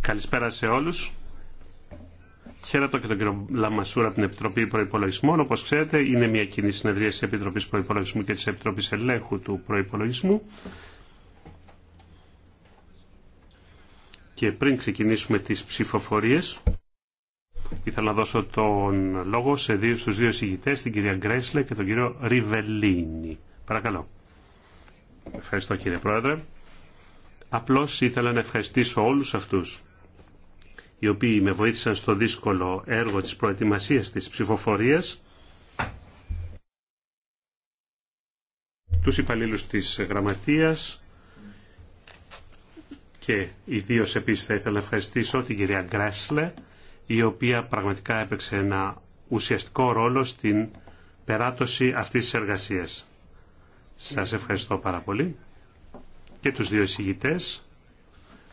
Καλησπέρα σε όλους. Χαίρετο και τον κύριο Λαμασούρα από την Επιτροπή Προϋπολογισμών. Όπως ξέρετε είναι μια κοινή συνεδρία της Επιτροπής Προϋπολογισμού και της Επιτροπής Ελέγχου του Προϋπολογισμού. Και πριν ξεκινήσουμε τις ψηφοφορίες, ήθελα να δώσω τον λόγο σε δύο, στους δύο συγητές, την κυρία Γκρέσλε και τον κύριο Ριβελίνη. Παρακαλώ. Ευχαριστώ κύριε Πρόεδρε. Απλώς ήθελα να ευχαριστήσω όλους αυτούς οι οποίοι με βοήθησαν στο δύσκολο έργο της προετοιμασίας της ψηφοφορίας τους υπαλλήλους της Γραμματείας και ιδίω επίσης θα ήθελα να ευχαριστήσω την κυρία Γκρέσλε η οποία πραγματικά έπαιξε ένα ουσιαστικό ρόλο στην περάτωση αυτής της εργασίας. Σας ευχαριστώ πάρα πολύ και τους δύο εισηγητές.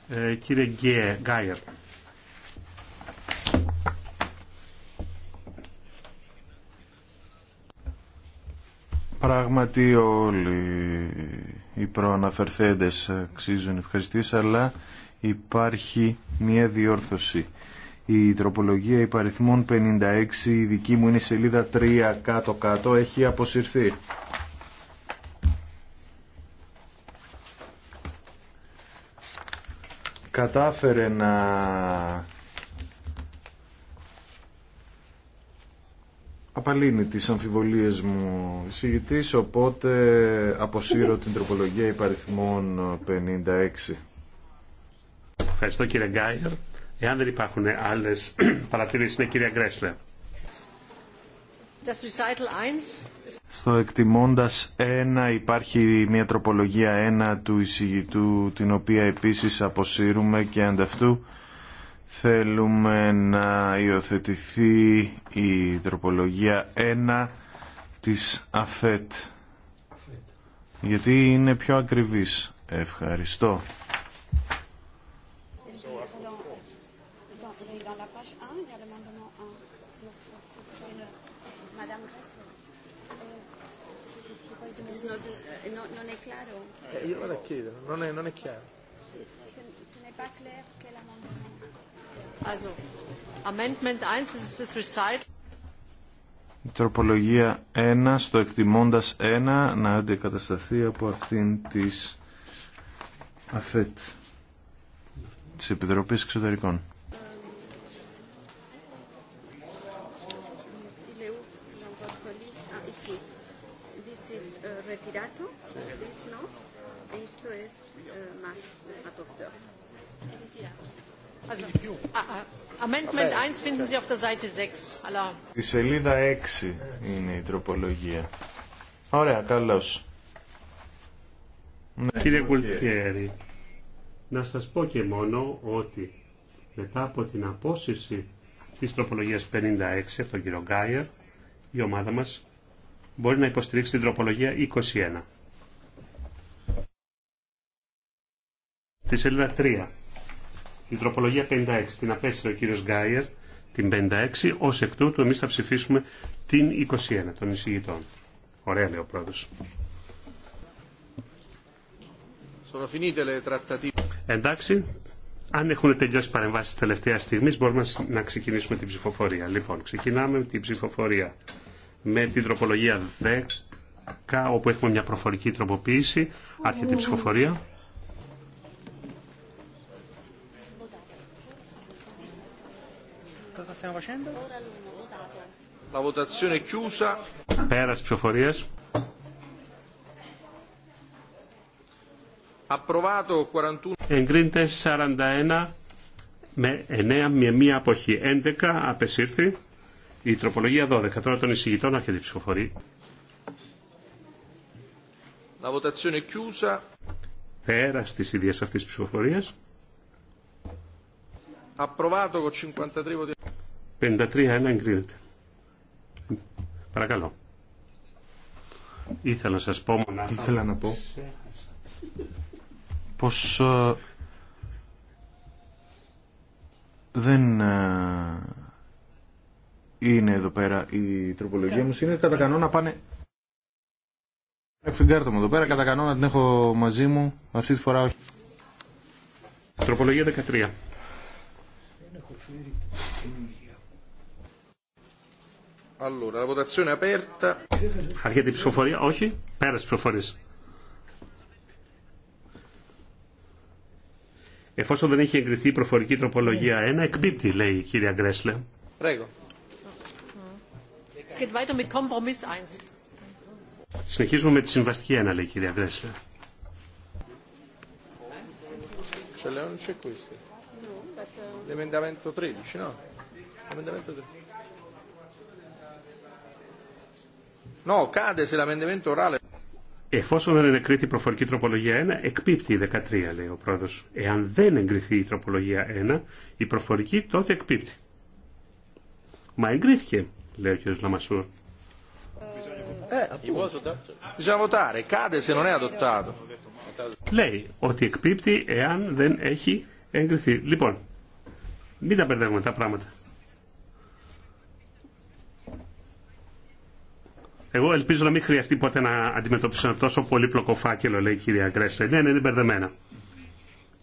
Ε, κύριε Γκάιερ. Πράγματι όλοι οι προαναφερθέντες αξίζουν ευχαριστήσεις, αλλά υπάρχει μια διόρθωση. Η τροπολογία υπαριθμών 56, η δική μου είναι σελίδα 3 κάτω-κάτω, έχει αποσυρθεί. κατάφερε να απαλύνει τις αμφιβολίες μου εισηγητής, οπότε αποσύρω την τροπολογία υπαριθμών 56. Ευχαριστώ κύριε Γκάιερ. Εάν δεν υπάρχουν άλλες παρατηρήσεις, είναι κυρία Γκρέσλερ. Στο εκτιμώντας ένα υπάρχει μια τροπολογία 1 του εισηγητού την οποία επίσης αποσύρουμε και ανταυτού θέλουμε να υιοθετηθεί η τροπολογία 1 της ΑΦΕΤ γιατί είναι πιο ακριβής. Ευχαριστώ. Eh, io vado a chiedere, non è, non è chiaro. Amendment 1 ist das Recital. Η τροπολογία 1 στο εκτιμώντα 1 να αντικατασταθεί από αυτήν τη ΑΦΕΤ τη Επιτροπή Εξωτερικών. Η σελίδα 6 είναι η τροπολογία. Ωραία, καλώ. Ναι, Κύριε Κουλτιέρη, να σας πω και μόνο ότι μετά από την απόσυρση της τροπολογίας 56 από τον κύριο Γκάιερ, η ομάδα μας μπορεί να υποστηρίξει την τροπολογία 21. Στη σελίδα 3 η τροπολογία 56, την απέστειλε ο κύριος Γκάιερ, την 56, ως εκ τούτου εμείς θα ψηφίσουμε την 21 των εισηγητών. Ωραία λέει ο πρόεδρος. Εντάξει, αν έχουν τελειώσει παρεμβάσει τελευταία στιγμή, μπορούμε να ξεκινήσουμε την ψηφοφορία. Λοιπόν, ξεκινάμε με την ψηφοφορία με την τροπολογία 10, όπου έχουμε μια προφορική τροποποίηση. Άρχεται η ψηφοφορία. Cosa stiamo facendo? La votazione è chiusa. Πέρας ψηφοφορίας. Approvato 41. Εγκρίνεται 41 με 9 με μία αποχή. 11 απεσύρθη. Η τροπολογία 12. Τώρα τον εισηγητών άρχεται η ψηφοφορεί. La votazione è chiusa. Πέρα τη ίδια αυτή τη ψηφοφορία. Approvato con 53 voti. 53-1 εγκρίνεται. Παρακαλώ. Ήθελα να σας πω μονάχα. Ήθελα να πω. Πως ε, δεν ε, είναι εδώ πέρα η τροπολογία μου. Είναι κατά κανόνα πάνε... Έχω την κάρτα μου εδώ πέρα, κατά κανόνα την έχω μαζί μου, αυτή τη φορά όχι. Τροπολογία 13. Δεν έχω φέρει Allora, la votazione aperta. Άρχεται η ψηφοφορία, όχι, πέρασε η ψηφοφορία. Εφόσον δεν έχει εγκριθεί η προφορική τροπολογία 1, εκπίπτει, λέει η κυρία Γκρέσλε. Ρέγω. Συνεχίζουμε με τη συμβαστική 1, λέει η κυρία Γκρέσλε. Σε λέω non c'è questo. No, but, uh... L'emendamento 13, no? L'emendamento 13. Εφόσον δεν εγκρίθη η προφορική τροπολογία 1, εκπίπτει η 13, λέει ο πρόεδρο. Εάν δεν εγκριθεί η τροπολογία 1, η προφορική τότε εκπίπτει. Μα εγκρίθηκε, λέει ο κ. Λαμασούρ. Ε, λέει ότι εκπίπτει εάν δεν έχει εγκριθεί. Λοιπόν, μην τα μπερδεύουμε τα πράγματα. Εγώ ελπίζω να μην χρειαστεί ποτέ να αντιμετωπίσω ένα τόσο πολύπλοκο φάκελο, λέει η κυρία Γκρέσλε. Ναι, ναι, είναι μπερδεμένα.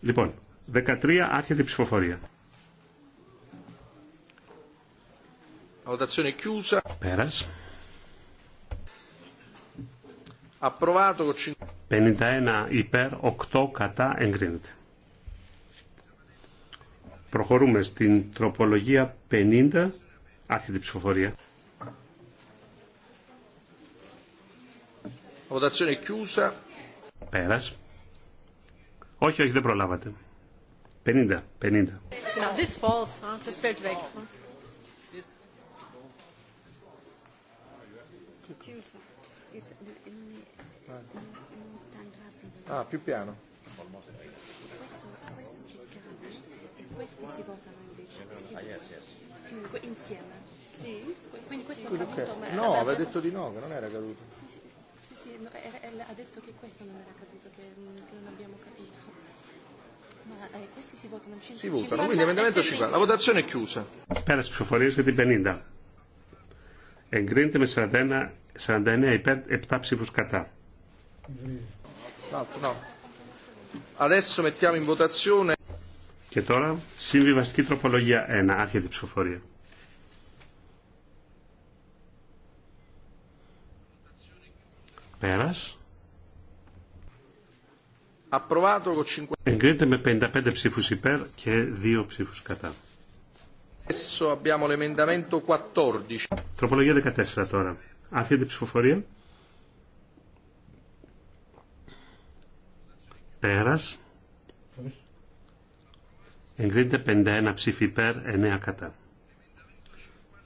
Λοιπόν, 13 άρχεται η ψηφοφορία. Πέρας. 51 υπέρ, 8 κατά εγκρίνεται. Προχωρούμε στην τροπολογία 50, άρχεται η ψηφοφορία. Votazione chiusa. Πέρας. Όχι, όχι, δεν προλάβατε. 50, 50. This falls, Ah, più piano. Questo, questo ci e questi si votano invece. Insieme. Sì. Quindi questo è caduto. No, aveva detto di no, che non era caduto ha detto che questo non era capito, che non abbiamo capito. Ma questi si votano. Si votano, quindi emendamento 50. La votazione è chiusa. Πέρα στις ψηφοφορίες για την 50. Εγκρίνεται με 41, 49 υπέρ, 7 ψήφους κατά. Adesso mettiamo in votazione. Και τώρα συμβιβαστική τροπολογία 1. Άρχεται η ψηφοφορία. Πέρας. Εγκρίνεται με 55 ψήφους υπέρ και 2 ψήφους κατά. Τροπολογία 14 τώρα. Άρχεται η ψηφοφορία. Πέρας. Εγκρίνεται 51 ψήφι υπέρ, 9 κατά.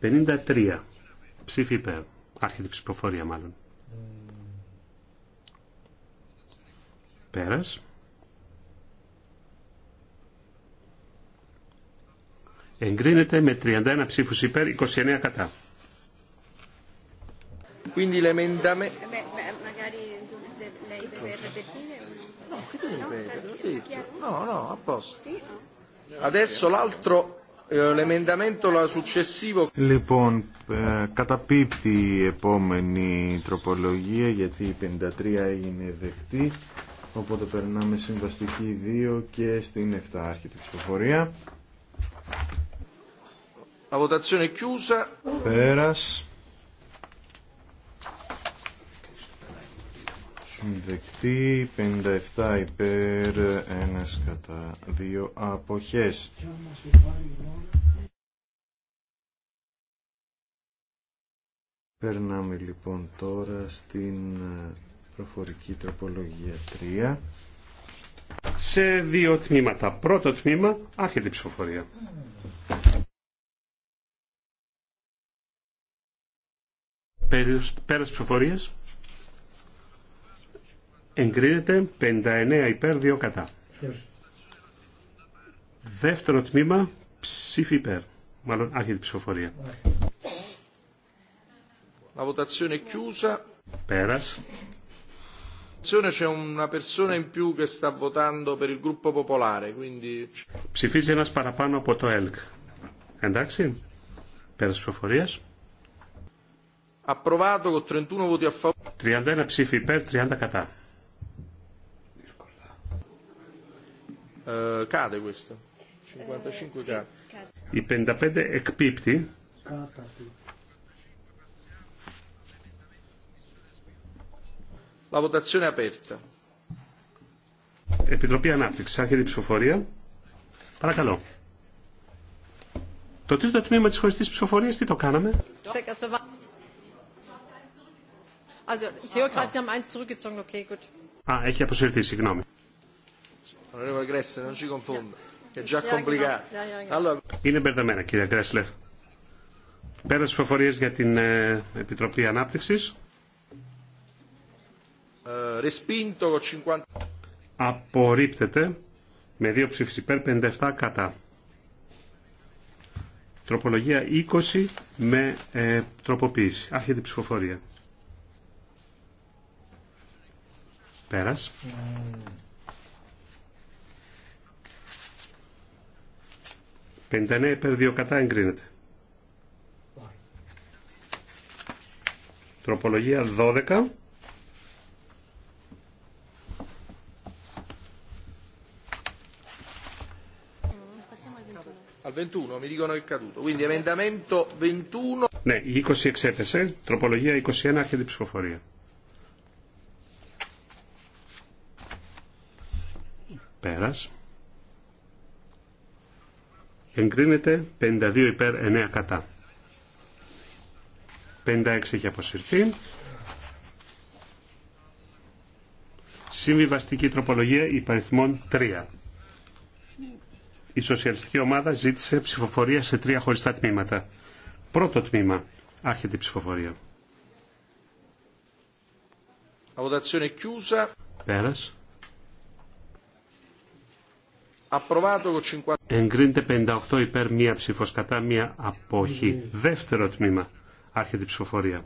53 ψήφι υπέρ. Άρχεται ψηφοφορία μάλλον. Πέρας. Εγκρίνεται με 31 ψήφους υπέρ, 29 κατά. Λοιπόν, eh, καταπίπτει η επόμενη τροπολογία γιατί η 53 έγινε δεκτή. Οπότε περνάμε συμβαστική 2 και στην 7 άρχεται ψηφοφορία. La votazione Πέρας. 57 υπέρ 1 κατά 2 αποχές. Περνάμε λοιπόν τώρα στην προφορική τροπολογία 3 σε δύο τμήματα. Πρώτο τμήμα, άρχεται η ψηφοφορία. Πέρας ψηφοφορίας εγκρίνεται 59 υπέρ 2 κατά. Δεύτερο τμήμα, ψήφι υπέρ. Μάλλον άρχεται η ψηφοφορία. La votazione chiusa. Πέρας. Ψηφίζει ένας παραπάνω από το ΕΛΚ. Εντάξει. Πέρας ψηφοφορίας. 31 ψήφοι υπέρ, 30 κατά. Ε, κάτε questo. 55 ε, Η 55 εκπίπτει. La votazione è aperta. Επιτροπή Ανάπτυξη. Άρχεται η ψηφοφορία. Παρακαλώ. Το τρίτο τμήμα τη χωριστή ψηφοφορία τι το κάναμε. Α, έχει αποσυρθεί, συγγνώμη. Είναι μπερδεμένα, κύριε Πέρα για την ε, Επιτροπή Ανάπτυξη. Ε, Απορρίπτεται με δύο ψήφους υπέρ 57 κατά. Τροπολογία 20 με ε, τροποποίηση. Άρχεται η ψηφοφορία. Πέρας. Mm. 59 υπέρ 2 κατά εγκρίνεται. Τροπολογία 12 Al 21, mi dicono che è caduto. Quindi emendamento 21. Ναι, 20 εξέπεσε. Τροπολογία 21 άρχεται η ψηφοφορία. Πέρας. Εγκρίνεται 52 υπέρ 9 κατά. 56 έχει αποσυρθεί. Συμβιβαστική τροπολογία υπαριθμών 3 η σοσιαλιστική ομάδα ζήτησε ψηφοφορία σε τρία χωριστά τμήματα. Πρώτο τμήμα, άρχεται η ψηφοφορία. Πέρας. Εγκρίνεται 58 υπέρ μία ψήφος κατά μία απόχη. Mm. Δεύτερο τμήμα, άρχεται η ψηφοφορία.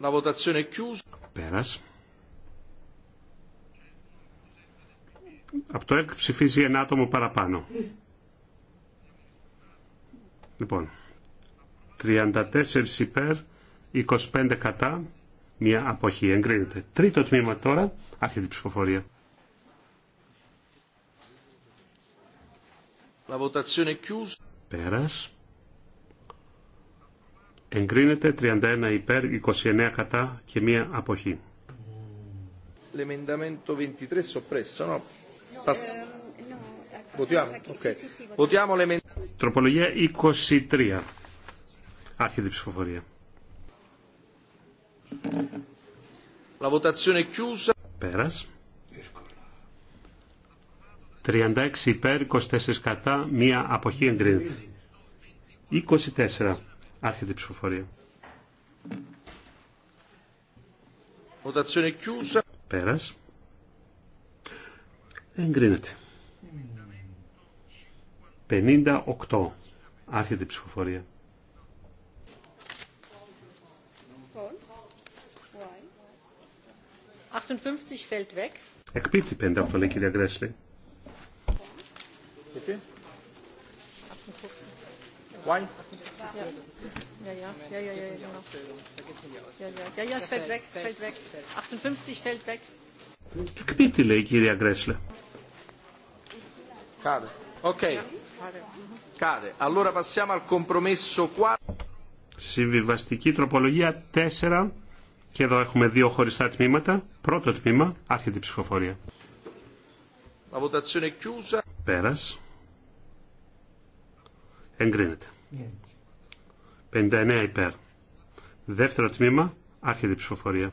La Πέρας. Από το ΕΚ ψηφίζει ένα άτομο παραπάνω. Λοιπόν, 34 υπέρ, 25 κατά, μία αποχή. Εγκρίνεται. Τρίτο τμήμα τώρα, άρχεται την ψηφοφορία. La Πέρας. Εγκρίνεται 31 υπέρ, 29 κατά και μία αποχή. L'emendamento 23 soppresso, Τροπολογία 23. Άρχεται ψηφοφορία. Πέρα. Πέρας. 36 υπέρ, 24 κατά, μία αποχή εγκρίνεται. 24. Άρχεται ψηφοφορία. Πέρα. Πέρας. Εγκρίνεται. 58. Άρχεται η ψηφοφορία. Εκπίπτει 58 λέει η κυρία Γκρέσλη. Εκπίπτει λέει η κυρία Γκρέσλε. Συμβιβαστική τροπολογία 4. Και εδώ έχουμε δύο χωριστά τμήματα. Πρώτο τμήμα, άρχεται η ψηφοφορία. Πέρα. Πέρας. Εγκρίνεται. 59 υπέρ. Δεύτερο τμήμα, άρχεται η ψηφοφορία.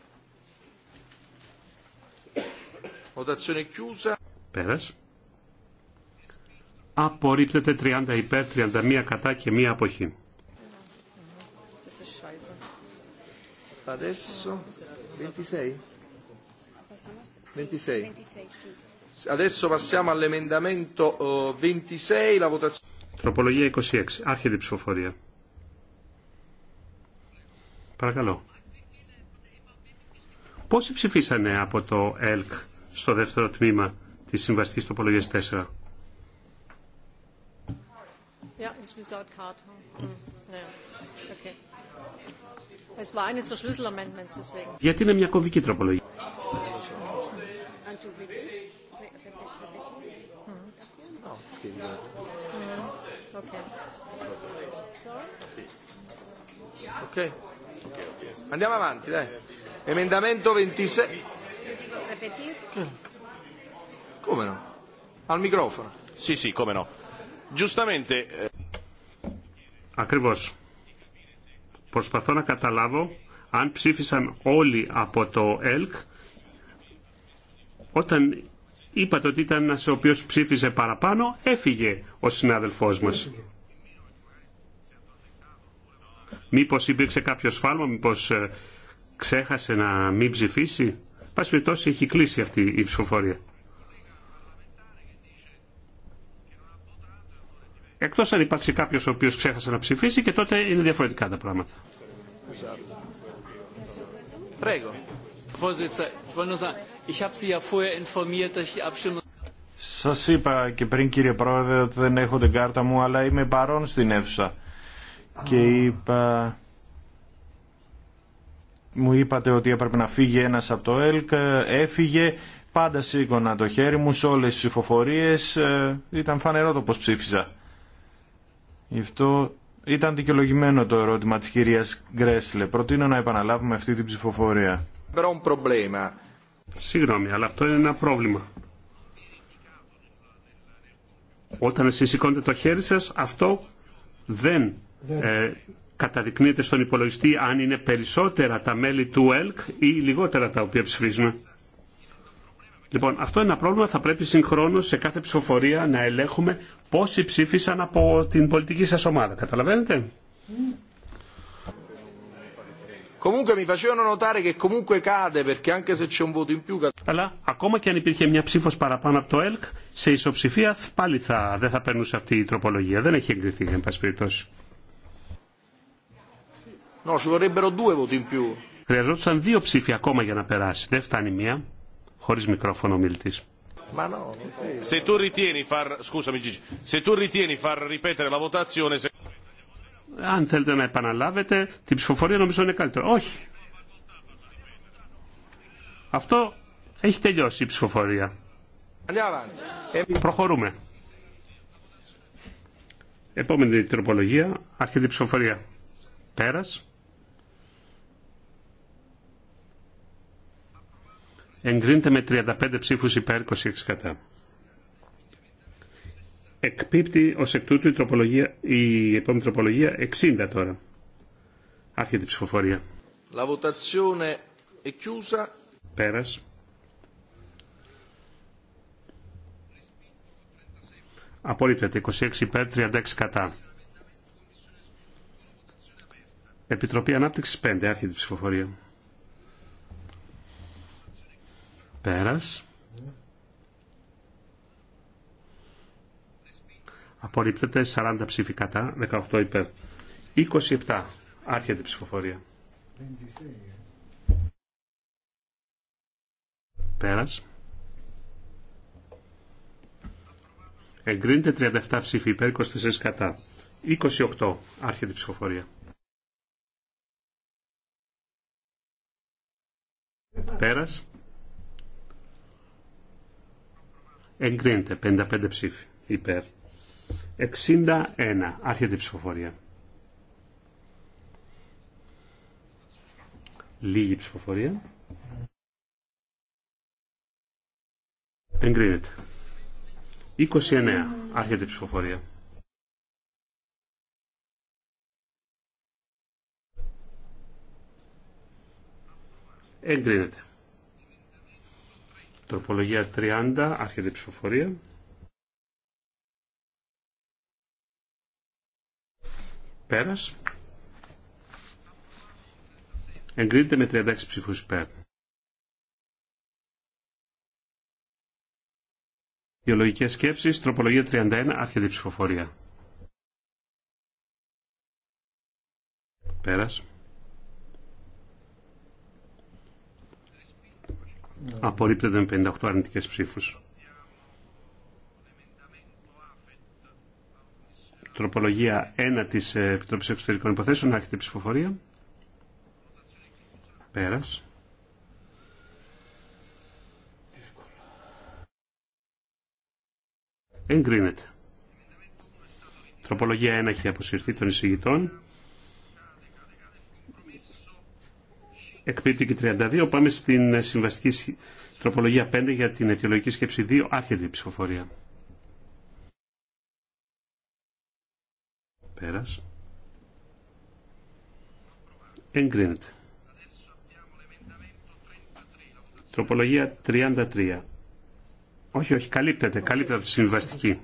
Votazione Πέρας απορρίπτεται 30 υπέρ, 31 κατά και μία αποχή. Adesso 26. 26. 26, Τροπολογία 26. Άρχεται ψηφοφορία. Παρακαλώ. Πόσοι ψηφίσανε από το ΕΛΚ στο δεύτερο τμήμα της συμβαστικής τροπολογίας 4. Ja, ist without card. Okay. Es war eines der Schlüsselamendments deswegen. Γιατί είναι μια κομβική τροπολογία. Okay. Okay. Andiamo avanti, dai. Emendamento 26. Come no? Al microfono. Sì, sì, come no. Giustamente Ακριβώς. Προσπαθώ να καταλάβω αν ψήφισαν όλοι από το ΕΛΚ όταν είπατε ότι ήταν ένας ο οποίος ψήφιζε παραπάνω έφυγε ο συνάδελφός μας. Μήπως υπήρξε κάποιο σφάλμα, μήπως ε, ξέχασε να μην ψηφίσει. Πάση έχει κλείσει αυτή η ψηφοφορία. Εκτός αν υπάρξει κάποιος ο οποίος ξέχασε να ψηφίσει και τότε είναι διαφορετικά τα πράγματα. Σας είπα και πριν κύριε Πρόεδρε ότι δεν έχω την κάρτα μου αλλά είμαι παρόν στην αίθουσα και είπα μου είπατε ότι έπρεπε να φύγει ένας από το ΕΛΚ έφυγε πάντα σήκωνα το χέρι μου σε όλες τις ψηφοφορίες ε, ήταν φανερό το πως ψήφιζα Γι' αυτό ήταν δικαιολογημένο το ερώτημα της κυρίας Γκρέσλε. Προτείνω να επαναλάβουμε αυτή την ψηφοφορία. Συγγνώμη, αλλά αυτό είναι ένα πρόβλημα. Όταν εσείς σηκώνετε το χέρι σας, αυτό δεν ε, καταδεικνύεται στον υπολογιστή αν είναι περισσότερα τα μέλη του ΕΛΚ ή λιγότερα τα οποία ψηφίζουμε. Λοιπόν, αυτό είναι ένα πρόβλημα. Θα πρέπει συγχρόνω σε κάθε ψηφοφορία να ελέγχουμε πόσοι ψήφισαν από την πολιτική σα ομάδα. Καταλαβαίνετε. Αλλά ακόμα και αν υπήρχε μια ψήφο παραπάνω από το ΕΛΚ, σε ισοψηφία πάλι θα, δεν θα περνούσε αυτή η τροπολογία. Δεν έχει εγκριθεί, εν πάση περιπτώσει. Χρειαζόταν δύο ψήφοι ακόμα για να περάσει. Δεν φτάνει μία χωρίς μικρόφωνο μιλτής. Αν θέλετε να επαναλάβετε την ψηφοφορία νομίζω είναι καλύτερο. Όχι. Αυτό έχει τελειώσει η ψηφοφορία. Ε, προχωρούμε. Επόμενη τροπολογία, αρχή ψηφοφορία. Πέρας. εγκρίνεται με 35 ψήφους υπέρ 26 κατά. Εκπίπτει ως εκ τούτου η, τροπολογία, η επόμενη τροπολογία 60 τώρα. Άρχεται την ψηφοφορία. La votazione è chiusa. Πέρας. Απόλυτα. 26 υπέρ 36 κατά. Επιτροπή Ανάπτυξης 5. Άρχεται η ψηφοφορία. Πέρας. Απορρίπτεται 40 ψήφοι κατά, 18 υπέρ. 27. Άρχεται η ψηφοφορία. Πέρας. Εγκρίνεται 37 ψήφοι υπέρ, 24 κατά. 28. Άρχεται η ψηφοφορία. Πέρας. Εγκρίνεται. 55 ψήφοι υπέρ. 61. Άρχεται η ψηφοφορία. Λίγη ψηφοφορία. Εγκρίνεται. 29. Άρχεται η ψηφοφορία. Εγκρίνεται. Τροπολογία 30, άρχεται ψηφοφορία. Πέρας. Εγκρίνεται με 36 ψήφους υπέρ. Διολογικές σκέψεις, τροπολογία 31, άρχεται ψηφοφορία. Πέρας. Απορρίπτεται με 58 αρνητικέ ψήφου. Τροπολογία 1 τη επιτροπή Εξωτερικών Υποθέσεων. Άρχεται η ψηφοφορία. Πέρα. Εγκρίνεται. Τροπολογία 1 έχει αποσυρθεί των εισηγητών. εκπίπτει και 32. Πάμε στην συμβαστική τροπολογία 5 για την αιτιολογική σκέψη 2. Άρχεται ψηφοφορία. Πέρας. Εγκρίνεται. Τροπολογία 33. Όχι, όχι, καλύπτεται, καλύπτεται από τη συμβαστική.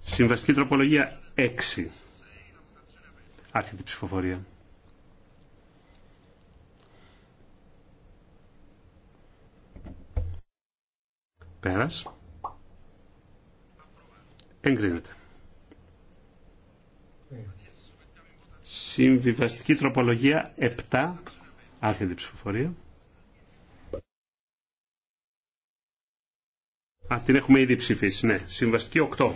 Συμβαστική τροπολογία 6. Άρχεται η ψηφοφορία. Πέρας. Εγκρίνεται. Συμβιβαστική τροπολογία 7. Άρχεται ψηφοφορία. Α, την έχουμε ήδη ψηφίσει, ναι. Συμβαστική 8.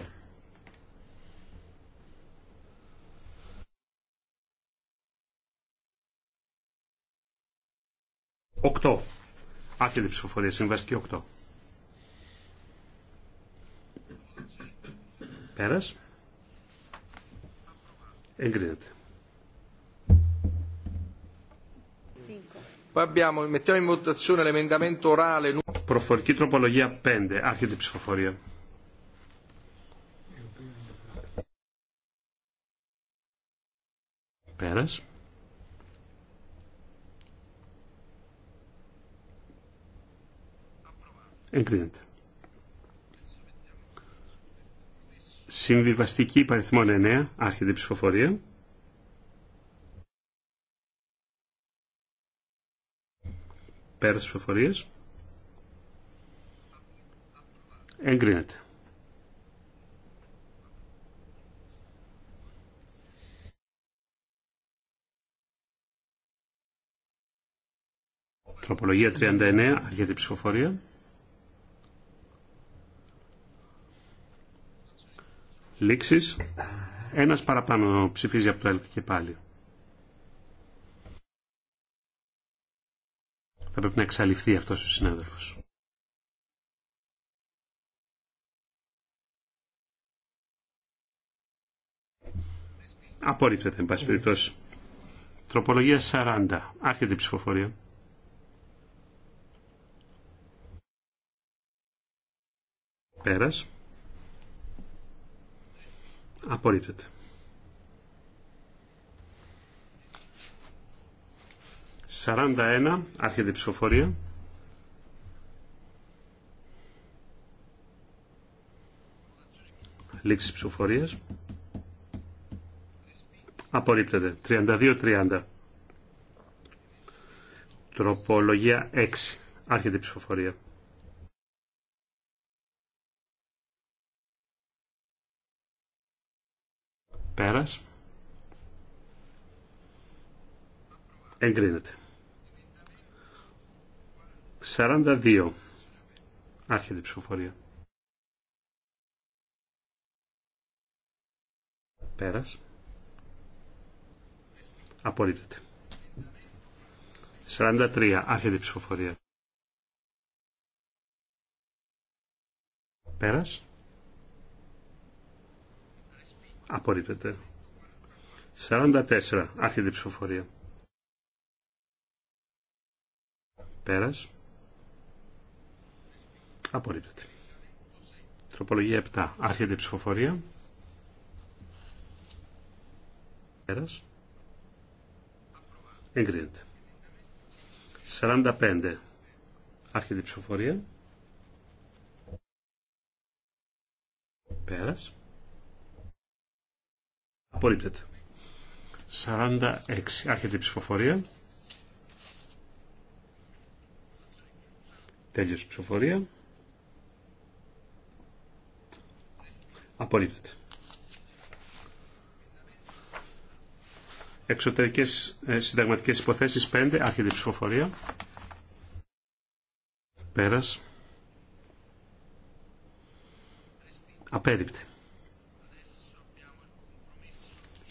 8. Άρχεται ψηφοφορία. Συμβαστική 8. Πέρας. Εγκρίνεται. Προφορική τροπολογία 5. Άρχεται η ψηφοφορία. Πέρας. Εγκρίνεται. Συμβιβαστική παριθμόν 9, άρχεται ψηφοφορία. Πέρα στις ψηφοφορίες. Εγκρίνεται. Τροπολογία 39, άρχιδη ψηφοφορία. λήξει. Ένας παραπάνω ψηφίζει από το και πάλι. Θα πρέπει να εξαλειφθεί αυτός ο συνάδελφος. Απορρίπτεται, εν πάση περιπτώσει. Τροπολογία 40. Άρχεται η ψηφοφορία. Πέρας. Απορρίπτεται. 41. Άρχεται η ψηφοφορία. Λήξη ψηφοφορίας. Απορρίπτεται. 32-30. Τροπολογία 6. Άρχεται η ψηφοφορία. Πέρας. Εγκρίνεται. 42. Άρχεται η ψηφοφορία. Πέρας. Απορρίπτεται. 43. Άρχεται η ψηφοφορία. Πέρας. Απορρίπτεται. 44. Άρχεται ψηφοφορία. Πέρας. Απορρίπτεται. Τροπολογία 7. Άρχεται η ψηφοφορία. Πέρας. Εγκρίνεται. 45. Άρχεται η ψηφοφορία. Πέρας. Απορρίπτεται. 46. Άρχεται η ψηφοφορία. Τέλειος η ψηφοφορία. Απορρίπτεται. Εξωτερικές ε, συνταγματικές υποθέσεις 5. Άρχεται η ψηφοφορία. Πέρας. Απέριπτε.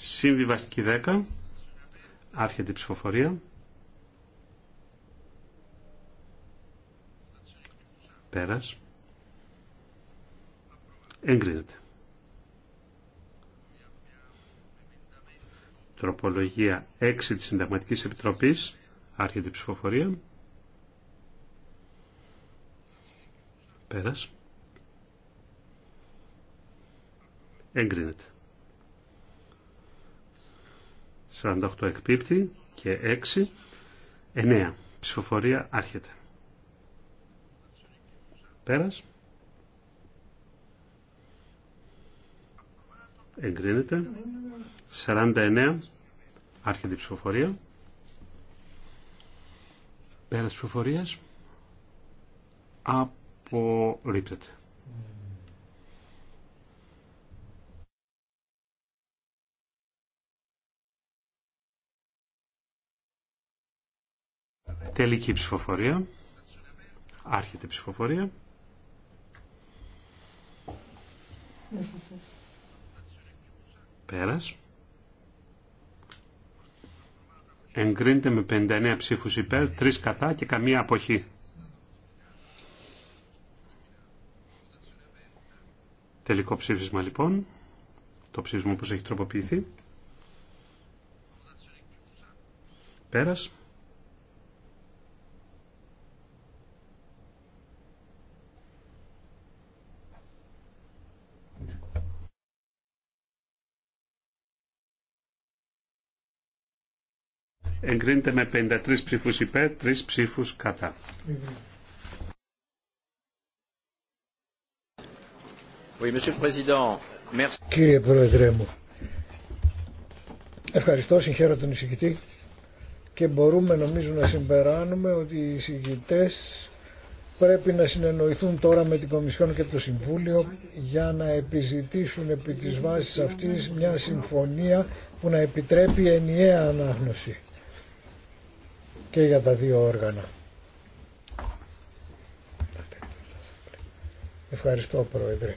Συμβιβαστική 10. Άρχεται η ψηφοφορία. Πέρας. Εγκρίνεται. Τροπολογία 6 της Συνταγματικής Επιτροπής. Άρχεται η ψηφοφορία. Πέρας. Εγκρίνεται. 48 εκπίπτει και 6. 9. Ψηφοφορία άρχεται. Πέρας. Εγκρίνεται. 49. Άρχεται η ψηφοφορία. Πέρας ψηφοφορίας. Απορρίπτεται. Τελική ψηφοφορία. Άρχεται η ψηφοφορία. Πέρας. Εγκρίνεται με 59 ψήφους υπέρ, 3 κατά και καμία αποχή. Τελικό ψήφισμα λοιπόν. Το ψήφισμα όπως έχει τροποποιηθεί. Πέρας. εγκρίνεται με 53 ψήφους υπέρ, 3 ψήφους κατά. Κύριε Πρόεδρε μου, ευχαριστώ, συγχαίρω τον εισηγητή και μπορούμε νομίζω να συμπεράνουμε ότι οι εισηγητές πρέπει να συνεννοηθούν τώρα με την Κομισιόν και το Συμβούλιο για να επιζητήσουν επί της βάσης αυτής μια συμφωνία που να επιτρέπει ενιαία ανάγνωση και για τα δύο όργανα. Ευχαριστώ Πρόεδρε.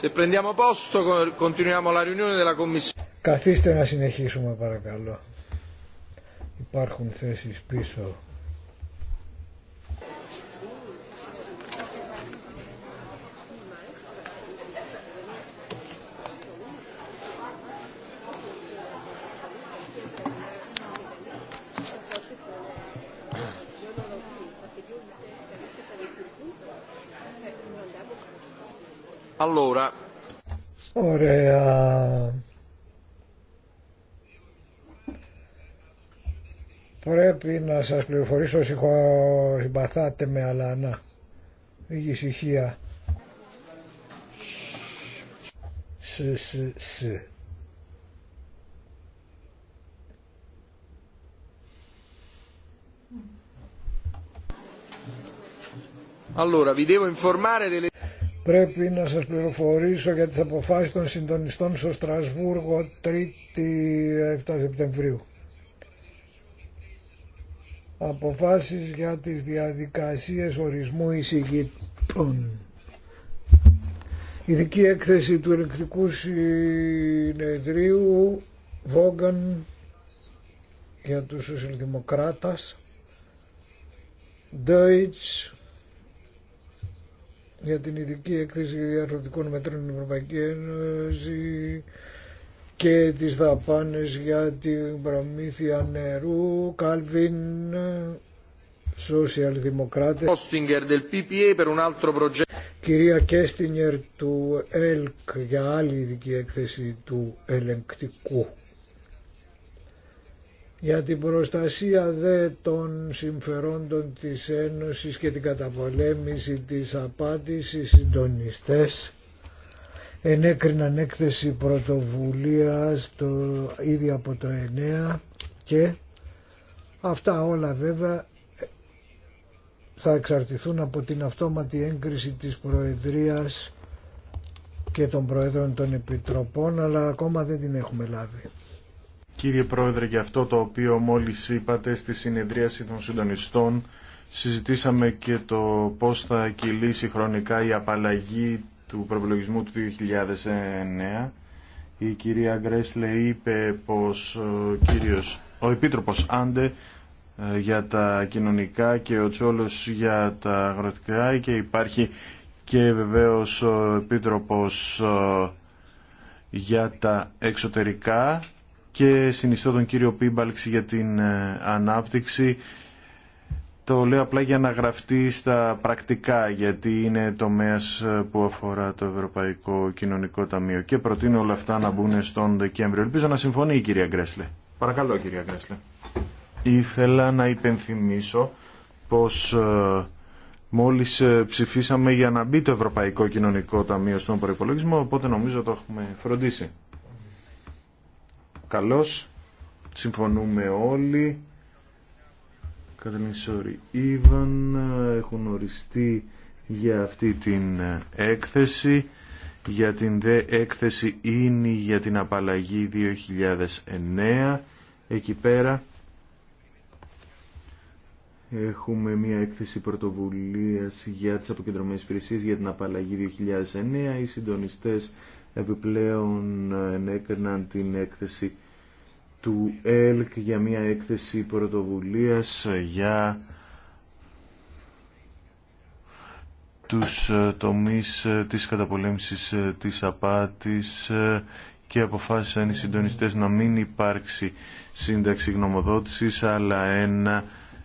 Se prendiamo posto, continuiamo la riunione della Commissione. Καθίστε να συνεχίσουμε παρακαλώ. Υπάρχουν θέσεις πίσω. να σας πληροφορήσω συμπαθάτε με αλλά να λίγη ησυχία σ, σ, σ. Allora, vi devo informare delle... Πρέπει να σας πληροφορήσω για τις αποφάσεις των συντονιστών στο Στρασβούργο 3η 7 Σεπτεμβρίου αποφάσεις για τις διαδικασίες ορισμού εισηγητών. Η δική έκθεση του ελεκτικού συνεδρίου Βόγκαν για τους σοσιαλδημοκράτας, Deutsch για την ειδική έκθεση διαρροτικών μετρών Ευρωπαϊκή Ένωση, και τις δαπάνες για την προμήθεια νερού, Κάλβιν, σοσιαλδημοκράτες, κυρία Κέστινγκερ του ΕΛΚ για άλλη ειδική έκθεση του ελεγκτικού. Για την προστασία δε των συμφερόντων της Ένωσης και την καταπολέμηση της απάτησης συντονιστές ενέκριναν έκθεση πρωτοβουλίας το, ήδη από το 9 και αυτά όλα βέβαια θα εξαρτηθούν από την αυτόματη έγκριση της Προεδρίας και των Προέδρων των Επιτροπών, αλλά ακόμα δεν την έχουμε λάβει. Κύριε Πρόεδρε, για αυτό το οποίο μόλις είπατε στη συνεδρίαση των συντονιστών, συζητήσαμε και το πώς θα κυλήσει χρονικά η απαλλαγή του προπολογισμού του 2009 η κυρία Γκρέσλε είπε πως ο, κύριος, ο Επίτροπος Άντε ε, για τα κοινωνικά και ο Τσόλος για τα αγροτικά και υπάρχει και βεβαίως ο Επίτροπος ε, για τα εξωτερικά και συνιστώ τον κύριο Πίμπαλξη για την ε, ανάπτυξη το λέω απλά για να γραφτεί στα πρακτικά, γιατί είναι τομέα ε, που αφορά το Ευρωπαϊκό Κοινωνικό Ταμείο και προτείνω όλα αυτά να μπουν στον Δεκέμβριο. Ελπίζω να συμφωνεί η κυρία Γκρέσλε. Παρακαλώ κυρία Γκρέσλε. Ήθελα να υπενθυμίσω πως ε, μόλις ε, ψηφίσαμε για να μπει το Ευρωπαϊκό Κοινωνικό Ταμείο στον προϋπολογισμό, οπότε νομίζω το έχουμε φροντίσει. Καλώς, συμφωνούμε όλοι. Καρνισόρη Ιβαν. Ε, έχουν οριστεί για αυτή την ε, έκθεση για την δε έκθεση είναι για την απαλλαγή 2009 εκεί πέρα έχουμε μια έκθεση πρωτοβουλίας για τις αποκεντρωμένες υπηρεσίες για την απαλλαγή 2009 οι συντονιστές επιπλέον ε, ενέκριναν την έκθεση του ΕΛΚ για μια έκθεση πρωτοβουλίας για τους ε, τομείς ε, της καταπολέμησης ε, της απάτης και αποφάσισαν οι συντονιστές να μην υπάρξει σύνταξη γνωμοδότησης αλλά ένα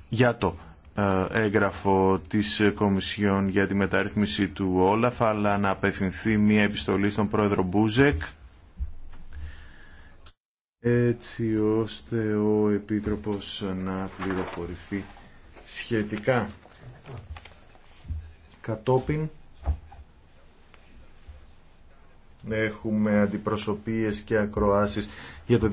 για το έγγραφο της Κομισιόν για τη μεταρρύθμιση του Όλαφ αλλά να απευθυνθεί μια επιστολή στον πρόεδρο Μπούζεκ έτσι ώστε ο Επίτροπος να πληροφορηθεί σχετικά. Κατόπιν έχουμε αντιπροσωπείες και ακροάσεις για το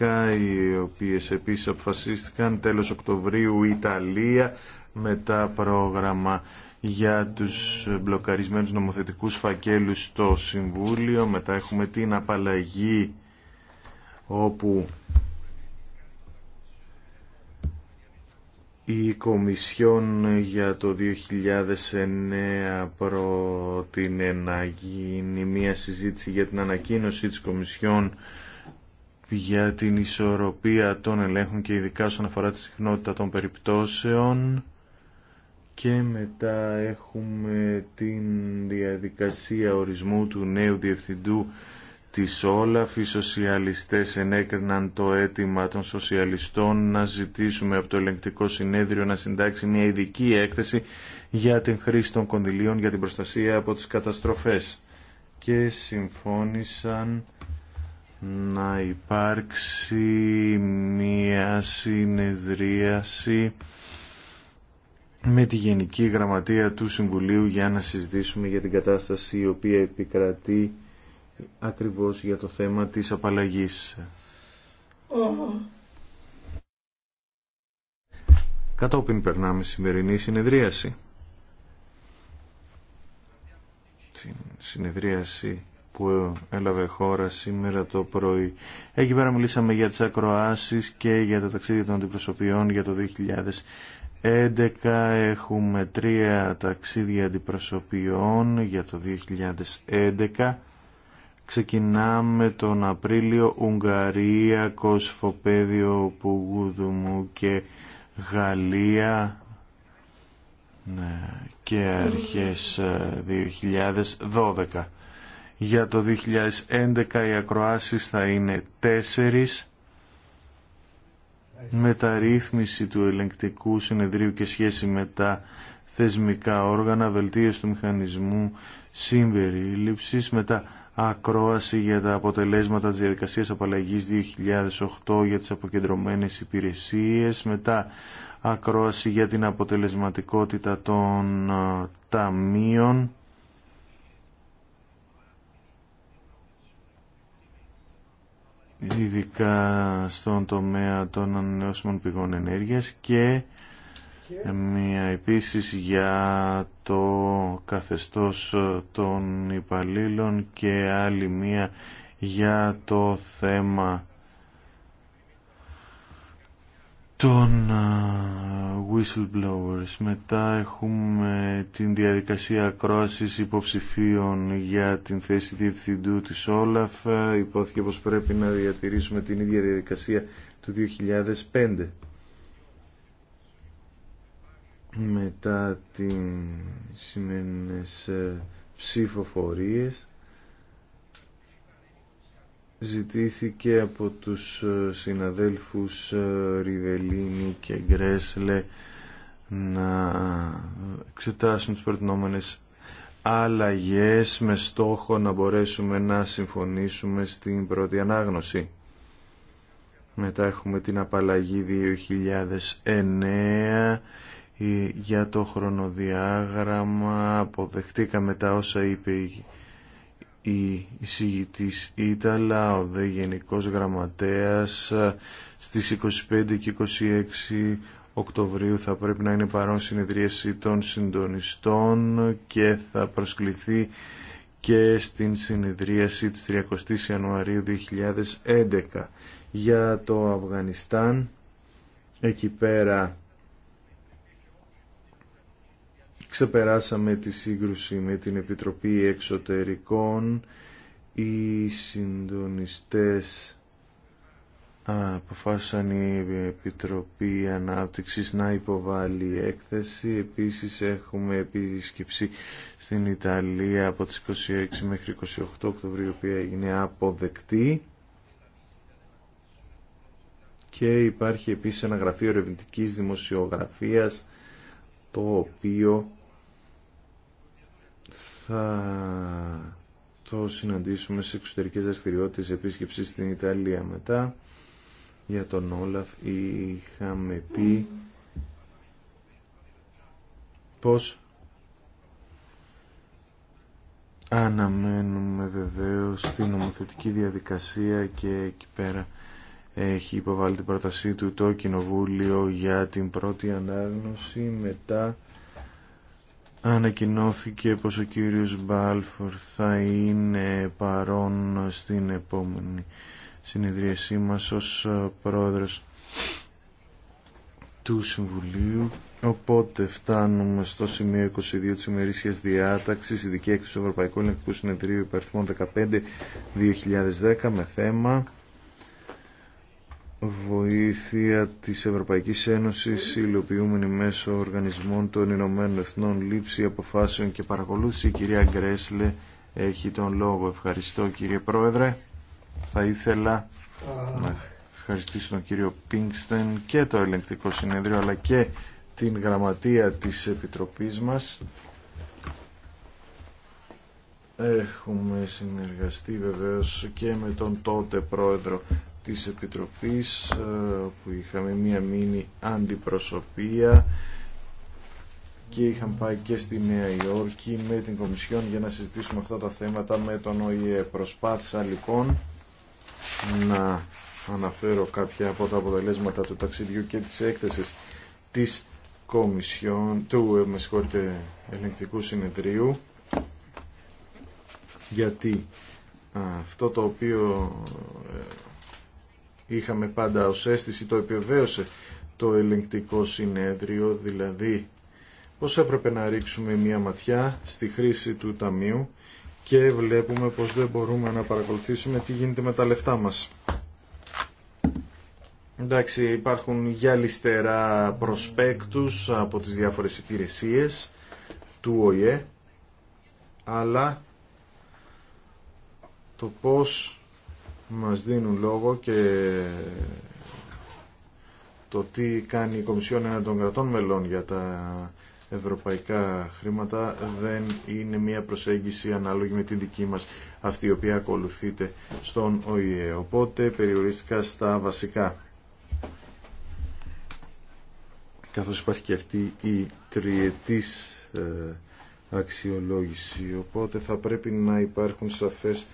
2011 οι οποίες επίσης αποφασίστηκαν τέλος Οκτωβρίου Ιταλία μετά πρόγραμμα για τους μπλοκαρισμένους νομοθετικούς φακέλους στο Συμβούλιο μετά έχουμε την απαλλαγή όπου η Κομισιόν για το 2009 πρότεινε να γίνει μια συζήτηση για την ανακοίνωση της Κομισιόν για την ισορροπία των ελέγχων και ειδικά όσον αφορά τη συχνότητα των περιπτώσεων και μετά έχουμε την διαδικασία ορισμού του νέου διευθυντού τις όλα οι σοσιαλιστές ενέκριναν το αίτημα των σοσιαλιστών να ζητήσουμε από το ελεγκτικό συνέδριο να συντάξει μια ειδική έκθεση για την χρήση των κονδυλίων για την προστασία από τις καταστροφές και συμφώνησαν να υπάρξει μια συνεδρίαση με τη Γενική Γραμματεία του Συμβουλίου για να συζητήσουμε για την κατάσταση η οποία επικρατεί ακριβώς για το θέμα της απαλλαγής. Oh. Κατόπιν περνάμε σημερινή συνεδρίαση. Την συνεδρίαση που έλαβε χώρα σήμερα το πρωί. Εκεί πέρα μιλήσαμε για τις ακροάσεις και για τα ταξίδια των αντιπροσωπιών για το 2011. Έχουμε τρία ταξίδια αντιπροσωπιών για το 2011 Ξεκινάμε τον Απρίλιο Ουγγαρία, Κοσφοπέδιο, Πουγούδουμου και Γαλλία ναι, και αρχές 2012. Ε, Για το 2011 οι ακροάσεις θα είναι τέσσερις. Μεταρρύθμιση του ελεγκτικού συνεδρίου και σχέση με τα θεσμικά όργανα, βελτίωση του μηχανισμού συμπερίληψης, μετά ακρόαση για τα αποτελέσματα της διαδικασίας απαλλαγής 2008 για τις αποκεντρωμένες υπηρεσίες, μετά ακρόαση για την αποτελεσματικότητα των ε, ταμείων, ειδικά στον τομέα των ανανεώσιμων πηγών ενέργειας και ε, μία επίσης για το καθεστώς των υπαλλήλων και άλλη μία για το θέμα των whistleblowers. Μετά έχουμε την διαδικασία ακρόασης υποψηφίων για την θέση διευθυντού της Όλαφ. Υπόθηκε πως πρέπει να διατηρήσουμε την ίδια διαδικασία του 2005 μετά την σημερινές ε, ψηφοφορίες ζητήθηκε από τους ε, συναδέλφους ε, Ριβελίνη και Γκρέσλε να εξετάσουν τις προτινόμενες αλλαγές με στόχο να μπορέσουμε να συμφωνήσουμε στην πρώτη ανάγνωση. Μετά έχουμε την απαλλαγή 2009 για το χρονοδιάγραμμα αποδεχτήκαμε τα όσα είπε η εισηγητής Ήταλα, ο δε γενικός γραμματέας στις 25 και 26 Οκτωβρίου θα πρέπει να είναι παρόν συνεδρίαση των συντονιστών και θα προσκληθεί και στην συνεδρίαση της 30 Ιανουαρίου 2011 για το Αφγανιστάν εκεί πέρα ξεπεράσαμε τη σύγκρουση με την Επιτροπή Εξωτερικών. Οι συντονιστές αποφάσισαν η Επιτροπή Ανάπτυξης να υποβάλει έκθεση. Επίσης έχουμε επίσκεψη στην Ιταλία από τις 26 μέχρι 28 Οκτωβρίου, η οποία είναι αποδεκτή. Και υπάρχει επίσης ένα γραφείο ερευνητική δημοσιογραφίας, το οποίο θα το συναντήσουμε σε εξωτερικές δραστηριότητες επίσκεψη στην Ιταλία μετά για τον Όλαφ είχαμε πει πως αναμένουμε βεβαίως την νομοθετική διαδικασία και εκεί πέρα έχει υποβάλει την πρότασή του το Κοινοβούλιο για την πρώτη ανάγνωση μετά Ανακοινώθηκε πως ο κύριος Μπάλφορ θα είναι παρόν στην επόμενη συνεδρίασή μας ως ε, πρόεδρος του Συμβουλίου. Οπότε φτάνουμε στο σημείο 22 της ημερήσιας διάταξης, ειδική έκθεση του Ευρωπαϊκού Ελληνικού Συνεδρίου υπαριθμών 15-2010 με θέμα βοήθεια της Ευρωπαϊκής Ένωσης υλοποιούμενη μέσω οργανισμών των Ηνωμένων Εθνών λήψη αποφάσεων και παρακολούθηση. Η κυρία Γκρέσλε έχει τον λόγο. Ευχαριστώ κύριε Πρόεδρε. Θα ήθελα να ευχαριστήσω τον κύριο Πίνξτεν και το ελεγκτικό συνέδριο αλλά και την γραμματεία της Επιτροπής μας. Έχουμε συνεργαστεί βεβαίως και με τον τότε πρόεδρο της Επιτροπής ε, που είχαμε μία μήνυ αντιπροσωπεία και είχαμε πάει και στη Νέα Υόρκη με την Κομισιόν για να συζητήσουμε αυτά τα θέματα με τον ΟΗΕ. Προσπάθησα λοιπόν να αναφέρω κάποια από τα αποτελέσματα του ταξιδιού και της έκθεσης της Κομισιόν, του ε, με ελεγκτικού συνεδρίου γιατί αυτό το οποίο ε, είχαμε πάντα ως αίσθηση, το επιβεβαίωσε το ελεγκτικό συνέδριο, δηλαδή πως έπρεπε να ρίξουμε μια ματιά στη χρήση του ταμείου και βλέπουμε πως δεν μπορούμε να παρακολουθήσουμε τι γίνεται με τα λεφτά μας. Εντάξει, υπάρχουν γυαλιστερά προσπέκτους από τις διάφορες υπηρεσίες του ΟΗΕ, αλλά το πώς μας δίνουν λόγο και το τι κάνει η Κομισιόν έναν των κρατών μελών για τα ευρωπαϊκά χρήματα δεν είναι μια προσέγγιση ανάλογη με την δική μας αυτή η οποία ακολουθείται στον ΟΗΕ. Οπότε περιορίστηκα στα βασικά. Καθώς υπάρχει και αυτή η τριετής ε, αξιολόγηση. Οπότε θα πρέπει να υπάρχουν σαφές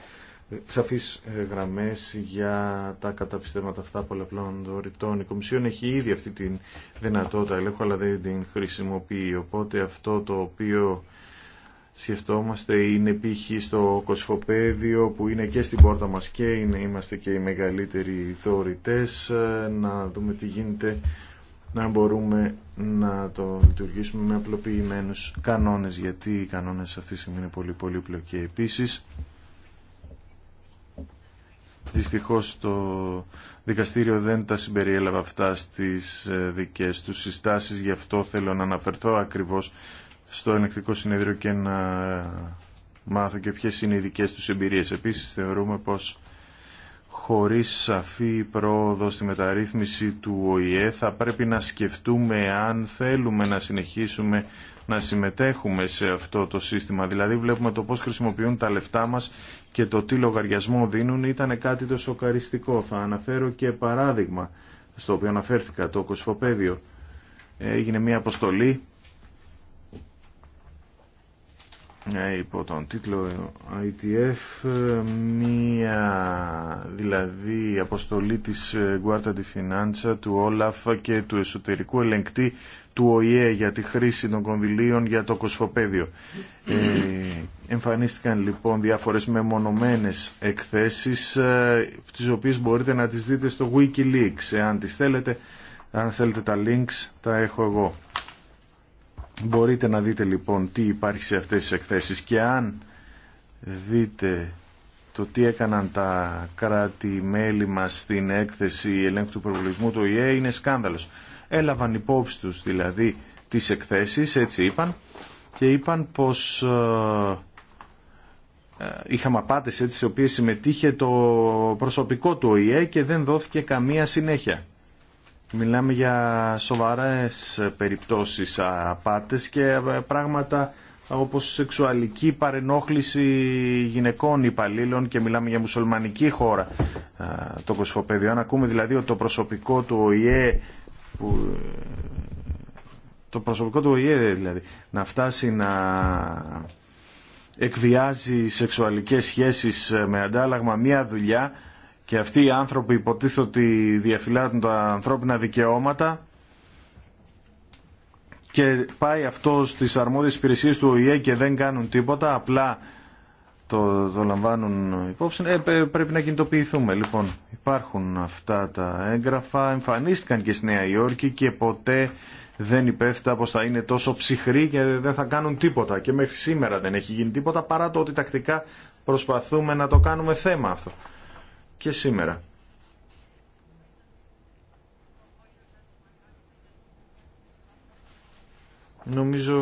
ε, σαφείς ε, γραμμέ για τα καταπιστεύματα αυτά πολλαπλών δωρητών. Η Κομισιόν έχει ήδη αυτή τη δυνατότητα ελέγχου, αλλά δεν την χρησιμοποιεί. Οπότε αυτό το οποίο σκεφτόμαστε είναι π.χ. στο κοσφοπέδιο που είναι και στην πόρτα μας και είναι, είμαστε και οι μεγαλύτεροι δωρητές ε, να δούμε τι γίνεται να μπορούμε να το λειτουργήσουμε με απλοποιημένους κανόνες γιατί οι κανόνες αυτή τη στιγμή είναι πολύ πολύπλοκοι επίσης Δυστυχώς το δικαστήριο δεν τα συμπεριέλαβε αυτά στις ε, δικές του συστάσεις, γι' αυτό θέλω να αναφερθώ ακριβώς στο ελεκτικό συνέδριο και να ε, μάθω και ποιες είναι οι δικές τους εμπειρίες. Επίσης θεωρούμε πως χωρίς σαφή πρόοδο στη μεταρρύθμιση του ΟΗΕ θα πρέπει να σκεφτούμε αν θέλουμε να συνεχίσουμε να συμμετέχουμε σε αυτό το σύστημα. Δηλαδή βλέπουμε το πώς χρησιμοποιούν τα λεφτά μας και το τι λογαριασμό δίνουν ήταν κάτι το σοκαριστικό. Θα αναφέρω και παράδειγμα στο οποίο αναφέρθηκα το κοσφοπέδιο. Έγινε μια αποστολή Ε, υπό τον τίτλο ITF ε, μία δηλαδή αποστολή της ε, Guarda di Finanza του Όλαφ και του εσωτερικού ελεγκτή του ΟΗΕ για τη χρήση των κονδυλίων για το κοσφοπέδιο. Ε, εμφανίστηκαν λοιπόν διάφορες μεμονωμένες εκθέσεις τις οποίες μπορείτε να τις δείτε στο Wikileaks εάν τις θέλετε αν θέλετε τα links τα έχω εγώ Μπορείτε να δείτε λοιπόν τι υπάρχει σε αυτές τις εκθέσεις και αν δείτε το τι έκαναν τα κράτη-μέλη μας στην έκθεση ελέγχου του προβλησμού του ΙΕ είναι σκάνδαλος. Έλαβαν υπόψη τους δηλαδή τις εκθέσεις, έτσι είπαν, και είπαν πως ε, ε, είχαμε απάτες έτσι, σε οποίες συμμετείχε το προσωπικό του ΙΕ και δεν δόθηκε καμία συνέχεια. Μιλάμε για σοβαρές περιπτώσεις απάτες και ε, πράγματα όπως σεξουαλική παρενόχληση γυναικών υπαλλήλων και μιλάμε για μουσουλμανική χώρα ε, το κοσφοπέδιο. Αν ακούμε δηλαδή ότι το προσωπικό του ΟΗΕ ε, το προσωπικό του ΟΗΕ δηλαδή να φτάσει να εκβιάζει σεξουαλικές σχέσεις με αντάλλαγμα μία δουλειά και αυτοί οι άνθρωποι υποτίθεται ότι διαφυλάτουν τα ανθρώπινα δικαιώματα και πάει αυτό στις αρμόδιες υπηρεσίες του ΟΗΕ και δεν κάνουν τίποτα, απλά το, το λαμβάνουν υπόψη. Ε, πρέπει να κινητοποιηθούμε. Λοιπόν, υπάρχουν αυτά τα έγγραφα, εμφανίστηκαν και στη Νέα Υόρκη και ποτέ δεν υπέφτα πως θα είναι τόσο ψυχρή και δεν θα κάνουν τίποτα. Και μέχρι σήμερα δεν έχει γίνει τίποτα παρά το ότι τακτικά προσπαθούμε να το κάνουμε θέμα αυτό και σήμερα. Νομίζω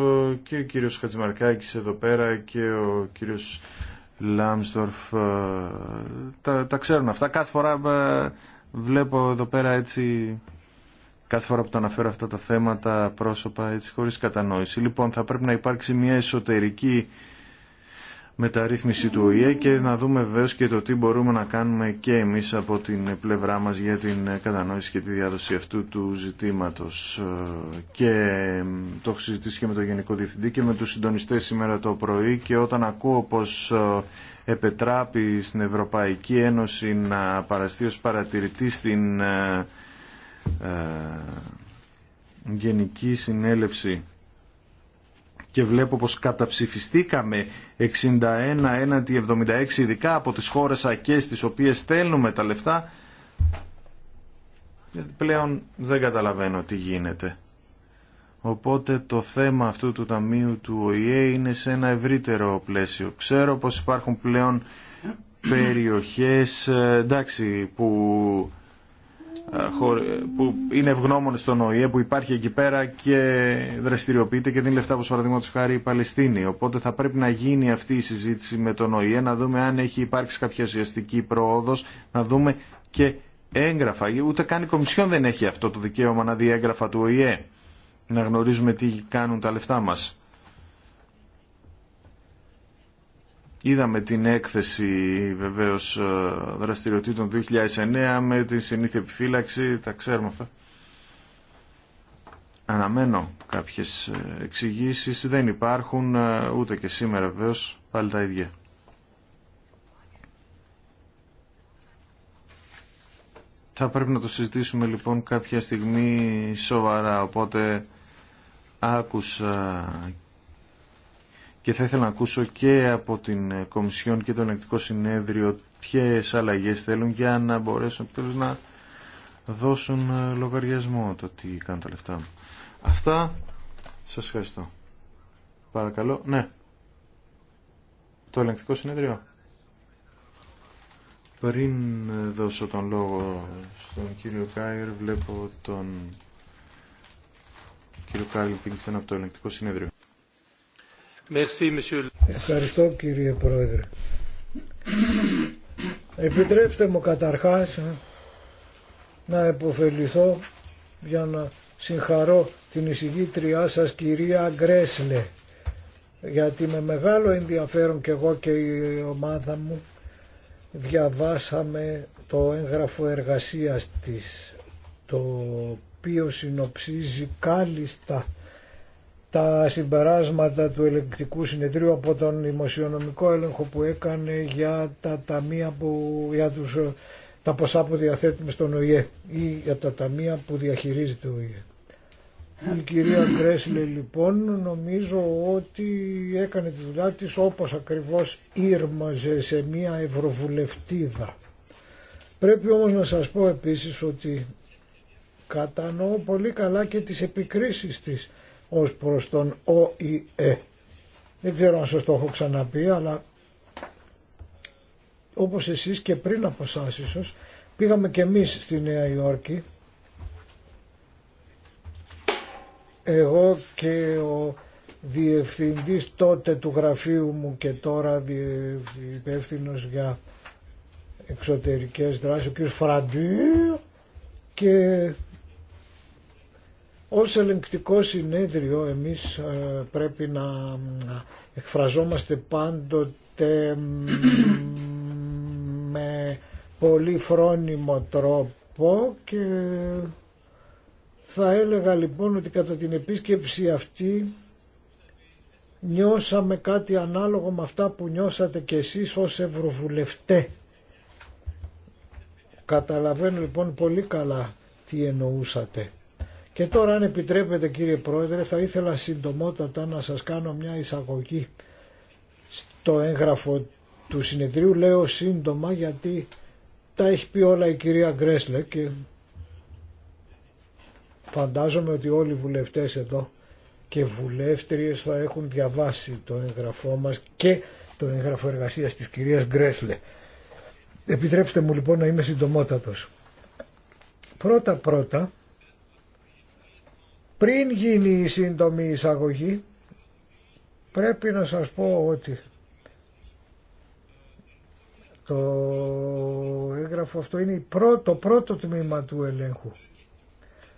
και ο κύριος Χατζημαρκάκης εδώ πέρα και ο κύριος Λάμστορφ ε, τα, τα ξέρουν αυτά. Κάθε φορά ε, βλέπω εδώ πέρα έτσι, κάθε φορά που τα αναφέρω αυτά τα θέματα, πρόσωπα, έτσι χωρίς κατανόηση. Λοιπόν, θα πρέπει να υπάρξει μια εσωτερική μεταρρύθμιση του ΟΗΕ και να δούμε βεβαίω και το τι μπορούμε να κάνουμε και εμείς από την πλευρά μας για την κατανόηση και τη διάδοση αυτού του ζητήματος. Και το έχω συζητήσει και με τον Γενικό Διευθυντή και με τους συντονιστές σήμερα το πρωί και όταν ακούω πως ε, επετράπει στην Ευρωπαϊκή Ένωση να παραστεί ως παρατηρητή στην ε, ε, Γενική Συνέλευση και βλέπω πως καταψηφιστήκαμε 61 έναντι 76 ειδικά από τις χώρες ακές τις οποίες στέλνουμε τα λεφτά πλέον δεν καταλαβαίνω τι γίνεται. Οπότε το θέμα αυτού του ταμείου του ΟΗΕ είναι σε ένα ευρύτερο πλαίσιο. Ξέρω πως υπάρχουν πλέον περιοχές ε, εντάξει, που ε, ε, που είναι ευγνώμονε στον ΟΗΕ που υπάρχει εκεί πέρα και δραστηριοποιείται και δίνει λεφτά όπω παραδείγματο χάρη η Παλαιστίνη. Οπότε θα πρέπει να γίνει αυτή η συζήτηση με τον ΟΗΕ, να δούμε αν έχει υπάρξει κάποια ουσιαστική πρόοδο να δούμε και έγγραφα. Ε, ούτε καν η Κομισιόν δεν έχει αυτό το δικαίωμα να δει έγγραφα του ΟΗΕ, να γνωρίζουμε τι κάνουν τα λεφτά μα. Είδαμε την έκθεση βεβαίως ε, δραστηριοτήτων 2009 με την συνήθεια επιφύλαξη, τα ξέρουμε αυτά. Αναμένω κάποιες ε, εξηγήσεις, δεν υπάρχουν ε, ούτε και σήμερα βεβαίως πάλι τα ίδια. Θα πρέπει να το συζητήσουμε λοιπόν κάποια στιγμή σοβαρά, οπότε άκουσα και θα ήθελα να ακούσω και από την Κομισιόν και το Ελεκτικό Συνέδριο ποιες αλλαγές θέλουν για να μπορέσουν επιτέλους να δώσουν ε, λογαριασμό το τι κάνουν τα λεφτά μου. Αυτά σας ευχαριστώ. Παρακαλώ, ναι. Το Ελεκτικό Συνέδριο. Πριν ε, δώσω τον λόγο στον κύριο Κάιρ, βλέπω τον κύριο Κάλλη Πίνξεν από το Ελεγκτικό Συνέδριο. Ευχαριστώ κύριε Πρόεδρε. Επιτρέψτε μου καταρχάς ε, να επωφεληθώ για να συγχαρώ την εισηγήτριά σας κυρία Γκρέσλε γιατί με μεγάλο ενδιαφέρον και εγώ και η ομάδα μου διαβάσαμε το έγγραφο εργασίας της το οποίο συνοψίζει κάλλιστα τα συμπεράσματα του ελεγκτικού συνεδρίου από τον δημοσιονομικό έλεγχο που έκανε για τα ταμεία που, για τους, τα ποσά που διαθέτουμε στον ΟΗΕ ή για τα ταμεία που διαχειρίζεται ο ΟΗΕ. Η κυρία Γκρέσλε λοιπόν νομίζω ότι έκανε τη δουλειά της όπως ακριβώς ήρμαζε σε μια ευρωβουλευτίδα. Πρέπει όμως να σας πω επίσης ότι κατανοώ πολύ καλά και τις επικρίσεις της ως προς τον ΟΗΕ. Δεν ξέρω αν σας το έχω ξαναπεί, αλλά όπως εσείς και πριν από εσάς ίσως, πήγαμε και εμείς στη Νέα Υόρκη, εγώ και ο διευθυντής τότε του γραφείου μου και τώρα υπεύθυνο για εξωτερικές δράσεις, ο κ. Φραντίου και ως ελεγκτικό συνέδριο εμείς ε, πρέπει να εκφραζόμαστε πάντοτε με πολύ φρόνιμο τρόπο και θα έλεγα λοιπόν ότι κατά την επίσκεψη αυτή νιώσαμε κάτι ανάλογο με αυτά που νιώσατε κι εσείς ως ευρωβουλευτέ. Καταλαβαίνω λοιπόν πολύ καλά τι εννοούσατε. Και τώρα αν επιτρέπετε κύριε Πρόεδρε θα ήθελα συντομότατα να σας κάνω μια εισαγωγή στο έγγραφο του συνεδρίου. Λέω σύντομα γιατί τα έχει πει όλα η κυρία Γκρέσλε και φαντάζομαι ότι όλοι οι βουλευτές εδώ και βουλεύτριες θα έχουν διαβάσει το έγγραφό μας και το έγγραφο εργασίας της κυρίας Γκρέσλε. Επιτρέψτε μου λοιπόν να είμαι συντομότατος. Πρώτα πρώτα πριν γίνει η σύντομη εισαγωγή, πρέπει να σας πω ότι το έγγραφο αυτό είναι το πρώτο τμήμα του ελέγχου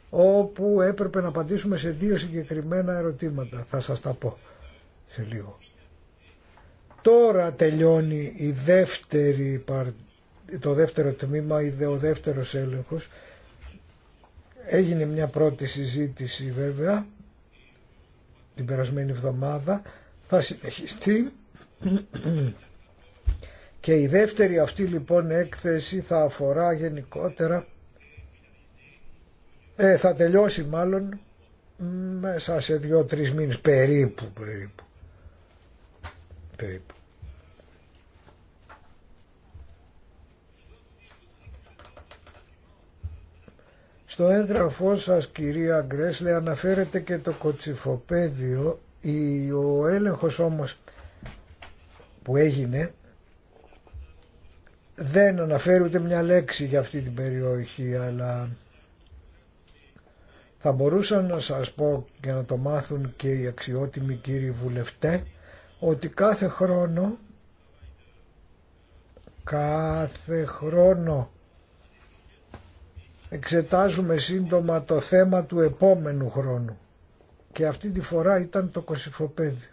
όπου έπρεπε να απαντήσουμε σε δύο συγκεκριμένα ερωτήματα. Θα σας τα πω σε λίγο. Τώρα τελειώνει η δεύτερη, το δεύτερο τμήμα, ο δεύτερος έλεγχος Έγινε μια πρώτη συζήτηση βέβαια την περασμένη εβδομάδα. Θα συνεχιστεί και η δεύτερη αυτή λοιπόν έκθεση θα αφορά γενικότερα ε, θα τελειώσει μάλλον μέσα σε δύο-τρεις μήνες περίπου, περίπου, περίπου. Στο έγγραφό σας κυρία Γκρέσλε αναφέρεται και το κοτσιφοπέδιο, ο έλεγχος όμως που έγινε δεν αναφέρει ούτε μια λέξη για αυτή την περιοχή αλλά θα μπορούσα να σας πω για να το μάθουν και οι αξιότιμοι κύριοι βουλευτέ ότι κάθε χρόνο κάθε χρόνο εξετάζουμε σύντομα το θέμα του επόμενου χρόνου και αυτή τη φορά ήταν το κοσυφοπέδιο.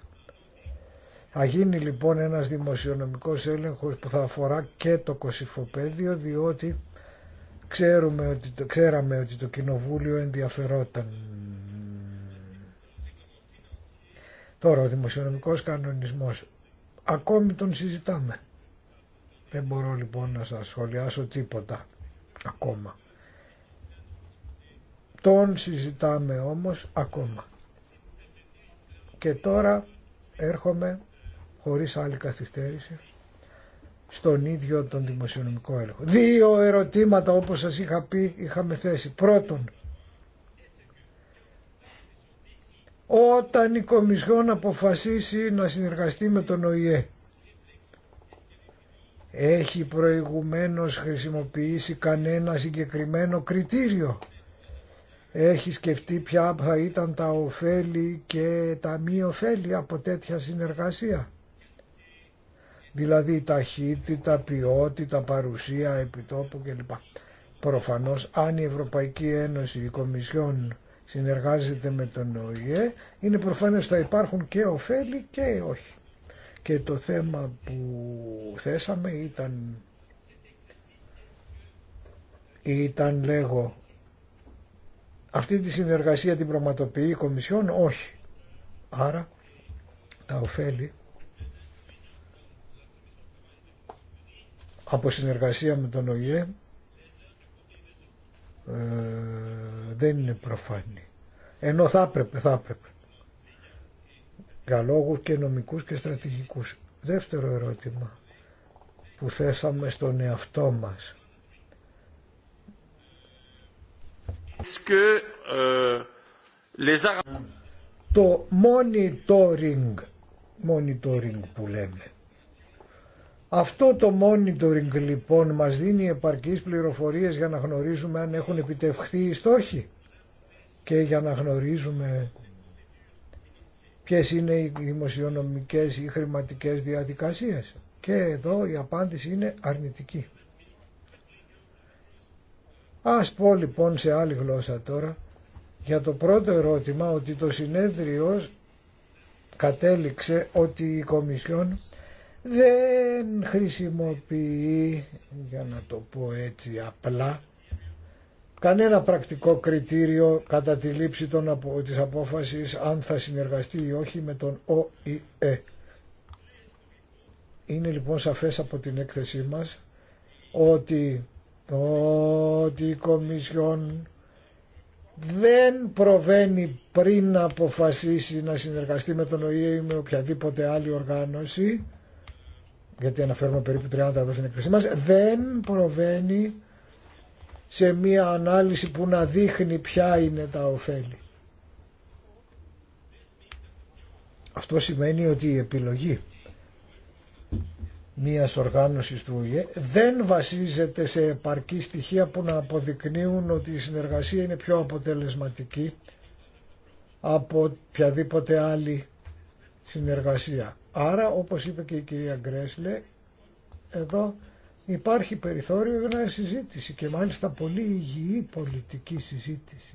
Θα γίνει λοιπόν ένας δημοσιονομικός έλεγχος που θα αφορά και το κοσυφοπέδιο διότι ξέρουμε ότι ξέραμε ότι το κοινοβούλιο ενδιαφερόταν. Τώρα ο δημοσιονομικός κανονισμός ακόμη τον συζητάμε. Δεν μπορώ λοιπόν να σας σχολιάσω τίποτα ακόμα τον συζητάμε όμως ακόμα. Και τώρα έρχομαι χωρίς άλλη καθυστέρηση στον ίδιο τον δημοσιονομικό έλεγχο. Δύο ερωτήματα όπως σας είχα πει είχαμε θέσει. Πρώτον, όταν η Κομισιόν αποφασίσει να συνεργαστεί με τον ΟΗΕ έχει προηγουμένως χρησιμοποιήσει κανένα συγκεκριμένο κριτήριο έχει σκεφτεί ποια θα ήταν τα ωφέλη και τα μη ωφέλη από τέτοια συνεργασία. Δηλαδή ταχύτητα, ποιότητα, παρουσία, επιτόπου κλπ. Προφανώς αν η Ευρωπαϊκή Ένωση, η Κομισιόν συνεργάζεται με τον ΟΗΕ, είναι προφανές θα υπάρχουν και ωφέλη και όχι. Και το θέμα που θέσαμε ήταν, ήταν λέγω, αυτή τη συνεργασία την πραγματοποιεί η Κομισιόν, όχι. Άρα τα ωφέλη από συνεργασία με τον ΟΗΕ ε, δεν είναι προφανή. Ενώ θα έπρεπε, θα έπρεπε. Για λόγους και νομικούς και στρατηγικούς. Δεύτερο ερώτημα που θέσαμε στον εαυτό μας. Euh, το monitoring, monitoring που λέμε. Αυτό το monitoring λοιπόν μας δίνει επαρκείς πληροφορίες για να γνωρίζουμε αν έχουν επιτευχθεί οι στόχοι και για να γνωρίζουμε ποιες είναι οι δημοσιονομικές ή χρηματικές διαδικασίες. Και εδώ η απάντηση είναι αρνητική. Ας πω λοιπόν σε άλλη γλώσσα τώρα για το πρώτο ερώτημα ότι το συνέδριο κατέληξε ότι η Κομισιόν δεν χρησιμοποιεί, για να το πω έτσι απλά, κανένα πρακτικό κριτήριο κατά τη λήψη των, της απόφασης αν θα συνεργαστεί ή όχι με τον ΟΗΕ. Είναι λοιπόν σαφές από την έκθεσή μας ότι το ότι η Κομισιόν δεν προβαίνει πριν αποφασίσει να συνεργαστεί με τον ΟΗΕ ή με οποιαδήποτε άλλη οργάνωση γιατί αναφέρουμε περίπου 30 εδώ στην εκκλησία μας, δεν προβαίνει σε μία ανάλυση που να δείχνει ποια είναι τα ωφέλη. Αυτό σημαίνει ότι η επιλογή μία οργάνωση του ΟΗΕ δεν βασίζεται σε επαρκή στοιχεία που να αποδεικνύουν ότι η συνεργασία είναι πιο αποτελεσματική από οποιαδήποτε άλλη συνεργασία. Άρα, όπως είπε και η κυρία Γκρέσλε, εδώ υπάρχει περιθώριο για συζήτηση και μάλιστα πολύ υγιή πολιτική συζήτηση.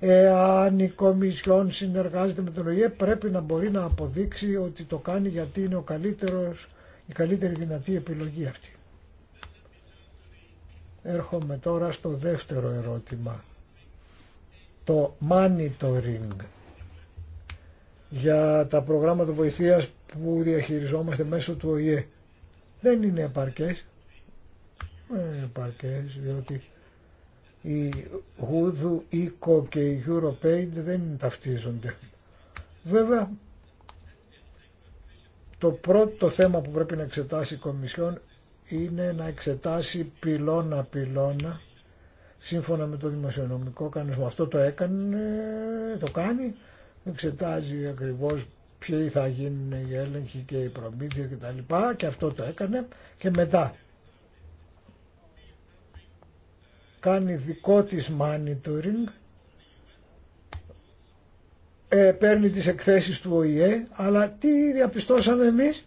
Εάν η Κομισιόν συνεργάζεται με τον ΟΗΕ πρέπει να μπορεί να αποδείξει ότι το κάνει γιατί είναι ο καλύτερος η καλύτερη δυνατή επιλογή αυτή. Έρχομαι τώρα στο δεύτερο ερώτημα. Το monitoring για τα προγράμματα βοηθείας που διαχειριζόμαστε μέσω του ΟΗΕ. Δεν είναι επαρκές. Δεν είναι επαρκές, διότι η Γούδου, η και η EuroPaid δεν ταυτίζονται. Βέβαια, το πρώτο θέμα που πρέπει να εξετάσει η Κομισιόν είναι να εξετάσει πυλώνα-πυλώνα σύμφωνα με το δημοσιονομικό κανονισμό. Αυτό το έκανε, το κάνει, εξετάζει ακριβώς ποιοι θα γίνουν οι έλεγχοι και οι προμήθειες και και αυτό το έκανε και μετά κάνει δικό της monitoring ε, παίρνει τις εκθέσεις του ΟΗΕ, αλλά τι διαπιστώσαμε εμείς.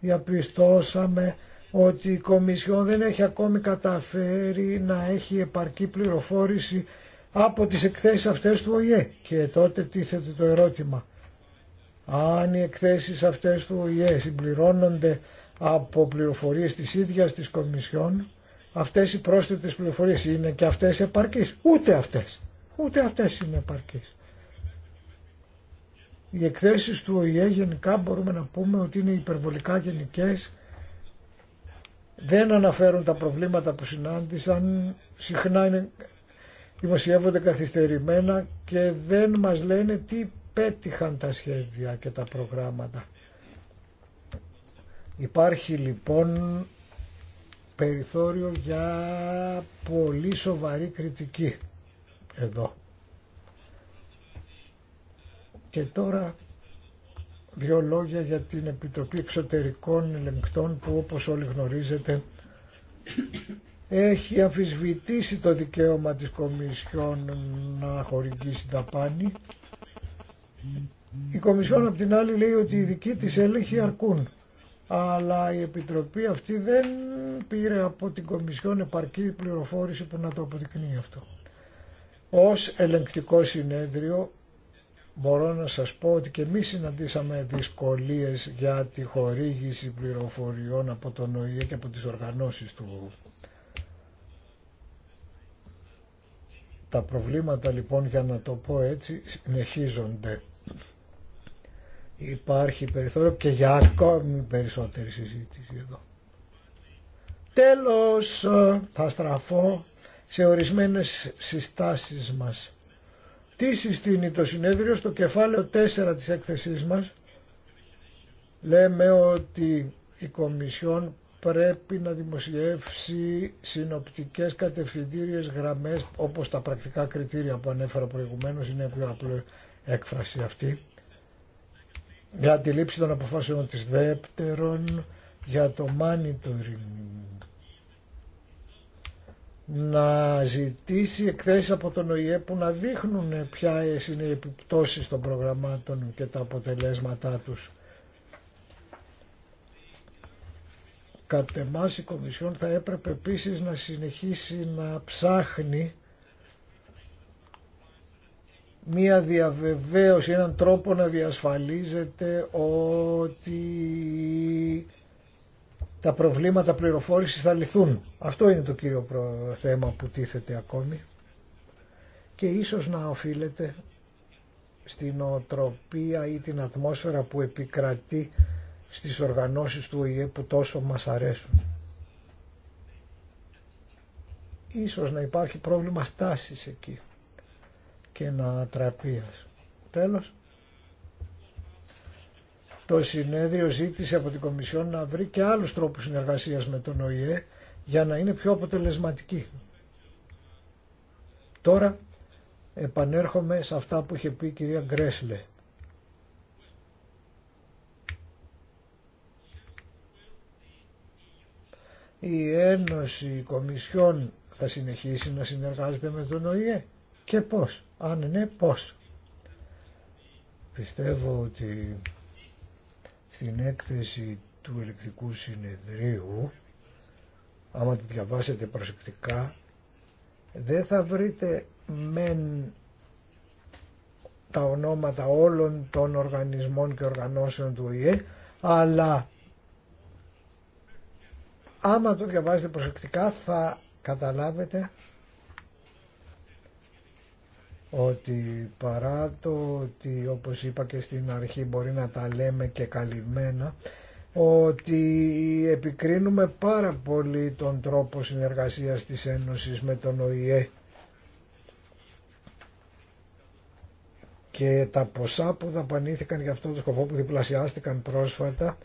Διαπιστώσαμε ότι η Κομισιόν δεν έχει ακόμη καταφέρει να έχει επαρκή πληροφόρηση από τις εκθέσεις αυτές του ΟΗΕ. Και τότε τίθεται το ερώτημα. Αν οι εκθέσεις αυτές του ΟΗΕ συμπληρώνονται από πληροφορίες της ίδιας της Κομισιόν, αυτές οι πρόσθετες πληροφορίες είναι και αυτές επαρκείς. Ούτε αυτές. Ούτε αυτές είναι επαρκείς. Οι εκθέσεις του ΟΗΕ γενικά μπορούμε να πούμε ότι είναι υπερβολικά γενικές, δεν αναφέρουν τα προβλήματα που συνάντησαν, συχνά είναι, δημοσιεύονται καθυστερημένα και δεν μας λένε τι πέτυχαν τα σχέδια και τα προγράμματα. Υπάρχει λοιπόν περιθώριο για πολύ σοβαρή κριτική εδώ. Και τώρα δύο λόγια για την Επιτροπή Εξωτερικών Ελεγκτών που όπως όλοι γνωρίζετε έχει αμφισβητήσει το δικαίωμα της Κομισιόν να χορηγήσει πάνη. Η Κομισιόν απ' την άλλη λέει ότι οι δικοί της έλεγχοι αρκούν. Αλλά η Επιτροπή αυτή δεν πήρε από την Κομισιόν επαρκή πληροφόρηση που να το αποδεικνύει αυτό. Ως ελεγκτικό συνέδριο μπορώ να σας πω ότι και εμείς συναντήσαμε δυσκολίες για τη χορήγηση πληροφοριών από τον ΟΗΕ και από τις οργανώσεις του. Τα προβλήματα λοιπόν, για να το πω έτσι, συνεχίζονται. Υπάρχει περιθώριο και για ακόμη περισσότερη συζήτηση εδώ. Τέλος, θα στραφώ σε ορισμένες συστάσεις μας τι συστήνει το συνέδριο στο κεφάλαιο 4 της έκθεσής μας. Λέμε ότι η Κομισιόν πρέπει να δημοσιεύσει συνοπτικές κατευθυντήριες γραμμές όπως τα πρακτικά κριτήρια που ανέφερα προηγουμένως είναι πιο απλή έκφραση αυτή για τη λήψη των αποφάσεων της δεύτερων για το monitoring να ζητήσει εκθέσεις από τον ΟΗΕ που να δείχνουν ποια είναι οι επιπτώσεις των προγραμμάτων και τα αποτελέσματά τους. Κατ' εμάς η Κομισιόν θα έπρεπε επίσης να συνεχίσει να ψάχνει μία διαβεβαίωση, έναν τρόπο να διασφαλίζεται ότι τα προβλήματα πληροφόρησης θα λυθούν. Αυτό είναι το κύριο θέμα που τίθεται ακόμη και ίσως να οφείλεται στην οτροπία ή την ατμόσφαιρα που επικρατεί στις οργανώσεις του ΟΗΕ που τόσο μας αρέσουν. Ίσως να υπάρχει πρόβλημα στάσης εκεί και να τραπείας. Τέλος, το συνέδριο ζήτησε από την Κομισιόν να βρει και άλλους τρόπους συνεργασίας με τον ΟΗΕ για να είναι πιο αποτελεσματική. Τώρα επανέρχομαι σε αυτά που είχε πει η κυρία Γκρέσλε. Η Ένωση η Κομισιόν θα συνεχίσει να συνεργάζεται με τον ΟΗΕ και πώς, αν ναι πώς. Πιστεύω ότι στην έκθεση του ελεκτικού συνεδρίου, άμα τη διαβάσετε προσεκτικά, δεν θα βρείτε μεν τα ονόματα όλων των οργανισμών και οργανώσεων του ΟΗΕ, αλλά άμα το διαβάσετε προσεκτικά θα καταλάβετε ότι παρά το ότι όπως είπα και στην αρχή μπορεί να τα λέμε και καλυμμένα ότι επικρίνουμε πάρα πολύ τον τρόπο συνεργασίας της Ένωσης με τον ΟΗΕ και τα ποσά που δαπανήθηκαν για αυτό το σκοπό που διπλασιάστηκαν πρόσφατα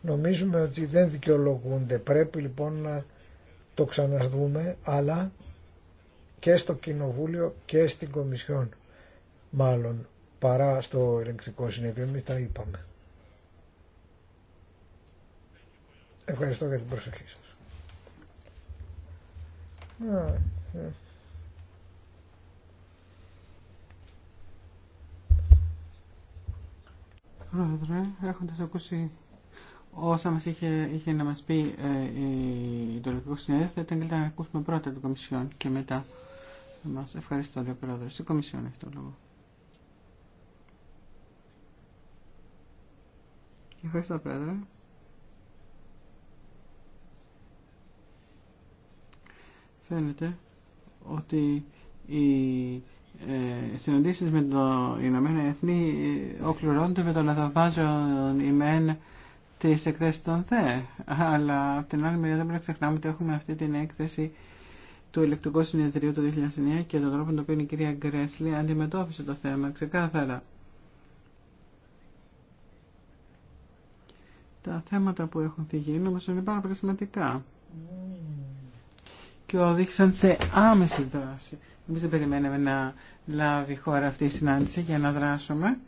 νομίζουμε ότι δεν δικαιολογούνται. Πρέπει λοιπόν να το ξαναδούμε αλλά και στο Κοινοβούλιο και στην Κομισιόν μάλλον παρά στο ελεγκτικό συνέδριο. Εμείς τα είπαμε. Ευχαριστώ για την προσοχή σας. Πρόεδρε, έχοντας ακούσει όσα μα είχε, είχε να μας πει ε, η, το Ελληνικό Συνέδριο, θα ήταν καλύτερα να ακούσουμε πρώτα την Κομισιόν και μετά μας. Ευχαριστώ, λέει ο Πρόεδρος. Η Κομισιόν έχει το λόγο. Ευχαριστώ, Πρόεδρε. Φαίνεται ότι οι ε, συναντήσεις με το Ηνωμένο Εθνή οκληρώνονται με το να θαυμάζουν οι μεν τις εκθέσεις των ΔΕ. Αλλά από την άλλη μεριά δεν πρέπει να ξεχνάμε ότι έχουμε αυτή την έκθεση του ηλεκτρικού Συνεδρίου του 2009 και τον τρόπο με τον οποίο η κυρία Γκρέσλι αντιμετώπισε το θέμα ξεκάθαρα. Τα θέματα που έχουν θυγεί όμως είναι πάρα πολύ σημαντικά και οδήγησαν σε άμεση δράση. Εμείς δεν περιμέναμε να λάβει η χώρα αυτή η συνάντηση για να δράσουμε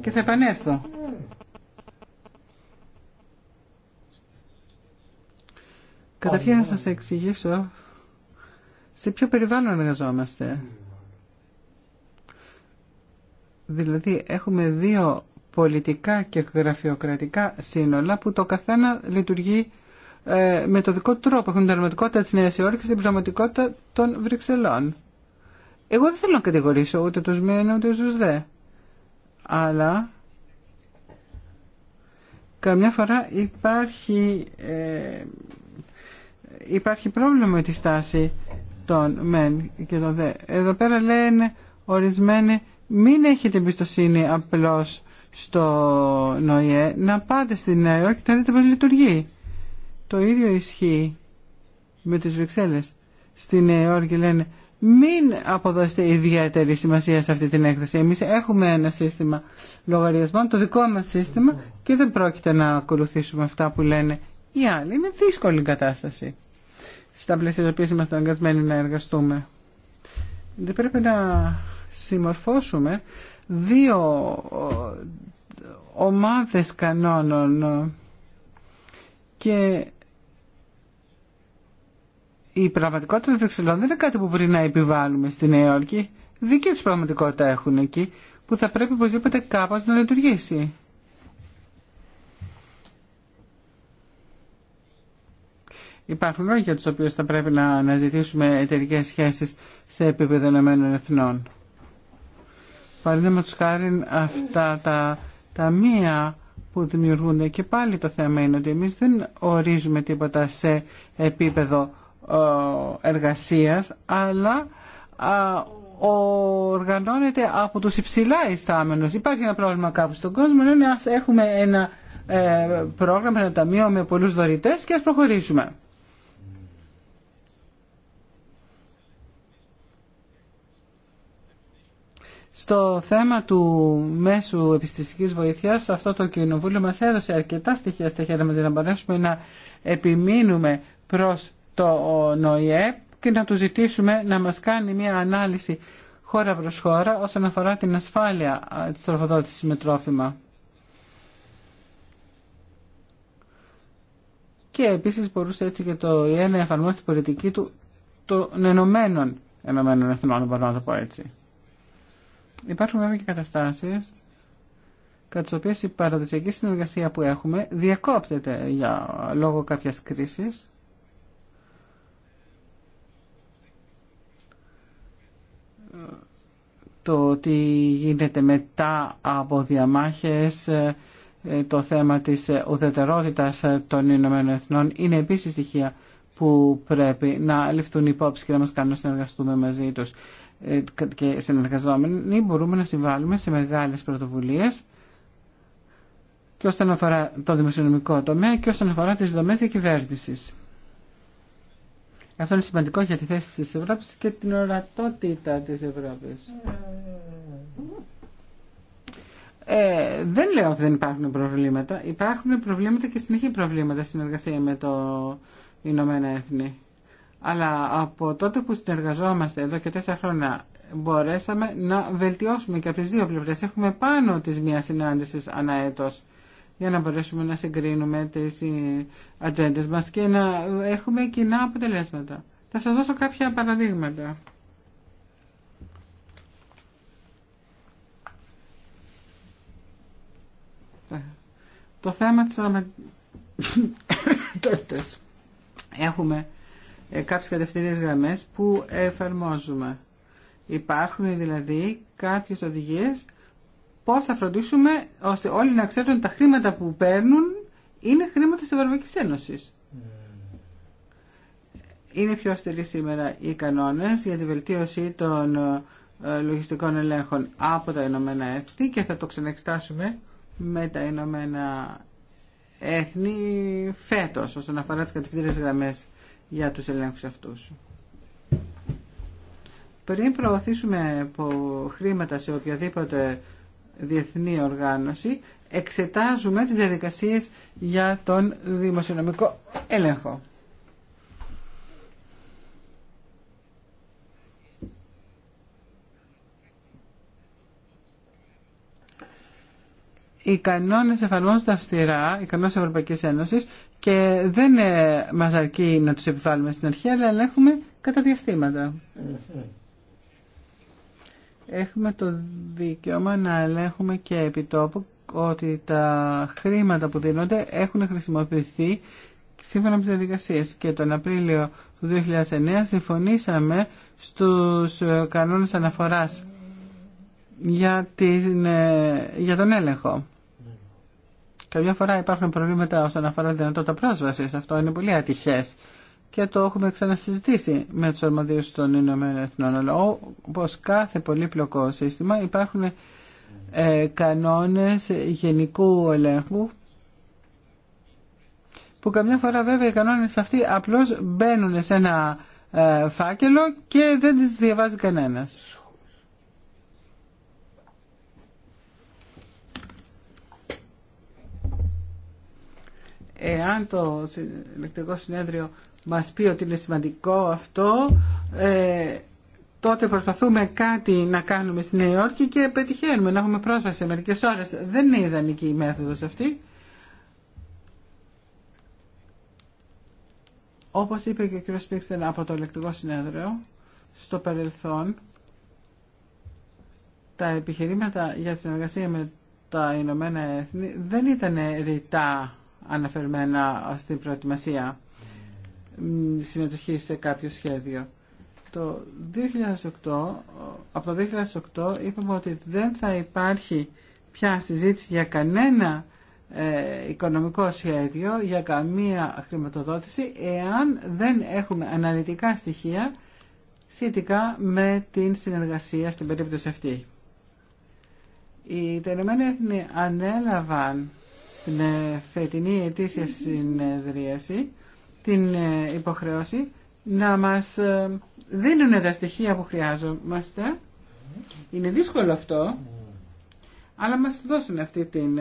και θα επανέλθω. Καταρχήν να σας εξηγήσω σε ποιο περιβάλλον εργαζόμαστε. Δηλαδή έχουμε δύο πολιτικά και γραφειοκρατικά σύνολα που το καθένα λειτουργεί ε, με το δικό του τρόπο. Έχουν την πραγματικότητα της Νέας Υόρκης και την πραγματικότητα των Βρυξελών. Εγώ δεν θέλω να κατηγορήσω ούτε τους μένα ούτε τους δε. Αλλά καμιά φορά υπάρχει, ε, υπάρχει πρόβλημα με τη στάση τον μεν και Εδώ πέρα λένε ορισμένοι μην έχετε εμπιστοσύνη απλώς στο ΝΟΙΕ, να πάτε στην Νέα Υόρκη και να δείτε πώς λειτουργεί. Το ίδιο ισχύει με τις Βρυξέλλες. Στη Νέα Υόρκη λένε μην αποδώσετε ιδιαίτερη σημασία σε αυτή την έκθεση. Εμείς έχουμε ένα σύστημα λογαριασμών, το δικό μας σύστημα και δεν πρόκειται να ακολουθήσουμε αυτά που λένε οι άλλοι. Είναι δύσκολη κατάσταση στα πλαίσια τα οποία είμαστε αναγκασμένοι να εργαστούμε. Δεν πρέπει να συμμορφώσουμε δύο ομάδες κανόνων και η πραγματικότητα των Βρυξελών δεν είναι κάτι που μπορεί να επιβάλλουμε στη Νέα Υόρκη. Δική τους πραγματικότητα έχουν εκεί που θα πρέπει οπωσδήποτε κάπως να λειτουργήσει. Υπάρχουν λόγοι για τους οποίους θα πρέπει να αναζητήσουμε εταιρικέ σχέσεις σε επίπεδο ενωμένων Εθνών. Παραδείγματος, χάρη αυτά τα ταμεία που δημιουργούνται και πάλι το θέμα είναι ότι εμείς δεν ορίζουμε τίποτα σε επίπεδο ε, εργασίας αλλά οργανώνεται από τους υψηλά ειστάμενους. Υπάρχει ένα πρόβλημα κάπου στον κόσμο, είναι ας έχουμε ένα ε, πρόγραμμα, ένα ταμείο με πολλούς δωρητές και ας προχωρήσουμε. Στο θέμα του μέσου επιστημιστικής βοήθειας, αυτό το κοινοβούλιο μας έδωσε αρκετά στοιχεία στα χέρια μας για να μπορέσουμε να επιμείνουμε προς το ΝΟΙΕ και να του ζητήσουμε να μας κάνει μια ανάλυση χώρα προς χώρα όσον αφορά την ασφάλεια της τροφοδότησης με τρόφιμα. Και επίσης μπορούσε έτσι και το ΙΕ να εφαρμόσει την πολιτική του των Ενωμένων Ενωμένων Εθνών, μπορώ να το πω έτσι. Υπάρχουν βέβαια και καταστάσεις κατά τι οποίε η παραδοσιακή συνεργασία που έχουμε διακόπτεται για λόγω κάποια κρίση. το ότι γίνεται μετά από διαμάχες το θέμα της ουδετερότητας των Ηνωμένων Εθνών είναι επίσης στοιχεία που πρέπει να ληφθούν υπόψη και να μας κάνουν να συνεργαστούμε μαζί τους. Ε, και συνεργαζόμενοι μπορούμε να συμβάλλουμε σε μεγάλες πρωτοβουλίες και όσον αφορά το δημοσιονομικό τομέα και όσον αφορά τις δομές διακυβέρνησης. Αυτό είναι σημαντικό για τη θέση της Ευρώπης και την ορατότητα της Ευρώπης. Ε, δεν λέω ότι δεν υπάρχουν προβλήματα. Υπάρχουν προβλήματα και συνεχή προβλήματα συνεργασία με το Ηνωμένα Έθνη. Αλλά από τότε που συνεργαζόμαστε εδώ και τέσσερα χρόνια μπορέσαμε να βελτιώσουμε και από τις δύο πλευρές. Έχουμε πάνω της μία συνάντησης ανά για να μπορέσουμε να συγκρίνουμε τις ε, ατζέντε μας και να έχουμε κοινά αποτελέσματα. Θα σας δώσω κάποια παραδείγματα. Το θέμα της αναμετρότητας. Έχουμε ε, κάποιες κατευθυντήριες γραμμές που εφαρμόζουμε. Υπάρχουν δηλαδή κάποιες οδηγίες πώς θα φροντίσουμε ώστε όλοι να ξέρουν τα χρήματα που παίρνουν είναι χρήματα της Ευρωπαϊκής Ένωσης. Mm. Είναι πιο αυστηροί σήμερα οι κανόνες για τη βελτίωση των ε, λογιστικών ελέγχων από τα Ηνωμένα Έθνη και θα το ξαναεξτάσουμε με τα Ηνωμένα Έθνη φέτος όσον αφορά τις γραμμές για τους ελέγχους αυτούς. Πριν προωθήσουμε χρήματα σε οποιαδήποτε διεθνή οργάνωση, εξετάζουμε τις διαδικασίες για τον δημοσιονομικό έλεγχο. οι κανόνες εφαρμόζονται αυστηρά, οι κανόνες Ευρωπαϊκής Ένωσης και δεν ε, μα αρκεί να τους επιβάλλουμε στην αρχή, αλλά ελέγχουμε κατά διαστήματα. Έχουμε το δικαίωμα να ελέγχουμε και επιτόπου ότι τα χρήματα που δίνονται έχουν χρησιμοποιηθεί σύμφωνα με τις διαδικασίες και τον Απρίλιο του 2009 συμφωνήσαμε στους ε, κανόνες αναφοράς για, την, ε, για τον έλεγχο. Καμιά φορά υπάρχουν προβλήματα όσον αφορά τη δυνατότητα πρόσβαση. Αυτό είναι πολύ ατυχέ. Και το έχουμε ξανασυζητήσει με του αρμοδίου των Ηνωμένων Εθνών. Αλλά όπω κάθε πολύπλοκο σύστημα υπάρχουν ε, κανόνες γενικού ελέγχου που καμιά φορά βέβαια οι κανόνες αυτοί απλώς μπαίνουν σε ένα ε, φάκελο και δεν τι διαβάζει κανένα. εάν το Ελεκτρικό συνέδριο μας πει ότι είναι σημαντικό αυτό, ε, τότε προσπαθούμε κάτι να κάνουμε στη Νέα Υόρκη και πετυχαίνουμε να έχουμε πρόσβαση σε μερικές ώρες. Δεν είναι ιδανική η μέθοδος αυτή. Όπως είπε και ο κ. Σπίξτερ από το Ελεκτρικό συνέδριο, στο παρελθόν τα επιχειρήματα για τη συνεργασία με τα Ηνωμένα Έθνη δεν ήταν ρητά αναφερμένα στην προετοιμασία συμμετοχή σε κάποιο σχέδιο. Το 2008, από το 2008 είπαμε ότι δεν θα υπάρχει πια συζήτηση για κανένα ε, οικονομικό σχέδιο, για καμία χρηματοδότηση, εάν δεν έχουμε αναλυτικά στοιχεία σχετικά με την συνεργασία στην περίπτωση αυτή. Οι Ηνωμένα Έθνη ανέλαβαν την ε, φετινή ετήσια συνεδρίαση την ε, υποχρέωση να μας ε, δίνουν τα στοιχεία που χρειάζομαστε. Είναι δύσκολο αυτό, αλλά μας δώσουν αυτή την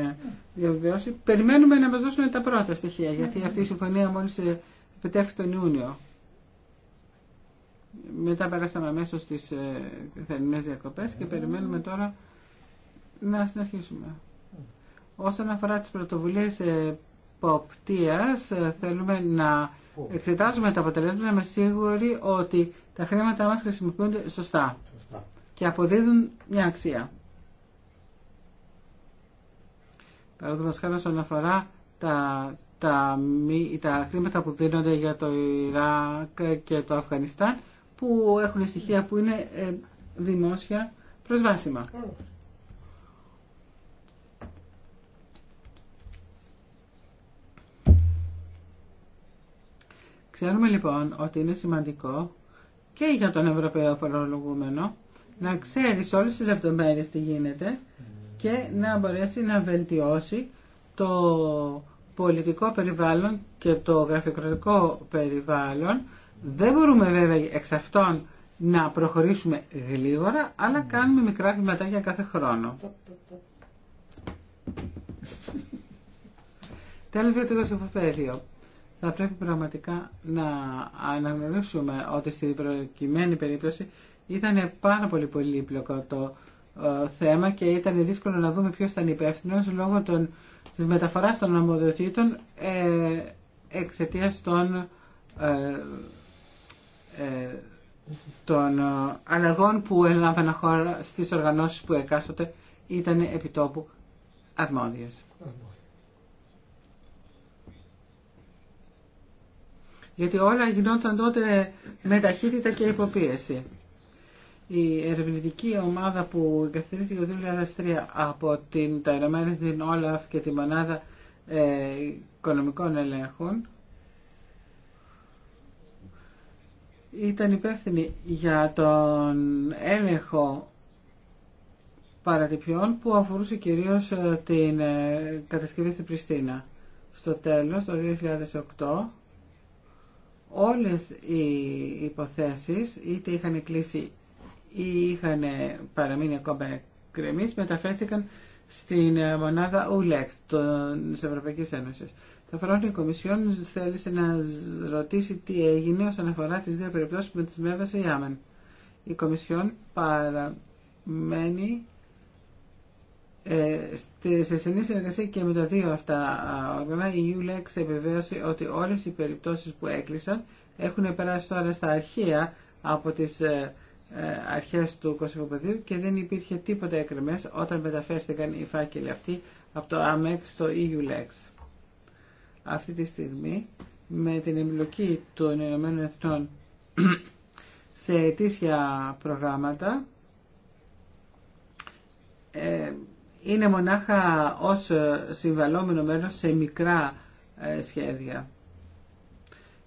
διαβεβαίωση. Περιμένουμε να μας δώσουν τα πρώτα στοιχεία, γιατί αυτή η συμφωνία μόλις επιτεύχει τον Ιούνιο. Μετά περάσαμε αμέσως στις θερινές διακοπές και περιμένουμε τώρα να συνεχίσουμε. Όσον αφορά τις πρωτοβουλίες ΠΟΠΤΙΑΣ ε, θέλουμε να εξετάζουμε τα αποτελέσματα να είμαστε σίγουροι ότι τα χρήματά μας χρησιμοποιούνται σωστά και αποδίδουν μια αξία. Παραδείγμα χάρη όσον αφορά τα, τα, τα χρήματα που δίνονται για το Ιράκ και το Αφγανιστάν που έχουν στοιχεία που είναι ε, δημόσια προσβάσιμα. Ξέρουμε λοιπόν ότι είναι σημαντικό και για τον Ευρωπαίο φορολογούμενο να ξέρει σε όλες τις τι γίνεται και να μπορέσει να βελτιώσει το πολιτικό περιβάλλον και το γραφειοκρατικό περιβάλλον. Δεν μπορούμε βέβαια εξ αυτών να προχωρήσουμε γλίγορα, αλλά κάνουμε μικρά για κάθε χρόνο. Τέλος για το θα πρέπει πραγματικά να αναγνωρίσουμε ότι στην προκειμένη περίπτωση ήταν πάρα πολύ πολύπλοκο το ε, θέμα και ήταν δύσκολο να δούμε ποιος ήταν υπεύθυνο λόγω των, της μεταφοράς των νομοδοτήτων ε, εξαιτίας των, ε, ε, των αλλαγών που έλαβαν χώρα στις οργανώσεις που εκάστοτε ήταν επιτόπου αρμόδιες. γιατί όλα γινόταν τότε με ταχύτητα και υποπίεση. Η ερευνητική ομάδα που εγκαθιδρύθηκε το 2003 από την ταερωμένη την Όλαφ και τη Μονάδα ε, Οικονομικών Ελέγχων ήταν υπεύθυνη για τον έλεγχο παρατυπιών που αφορούσε κυρίως ε, την ε, κατασκευή στην Πριστίνα. Στο τέλος, το 2008, όλες οι υποθέσεις είτε είχαν κλείσει ή είχαν παραμείνει ακόμα κρεμείς μεταφέρθηκαν στην μονάδα ULEX τη Ευρωπαϊκή Ένωση. Το φορόν η Κομισιόν θέλησε να ρωτήσει τι έγινε όσον αφορά τι δύο περιπτώσει με τις μέβασε σε Άμεν. Η Κομισιόν παραμένει σε στενή συνεργασία και με τα δύο αυτά όργανα, η e ULEX επιβεβαίωσε ότι όλες οι περιπτώσεις που έκλεισαν έχουν περάσει τώρα στα αρχεία από τις ε, ε, αρχές του Κωσυφοπεδίου και δεν υπήρχε τίποτα εκκρεμές όταν μεταφέρθηκαν οι φάκελοι αυτοί από το ΑΜΕΚ στο EULEX. Αυτή τη στιγμή, με την εμπλοκή των Ηνωμένων σε αιτήσια προγράμματα, ε, είναι μονάχα ως συμβαλόμενο μέρος σε μικρά ε, σχέδια.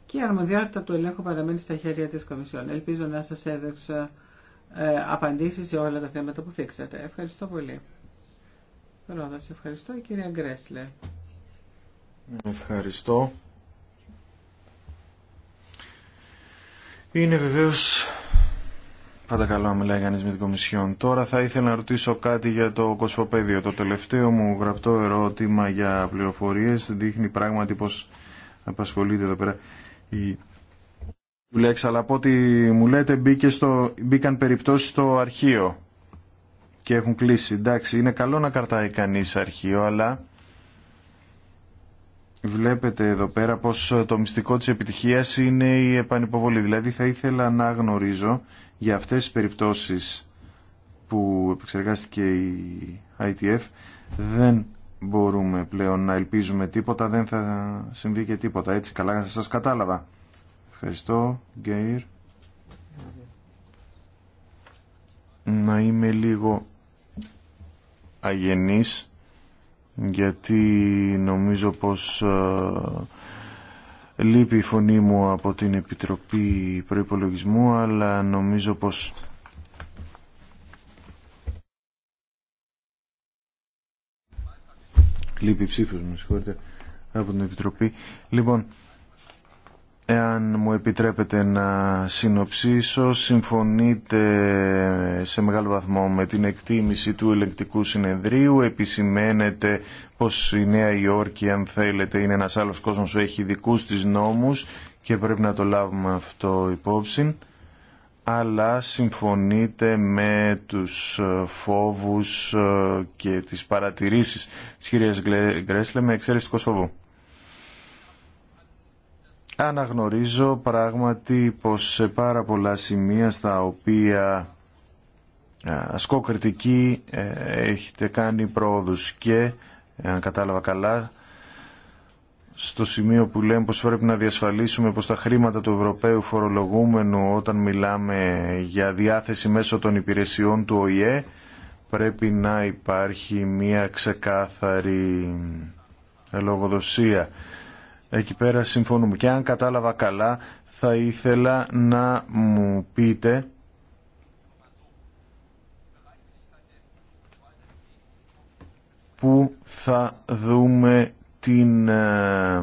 Και η αρμοδιότητα του ελέγχου παραμένει στα χέρια της Κομισιόν. Ελπίζω να σας έδωξα ε, απαντήσεις σε όλα τα θέματα που θίξατε. Ευχαριστώ πολύ. ευχαριστώ. Η κυρία Γκρέσλε. Ευχαριστώ. Είναι βεβαίως Παρακαλώ, μιλάει κανεί με την Κομισιόν. Τώρα θα ήθελα να ρωτήσω κάτι για το κοσμοπέδιο. Το τελευταίο μου γραπτό ερώτημα για πληροφορίε δείχνει πράγματι πω απασχολείται εδώ πέρα η Λέξα. αλλά από ό,τι μου λέτε μπήκε στο, μπήκαν περιπτώσεις στο αρχείο και έχουν κλείσει. Εντάξει, είναι καλό να καρτάει κανείς αρχείο, αλλά βλέπετε εδώ πέρα πως το μυστικό της επιτυχίας είναι η επανυποβολή. Δηλαδή θα ήθελα να γνωρίζω για αυτές τις περιπτώσεις που επεξεργάστηκε η ITF δεν μπορούμε πλέον να ελπίζουμε τίποτα, δεν θα συμβεί και τίποτα. Έτσι καλά να σας κατάλαβα. Ευχαριστώ, Γκέιρ. Να είμαι λίγο αγενής γιατί νομίζω πως ε, Λείπει η φωνή μου από την Επιτροπή Προϋπολογισμού, αλλά νομίζω πως... Λείπει η ψήφος μου, συγχωρείτε, από την Επιτροπή. Λοιπόν, Εάν μου επιτρέπετε να συνοψίσω, συμφωνείτε σε μεγάλο βαθμό με την εκτίμηση του ελεγκτικού συνεδρίου, επισημαίνεται πως η Νέα Υόρκη, αν θέλετε, είναι ένας άλλος κόσμος που έχει δικούς της νόμους και πρέπει να το λάβουμε αυτό υπόψη, αλλά συμφωνείτε με τους φόβους ε, και τις παρατηρήσεις της κυρίας Γκρέσλε με εξαίρεση φόβο αναγνωρίζω πράγματι πως σε πάρα πολλά σημεία στα οποία ε, ασκώ ε, έχετε κάνει πρόοδους και, ε, αν κατάλαβα καλά, στο σημείο που λέμε πως πρέπει να διασφαλίσουμε πως τα χρήματα του Ευρωπαίου φορολογούμενου όταν μιλάμε για διάθεση μέσω των υπηρεσιών του ΟΗΕ πρέπει να υπάρχει μια ξεκάθαρη λογοδοσία. Εκεί πέρα συμφωνούμε. Και αν κατάλαβα καλά, θα ήθελα να μου πείτε... που θα δούμε την ε,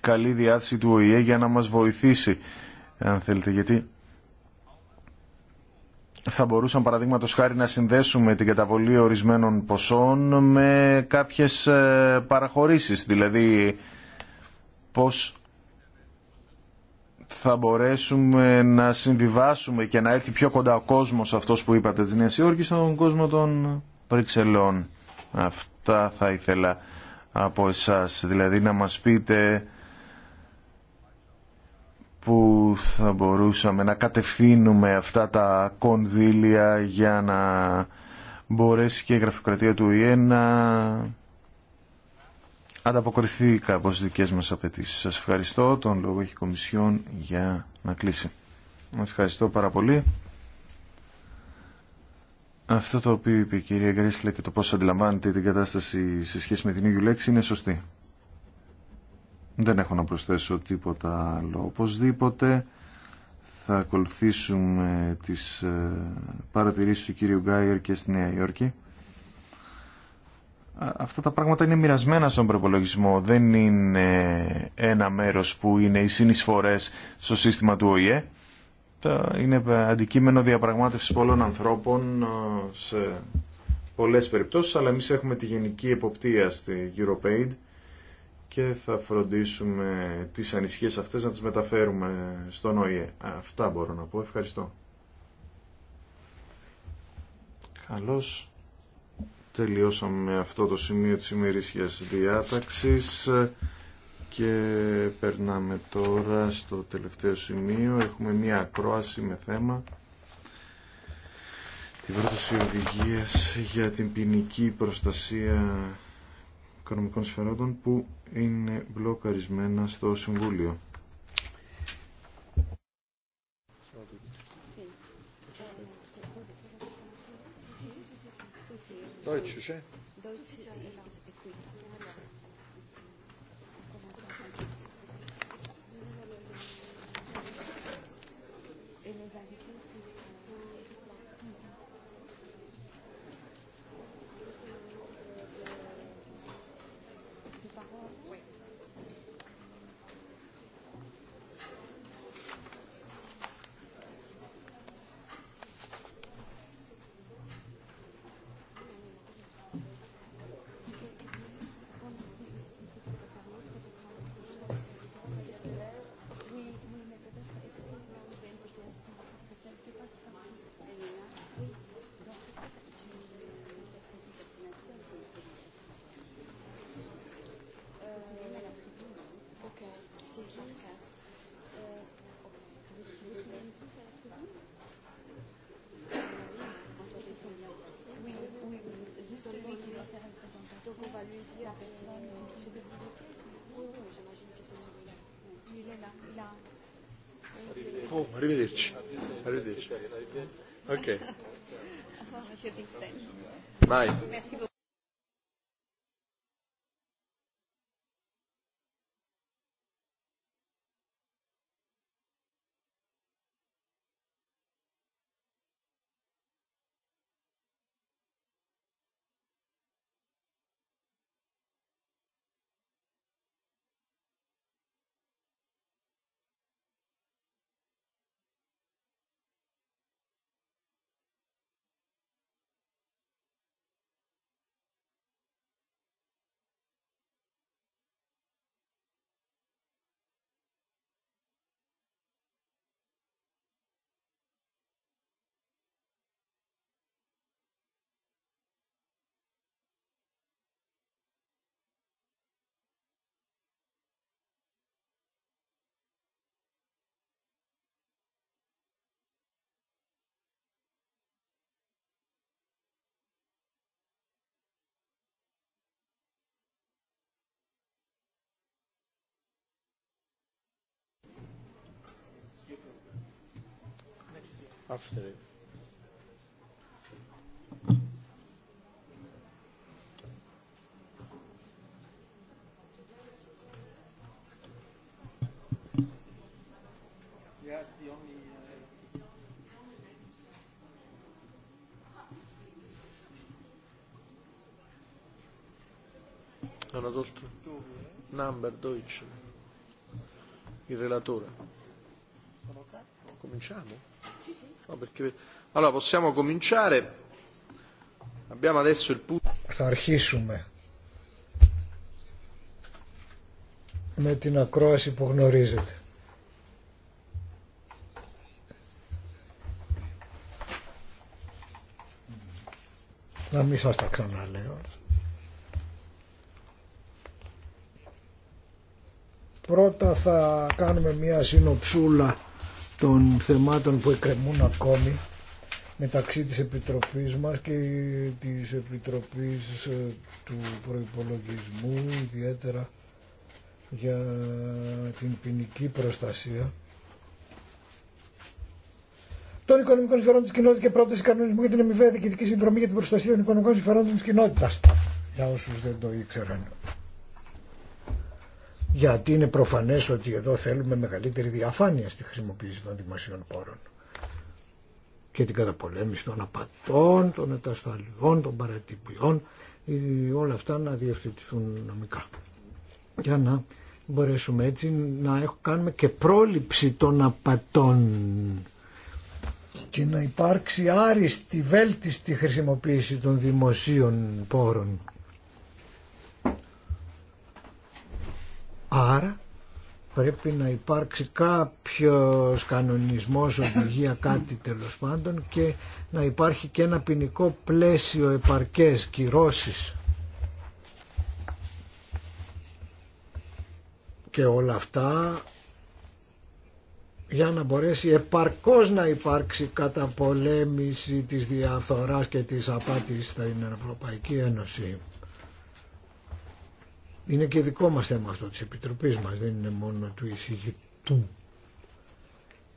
καλή διάθεση του ΟΗΕ για να μας βοηθήσει, αν θέλετε, γιατί θα μπορούσαν παραδείγματος χάρη να συνδέσουμε την καταβολή ορισμένων ποσών με κάποιες ε, παραχωρήσεις, δηλαδή πώς θα μπορέσουμε να συμβιβάσουμε και να έρθει πιο κοντά ο κόσμος αυτός που είπατε της Νέας Υόρκης στον κόσμο των Βρυξελών. Αυτά θα ήθελα από εσάς, δηλαδή να μας πείτε που θα μπορούσαμε να κατευθύνουμε αυτά τα κονδύλια για να μπορέσει και η γραφειοκρατία του ΙΕ να ανταποκριθεί κάπω στι δικέ μα απαιτήσει. Σα ευχαριστώ. Τον λόγο έχει η Κομισιόν για να κλείσει. Ευχαριστώ πάρα πολύ. Αυτό το οποίο είπε η κυρία Γκρίσλε και το πώ αντιλαμβάνεται την κατάσταση σε σχέση με την ίδια λέξη είναι σωστή. Δεν έχω να προσθέσω τίποτα άλλο. Οπωσδήποτε θα ακολουθήσουμε τις ε, παρατηρήσεις του κύριου Γκάιερ και στη Νέα Υόρκη αυτά τα πράγματα είναι μοιρασμένα στον προπολογισμό. Δεν είναι ένα μέρος που είναι οι συνεισφορές στο σύστημα του ΟΗΕ. Είναι αντικείμενο διαπραγμάτευσης πολλών ανθρώπων σε πολλές περιπτώσεις, αλλά εμείς έχουμε τη γενική εποπτεία στη EuroPaid και θα φροντίσουμε τις ανησυχίες αυτές να τις μεταφέρουμε στον ΟΗΕ. Αυτά μπορώ να πω. Ευχαριστώ. Καλώς τελειώσαμε αυτό το σημείο της ημερήσιας διάταξης και περνάμε τώρα στο τελευταίο σημείο. Έχουμε μία ακρόαση με θέμα την πρόταση οδηγία για την ποινική προστασία οικονομικών σφαιρότων που είναι μπλοκαρισμένα στο Συμβούλιο. Deutsch, Arrivederci. Arrivederci. Ok. Bye. after Yeah, it's the only. Uh... Hanno tolto number 12 il relatore. Cominciamo? Θα αρχίσουμε με την ακρόαση που γνωρίζετε. Να μην σας τα ξαναλέω. Πρώτα θα κάνουμε μία συνοψούλα των θεμάτων που εκκρεμούν ακόμη μεταξύ της Επιτροπής μας και της Επιτροπής ε, του Προϋπολογισμού, ιδιαίτερα για την ποινική προστασία. Των οικονομικών συμφερόντων τη κοινότητα και πρόταση κανονισμού για την αμοιβαία διοικητική συνδρομή για την προστασία των οικονομικών συμφερόντων τη κοινότητα. Για όσου δεν το ήξεραν γιατί είναι προφανές ότι εδώ θέλουμε μεγαλύτερη διαφάνεια στη χρησιμοποίηση των δημοσίων πόρων και την καταπολέμηση των απατών, των ατασταλιών, των παρατυπιών, όλα αυτά να διευθετηθούν νομικά. Για να μπορέσουμε έτσι να έχουμε, κάνουμε και πρόληψη των απατών και να υπάρξει άριστη, βέλτιστη χρησιμοποίηση των δημοσίων πόρων. Άρα πρέπει να υπάρξει κάποιος κανονισμός, οδηγία, κάτι τέλος πάντων και να υπάρχει και ένα ποινικό πλαίσιο επαρκές κυρώσεις. Και όλα αυτά για να μπορέσει επαρκώς να υπάρξει καταπολέμηση της διαφθοράς και της απάτης στην Ευρωπαϊκή Ένωση. Είναι και δικό μας θέμα αυτό της Επιτροπής μας, δεν είναι μόνο του εισηγητού.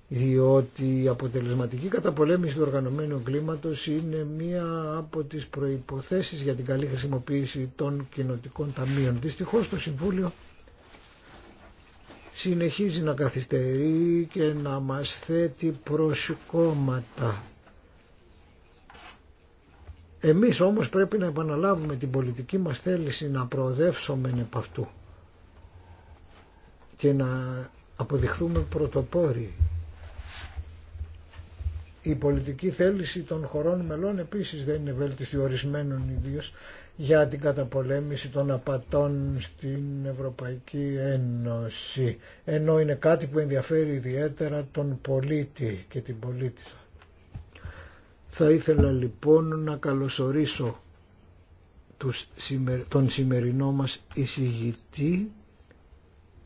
Διότι η αποτελεσματική καταπολέμηση του οργανωμένου κλίματος είναι μία από τις προϋποθέσεις για την καλή χρησιμοποίηση των κοινοτικών ταμείων. Δυστυχώς το Συμβούλιο συνεχίζει να καθυστερεί και να μας θέτει προσκόμματα εμείς όμως πρέπει να επαναλάβουμε την πολιτική μας θέληση να προοδεύσουμε επ' αυτού και να αποδειχθούμε πρωτοπόροι. Η πολιτική θέληση των χωρών μελών επίσης δεν είναι βέλτιστη ορισμένων ιδίως για την καταπολέμηση των απατών στην Ευρωπαϊκή Ένωση, ενώ είναι κάτι που ενδιαφέρει ιδιαίτερα τον πολίτη και την πολίτησα. Θα ήθελα λοιπόν να καλωσορίσω τον σημερινό μας εισηγητή,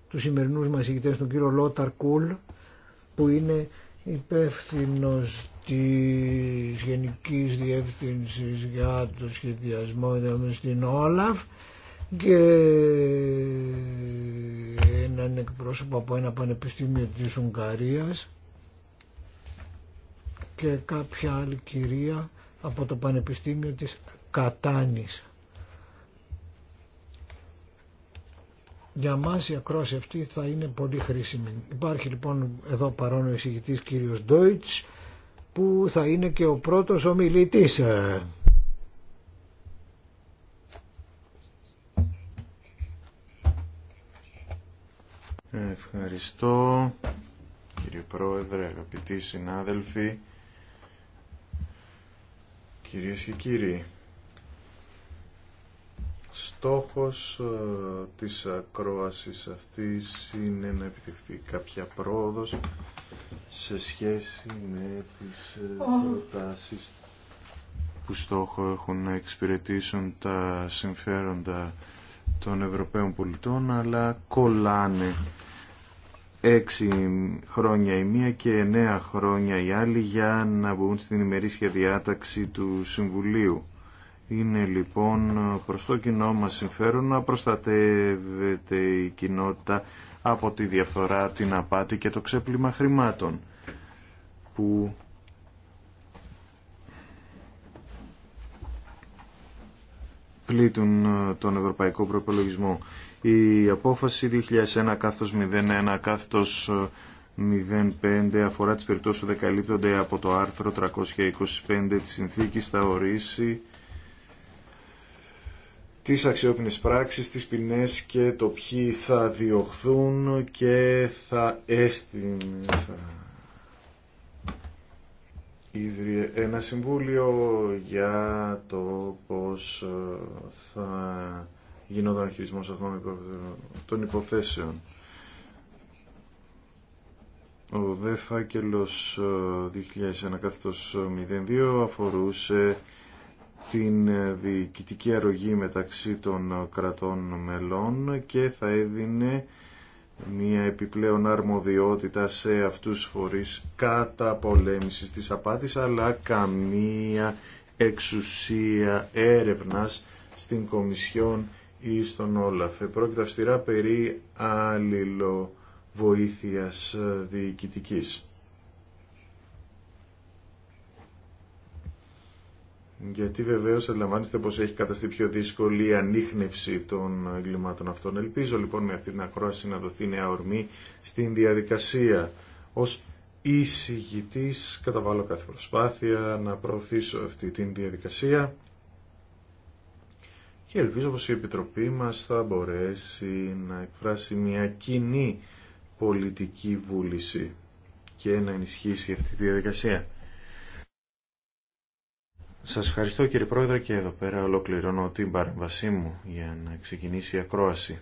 τους σημερινούς μας εισηγητές, τον κύριο Λόταρ Κούλ, που είναι υπεύθυνο της Γενικής Διεύθυνσης για το σχεδιασμό στην Όλαφ και έναν εκπρόσωπο από ένα πανεπιστήμιο της Ουγγαρίας και κάποια άλλη κυρία από το Πανεπιστήμιο της Κατάνης. Για μας η ακρόση αυτή θα είναι πολύ χρήσιμη. Υπάρχει λοιπόν εδώ παρόν ο εισηγητής κύριος Ντόιτς που θα είναι και ο πρώτος ομιλητής. Ευχαριστώ κύριε Πρόεδρε, αγαπητοί συνάδελφοι κυρίες και κύριοι. Στόχος ε, της ακρόασης αυτής είναι να επιτευχθεί κάποια πρόοδος σε σχέση με τις ε, προτάσεις που στόχο έχουν να εξυπηρετήσουν τα συμφέροντα των Ευρωπαίων πολιτών αλλά κολλάνε έξι χρόνια η μία και εννέα χρόνια η άλλη για να μπουν στην ημερήσια διάταξη του Συμβουλίου. Είναι λοιπόν προς το κοινό μας συμφέρον να προστατεύεται η κοινότητα από τη διαφθορά, την απάτη και το ξέπλυμα χρημάτων που πλήττουν τον ευρωπαϊκό προπολογισμό. Η απόφαση 2001 κάθος 01 κάθος 05 ε, αφορά τις περιπτώσεις που δεκαλύπτονται από το άρθρο 325 της συνθήκης θα ορίσει τις αξιόπινες πράξεις, τις ποινές και το ποιοι θα διωχθούν και θα έστειν ένα συμβούλιο για το πώς ε, θα γινόταν ο χειρισμός αυτών των υποθέσεων. Ο δε φάκελο 2001 2001-02 αφορούσε την ε, διοικητική αρρωγή μεταξύ των ε, κρατών μελών και θα έδινε μια επιπλέον αρμοδιότητα σε αυτούς φορείς κατά πολέμησης της απάτης αλλά καμία εξουσία έρευνας στην Κομισιόν ή στον Όλαφ. Πρόκειται αυστηρά περί αλληλοβοήθειας διοικητικής. Γιατί βεβαίω αντιλαμβάνεστε πω έχει καταστεί πιο δύσκολη η ανείχνευση των εγκλημάτων αυτών. Ελπίζω λοιπόν με αυτή την ακρόαση να δοθεί νέα ορμή στην διαδικασία. Ω εισηγητή καταβάλω κάθε προσπάθεια να προωθήσω αυτή την διαδικασία και ελπίζω πως η Επιτροπή μας θα μπορέσει να εκφράσει μια κοινή πολιτική βούληση και να ενισχύσει αυτή τη διαδικασία. Σας ευχαριστώ κύριε Πρόεδρε και εδώ πέρα ολοκληρώνω την παρέμβασή μου για να ξεκινήσει η ακρόαση.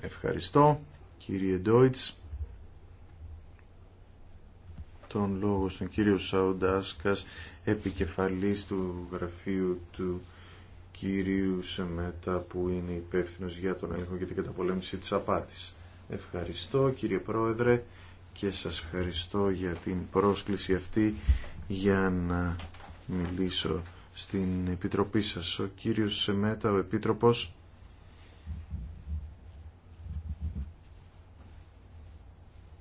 Ευχαριστώ κύριε Ντόιτς. Τον λόγο στον κύριο Σαουντάσκας, επικεφαλής του γραφείου του κυρίου Σεμέτα που είναι υπεύθυνο για τον έλεγχο και την καταπολέμηση της απάτης. Ευχαριστώ κύριε Πρόεδρε και σας ευχαριστώ για την πρόσκληση αυτή για να μιλήσω στην Επιτροπή σας. Ο κύριος Σεμέτα, ο Επίτροπος,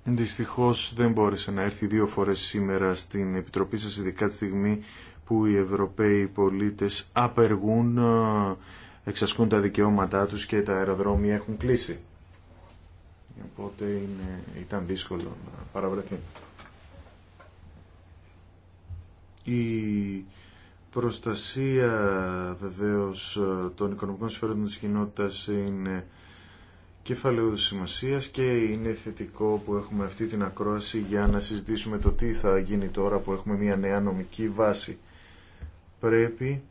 Δυστυχώς δεν μπόρεσε να έρθει δύο φορές σήμερα στην Επιτροπή σας, ειδικά τη στιγμή που οι Ευρωπαίοι πολίτες απεργούν, ε, εξασκούν τα δικαιώματά τους και τα αεροδρόμια έχουν κλείσει. Οπότε είναι, ήταν δύσκολο να παραβρεθεί. Η προστασία βεβαίως ε, των οικονομικών συμφέροντων της κοινότητας είναι κεφαλαίου σημασία και είναι θετικό που έχουμε αυτή την ακρόαση για να συζητήσουμε το τι θα γίνει τώρα που έχουμε μια νέα νομική βάση πρέπει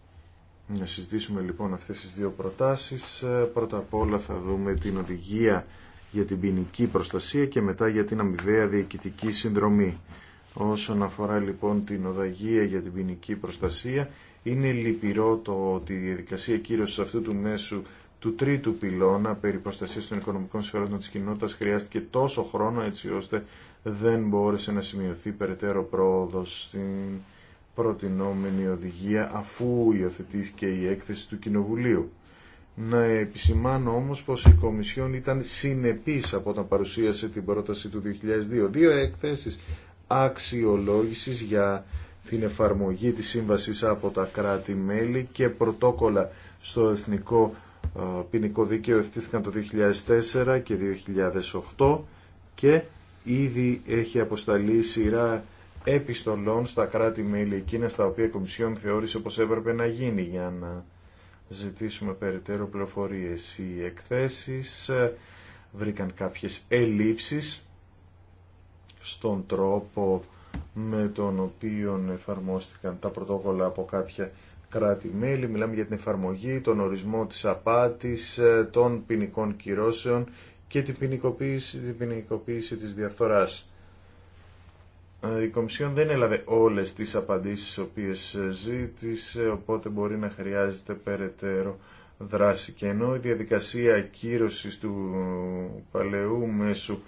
να συζητήσουμε λοιπόν αυτές τις δύο προτάσεις. Ε, πρώτα απ' όλα θα δούμε την οδηγία για την ποινική προστασία και μετά για την αμοιβαία διοικητική συνδρομή. Όσον αφορά λοιπόν την οδηγία για την ποινική προστασία, είναι λυπηρό το ότι η διαδικασία κύρωσης αυτού του μέσου του τρίτου πυλώνα περί προστασίας των οικονομικών συμφερόντων της κοινότητας χρειάστηκε τόσο χρόνο έτσι ώστε δεν μπόρεσε να σημειωθεί περαιτέρω πρόοδος στην προτινόμενη οδηγία αφού υιοθετεί και η έκθεση του Κοινοβουλίου. Να επισημάνω όμως πως η Κομισιόν ήταν συνεπής από όταν παρουσίασε την πρόταση του 2002. Δύο εκθέσεις αξιολόγησης για την εφαρμογή της σύμβασης από τα κράτη-μέλη και πρωτόκολλα στο Εθνικό ε, Ποινικό Δίκαιο ευθύθηκαν το 2004 και 2008 και ήδη έχει αποσταλεί σειρά επιστολών στα κράτη-μέλη εκείνα στα οποία η Κομισιόν θεώρησε πως έπρεπε να γίνει για να ζητήσουμε περαιτέρω πληροφορίες. ή εκθέσεις ε, βρήκαν κάποιες ελλείψεις στον τρόπο με τον οποίο εφαρμόστηκαν τα πρωτόκολλα από κάποια κράτη-μέλη. Μιλάμε για την εφαρμογή, τον ορισμό της απάτης, ε, των ποινικών κυρώσεων και την ποινικοποίηση, την ποινικοποίηση της διαφθοράς. Ε, η Κομισιόν δεν έλαβε όλες τις απαντήσεις τις οποίες ε, ζήτησε, οπότε μπορεί να χρειάζεται περαιτέρω δράση. Και ενώ η διαδικασία κύρωσης του παλαιού μέσου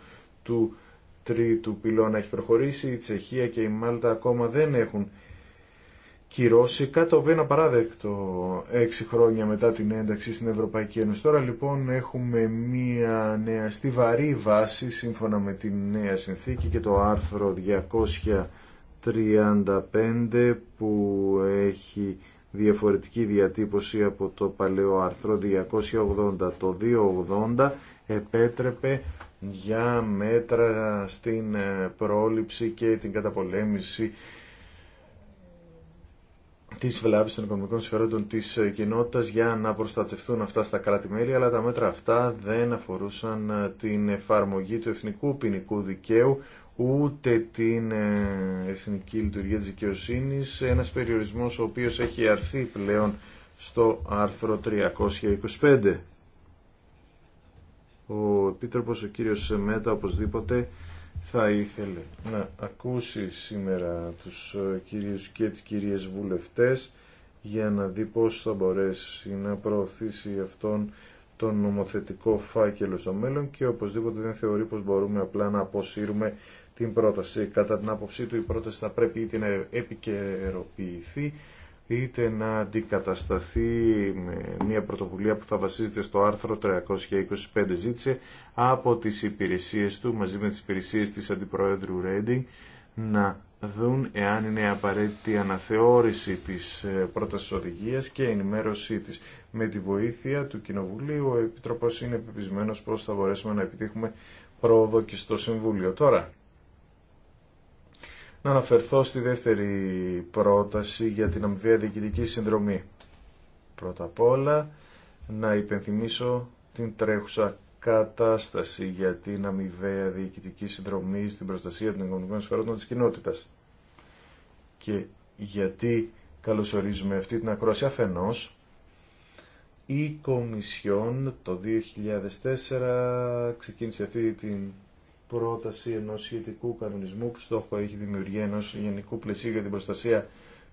του τρίτου πυλώνα έχει προχωρήσει, η Τσεχία και η Μάλτα ακόμα δεν έχουν κυρώσει, κάτι το οποίο είναι απαράδεκτο έξι χρόνια μετά την ένταξη στην Ευρωπαϊκή Ένωση. Τώρα λοιπόν έχουμε μία νέα στιβαρή βάση σύμφωνα με την νέα συνθήκη και το άρθρο 235 που έχει διαφορετική διατύπωση από το παλαιό άρθρο 280. Το 280 επέτρεπε για μέτρα στην ε, πρόληψη και την καταπολέμηση τη βλάβη των οικονομικών συμφερόντων τη ε, κοινότητα για να προστατευτούν αυτά στα κράτη-μέλη, αλλά τα μέτρα αυτά δεν αφορούσαν ε, την εφαρμογή του εθνικού ποινικού δικαίου ούτε την ε, εθνική λειτουργία της δικαιοσύνη, ένας περιορισμός ο οποίος έχει αρθεί πλέον στο άρθρο 325. Ο Επίτροπος, ο κύριος Μέτα, οπωσδήποτε θα ήθελε να ακούσει σήμερα τους ε, κυρίους και τις κυρίες βουλευτές για να δει πώς θα μπορέσει να προωθήσει αυτόν τον νομοθετικό φάκελο στο μέλλον και οπωσδήποτε δεν θεωρεί πως μπορούμε απλά να αποσύρουμε την πρόταση. Κατά την άποψή του η πρόταση θα πρέπει είτε να επικαιροποιηθεί είτε να αντικατασταθεί μια πρωτοβουλία που θα βασίζεται στο άρθρο 325 ζήτησε από τις υπηρεσίες του μαζί με τις υπηρεσίες της Αντιπροέδρου Ρέντινγκ να δουν εάν είναι απαραίτητη αναθεώρηση της ε, πρώτας οδηγίας και ενημέρωσή της. Με τη βοήθεια του Κοινοβουλίου ο Επιτροπός είναι επιπισμένος πως θα μπορέσουμε να επιτύχουμε πρόοδο και στο Συμβούλιο. Τώρα, να αναφερθώ στη δεύτερη πρόταση για την αμοιβαία διοικητική συνδρομή. Πρώτα απ' όλα να υπενθυμίσω την τρέχουσα κατάσταση για την αμοιβαία διοικητική συνδρομή στην προστασία των οικονομικών σφαίρων της κοινότητας. Και γιατί καλωσορίζουμε αυτή την ακρόαση αφενός, η Κομισιόν το 2004 ξεκίνησε αυτή την πρόταση ενό σχετικού κανονισμού που στόχο έχει δημιουργία ενό γενικού πλαισίου για την προστασία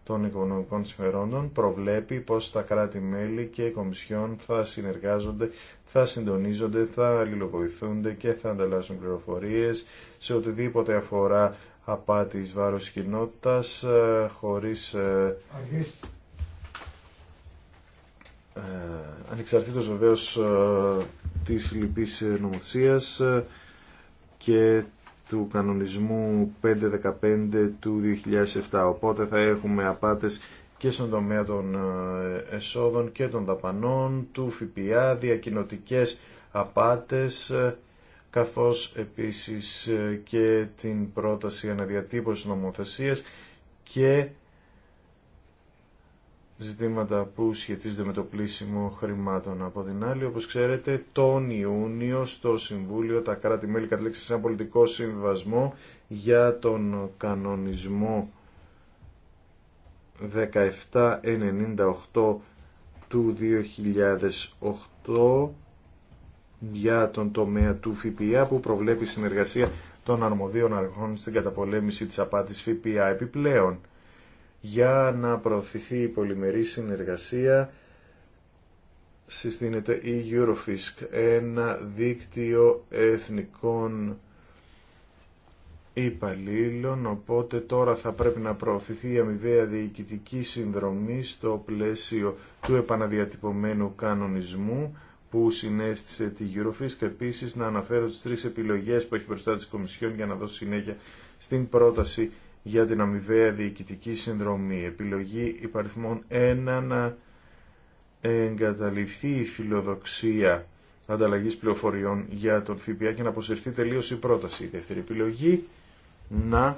των οικονομικών συμφερόντων προβλέπει πως τα κράτη-μέλη και οι κομισιόν θα συνεργάζονται, θα συντονίζονται, θα αλληλοβοηθούνται και θα ανταλλάσσουν πληροφορίες σε οτιδήποτε αφορά απάτη εις κοινότητα χωρί. Ε, χωρίς ε, ε, ανεξαρτήτως βεβαίως της λυπής νομοθεσίας και του κανονισμού 515 του 2007. Οπότε θα έχουμε απάτες και στον τομέα των ε, εσόδων και των δαπανών, του ΦΠΑ, διακοινωτικές απάτες, ε, καθώς επίσης ε, και την πρόταση αναδιατύπωσης νομοθεσίας και ζητήματα που σχετίζονται με το πλήσιμο χρημάτων. Από την άλλη, όπως ξέρετε, τον Ιούνιο στο Συμβούλιο τα κράτη-μέλη κατέληξαν σε ένα πολιτικό συμβασμό για τον κανονισμό 1798 του 2008 για τον τομέα του ΦΠΑ που προβλέπει συνεργασία των αρμοδίων αρχών στην καταπολέμηση της απάτης ΦΠΑ επιπλέον για να προωθηθεί η πολυμερή συνεργασία συστήνεται η Eurofisk, ένα δίκτυο εθνικών υπαλλήλων, οπότε τώρα θα πρέπει να προωθηθεί η αμοιβαία διοικητική συνδρομή στο πλαίσιο του επαναδιατυπωμένου κανονισμού που συνέστησε τη Eurofisk. Επίσης να αναφέρω τις τρεις επιλογές που έχει μπροστά της Κομισιόν για να δώσει συνέχεια στην πρόταση για την αμοιβαία διοικητική συνδρομή. Επιλογή υπαριθμών 1 να εγκαταλειφθεί η φιλοδοξία ανταλλαγή πληροφοριών για τον ΦΠΑ και να αποσυρθεί τελείω η πρόταση. Η δεύτερη επιλογή να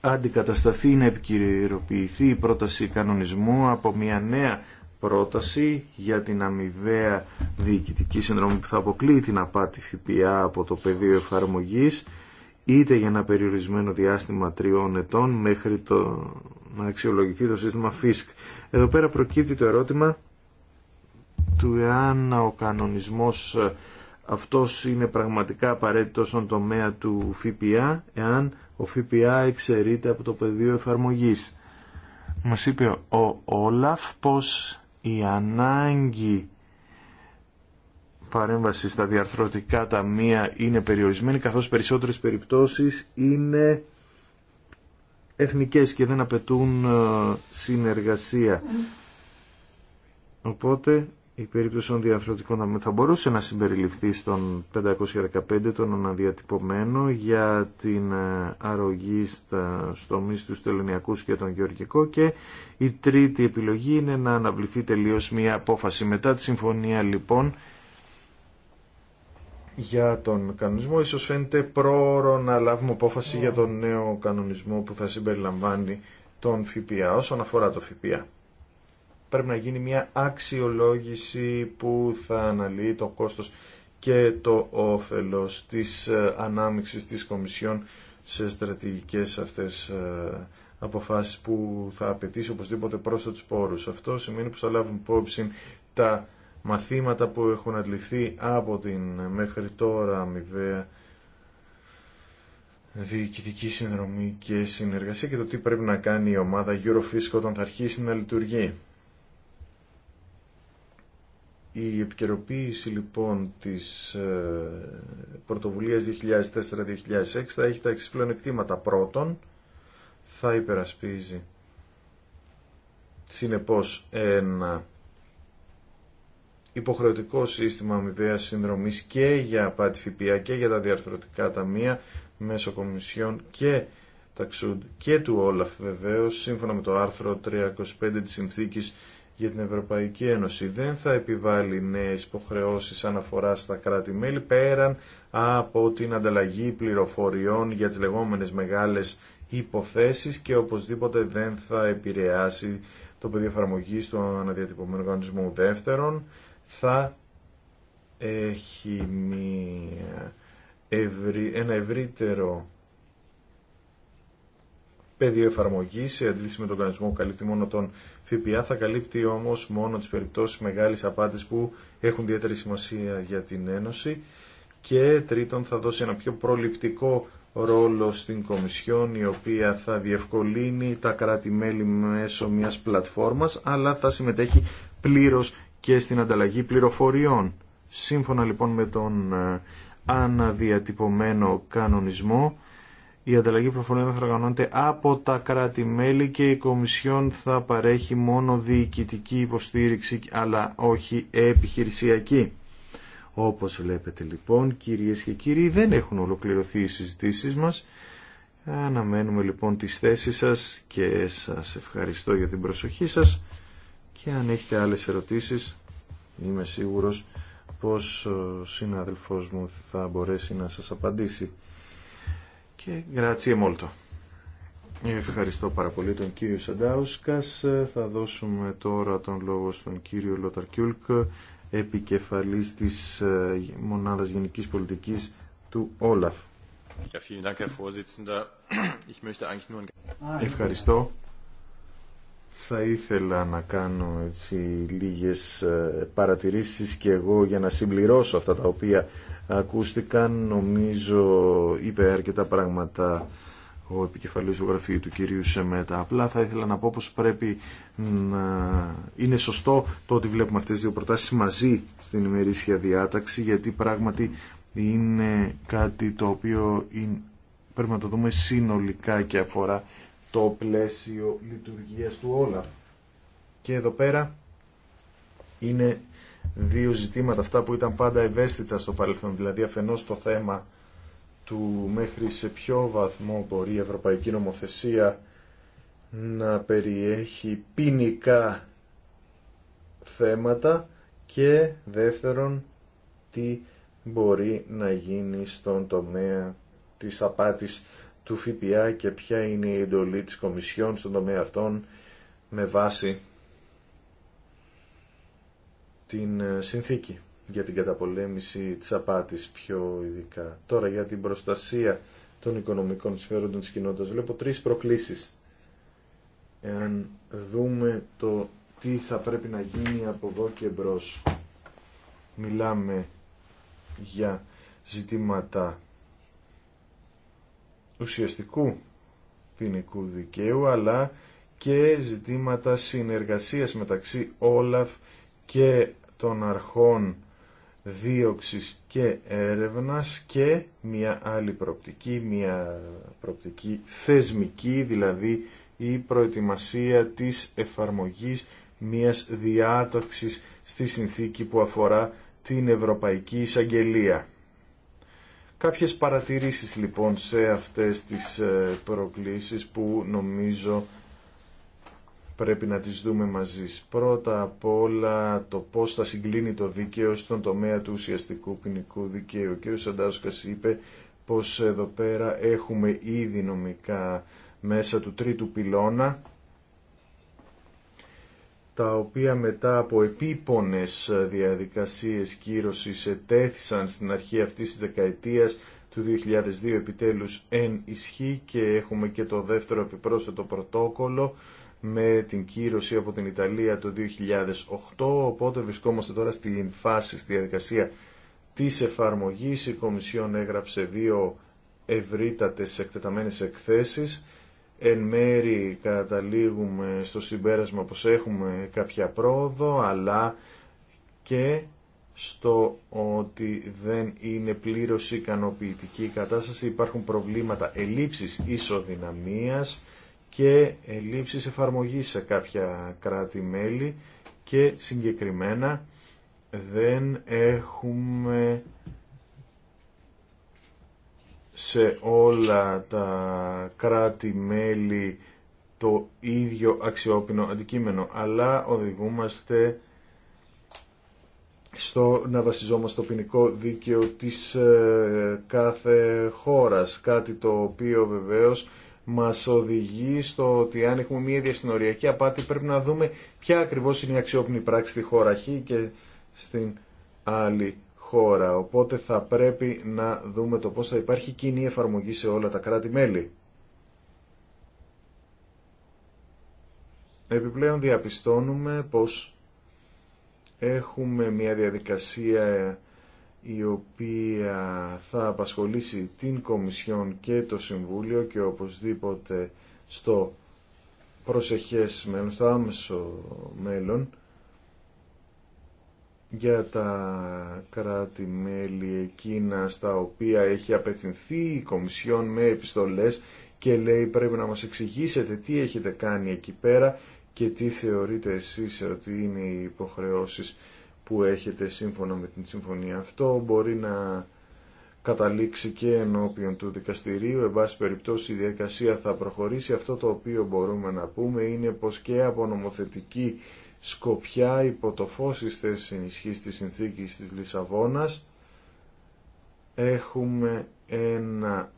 αντικατασταθεί ή να επικυρωποιηθεί πρόταση κανονισμού από μια νέα πρόταση για την αμοιβαία διοικητική συνδρομή που θα αποκλείει την απάτη ΦΠΑ από το πεδίο εφαρμογής είτε για ένα περιορισμένο διάστημα τριών ετών μέχρι το να αξιολογηθεί το σύστημα ΦΙΣΚ. Εδώ πέρα προκύπτει το ερώτημα του εάν ο κανονισμός αυτός είναι πραγματικά απαραίτητο στον τομέα του ΦΠΑ, εάν ο ΦΠΑ εξαιρείται από το πεδίο εφαρμογής. Μας είπε ο Όλαφ πως η ανάγκη παρέμβαση στα διαρθρωτικά ταμεία είναι περιορισμένη, καθώς περισσότερες περιπτώσεις είναι εθνικές και δεν απαιτούν ε, συνεργασία. Οπότε η περίπτωση των διαρθρωτικών ταμείων θα μπορούσε να συμπεριληφθεί στον 515 τον αναδιατυπωμένο για την ε, αρρωγή στα, στο του και τον γεωργικό και η τρίτη επιλογή είναι να αναβληθεί τελείως μια απόφαση. Μετά τη συμφωνία λοιπόν για τον κανονισμό. Ίσως φαίνεται πρόωρο να λάβουμε απόφαση για τον νέο κανονισμό που θα συμπεριλαμβάνει τον ΦΠΑ όσον αφορά το ΦΠΑ. Πρέπει να γίνει μια αξιολόγηση που θα αναλύει το κόστος και το όφελος της ε, ανάμειξης της Κομισιόν σε στρατηγικές αυτές ε, αποφάσεις που θα απαιτήσει οπωσδήποτε πρόσθετους πόρους. Αυτό σημαίνει πως θα λάβουν υπόψη τα μαθήματα που έχουν αντληθεί από την μέχρι τώρα αμοιβαία διοικητική συνδρομή και συνεργασία και το τι πρέπει να κάνει η ομάδα Eurofisco όταν θα αρχίσει να λειτουργεί. Η επικαιροποίηση λοιπόν της ε, πρωτοβουλίας 2004-2006 θα έχει τα εξής πλεονεκτήματα. Πρώτον, θα υπερασπίζει συνεπώς ένα υποχρεωτικό σύστημα αμοιβαίας συνδρομής και για απάτη ΦΠΑ και για τα διαρθρωτικά ταμεία μέσω κομισιών και και του Όλαφ βεβαίω, σύμφωνα με το άρθρο 305 της Συνθήκης για την Ευρωπαϊκή Ένωση δεν θα επιβάλλει νέες υποχρεώσεις αναφορά στα κράτη-μέλη πέραν από την ανταλλαγή πληροφοριών για τις λεγόμενες μεγάλες υποθέσεις και οπωσδήποτε δεν θα επηρεάσει το πεδίο εφαρμογή του αναδιατυπωμένου οργανισμού. Δεύτερον, θα έχει μια ευρύ, ένα ευρύτερο πεδίο εφαρμογή σε αντίθεση με τον κανονισμό που καλύπτει μόνο τον ΦΠΑ. Θα καλύπτει όμω μόνο τι περιπτώσει μεγάλη απάτη που έχουν ιδιαίτερη σημασία για την Ένωση. Και τρίτον, θα δώσει ένα πιο προληπτικό ρόλο στην Κομισιόν, η οποία θα διευκολύνει τα κράτη-μέλη μέσω μιας πλατφόρμας, αλλά θα συμμετέχει πλήρως και στην ανταλλαγή πληροφοριών. Σύμφωνα λοιπόν με τον ε, αναδιατυπωμένο κανονισμό, η ανταλλαγή πληροφοριών θα οργανώνεται από τα κράτη-μέλη και η Κομισιόν θα παρέχει μόνο διοικητική υποστήριξη αλλά όχι επιχειρησιακή. Όπως βλέπετε λοιπόν κυρίες και κύριοι δεν έχουν ολοκληρωθεί οι συζητήσεις μας. Αναμένουμε λοιπόν τις θέσεις σας και σας ευχαριστώ για την προσοχή σας και αν έχετε άλλες ερωτήσεις είμαι σίγουρος πως ο συνάδελφός μου θα μπορέσει να σας απαντήσει. Και γρατσίε μόλτο. Ευχαριστώ πάρα πολύ τον κύριο Σαντάουσκας. Θα δώσουμε τώρα τον λόγο στον κύριο Κιούλκ, επικεφαλής της ε, Μονάδας Γενικής Πολιτικής του Όλαφ. Ευχαριστώ. Θα ήθελα να κάνω έτσι λίγες ε, παρατηρήσεις και εγώ για να συμπληρώσω αυτά τα οποία ακούστηκαν. Νομίζω είπε αρκετά πράγματα ο επικεφαλής του γραφείου του κυρίου Σεμέτα. Απλά θα ήθελα να πω πως πρέπει να είναι σωστό το ότι βλέπουμε αυτές τις δύο προτάσεις μαζί στην ημερήσια διάταξη γιατί πράγματι είναι κάτι το οποίο πρέπει να το δούμε συνολικά και αφορά το πλαίσιο λειτουργίας του όλα. Και εδώ πέρα είναι δύο ζητήματα αυτά που ήταν πάντα ευαίσθητα στο παρελθόν. Δηλαδή αφενός το θέμα του μέχρι σε ποιο βαθμό μπορεί η Ευρωπαϊκή Νομοθεσία να περιέχει ποινικά θέματα και δεύτερον τι μπορεί να γίνει στον τομέα της απάτης του ΦΠΑ και ποια είναι η εντολή της Κομισιόν στον τομέα αυτών με βάση την ε, συνθήκη για την καταπολέμηση της απάτης πιο ειδικά. Τώρα για την προστασία των οικονομικών σφαίρων της κοινότητας βλέπω τρεις προκλήσεις. Εάν δούμε το τι θα πρέπει να γίνει από εδώ και μπρος. Μιλάμε για ζητήματα ουσιαστικού ποινικού δικαίου αλλά και ζητήματα συνεργασίας μεταξύ Όλαφ και των αρχών δίωξης και έρευνας και μια άλλη προπτική, μια προπτική θεσμική, δηλαδή η προετοιμασία της εφαρμογής μιας διάταξης στη συνθήκη που αφορά την Ευρωπαϊκή Εισαγγελία. Κάποιες παρατηρήσεις λοιπόν σε αυτές τις ε, προκλήσεις που νομίζω πρέπει να τις δούμε μαζί. Πρώτα απ' όλα το πώς θα συγκλίνει το δίκαιο στον τομέα του ουσιαστικού ποινικού δικαίου. Ο κ. Σαντάσκας είπε πως εδώ πέρα έχουμε ήδη νομικά μέσα του τρίτου πυλώνα τα οποία μετά από επίπονες ε, διαδικασίες κύρωσης ετέθησαν στην αρχή αυτής της δεκαετίας του 2002 επιτέλους εν ισχύ και έχουμε και το δεύτερο επιπρόσθετο πρωτόκολλο με την κύρωση από την Ιταλία το 2008 οπότε βρισκόμαστε τώρα στην φάση, στη διαδικασία της εφαρμογής η Κομισιόν έγραψε δύο ευρύτατες εκτεταμένες εκθέσεις εν μέρη καταλήγουμε στο συμπέρασμα πως έχουμε κάποια πρόοδο, αλλά και στο ότι δεν είναι πλήρως ικανοποιητική η κατάσταση. Υπάρχουν προβλήματα ελλείψης ισοδυναμίας και ελλείψης εφαρμογής σε κάποια κράτη-μέλη και συγκεκριμένα δεν έχουμε σε όλα τα κράτη-μέλη το ίδιο αξιόπινο αντικείμενο, αλλά οδηγούμαστε στο να βασιζόμαστε στο ποινικό δίκαιο της ε, κάθε χώρας, κάτι το οποίο βεβαίως μας οδηγεί στο ότι αν έχουμε μια διασυνοριακή απάτη πρέπει να δούμε ποια ακριβώς είναι η αξιόπινη πράξη στη χώρα Χ και στην άλλη οπότε θα πρέπει να δούμε το πώς θα υπάρχει κοινή εφαρμογή σε όλα τα κράτη-μέλη. Επιπλέον διαπιστώνουμε πως έχουμε μια διαδικασία η οποία θα απασχολήσει την Κομισιόν και το Συμβούλιο και οπωσδήποτε στο προσεχές μέλλον, στο άμεσο μέλλον, για τα κράτη-μέλη εκείνα στα οποία έχει απευθυνθεί η Κομισιόν με επιστολές και λέει πρέπει να μας εξηγήσετε τι έχετε κάνει εκεί πέρα και τι θεωρείτε εσείς ότι είναι οι υποχρεώσεις που έχετε σύμφωνα με την συμφωνία. Αυτό μπορεί να καταλήξει και ενώπιον του δικαστηρίου. Εν πάση περιπτώσει η διαδικασία θα προχωρήσει. Αυτό το οποίο μπορούμε να πούμε είναι πως και από νομοθετική σκοπιά υπό το φως της θέσης ενισχύς της συνθήκης της Λισαβόνας έχουμε ένα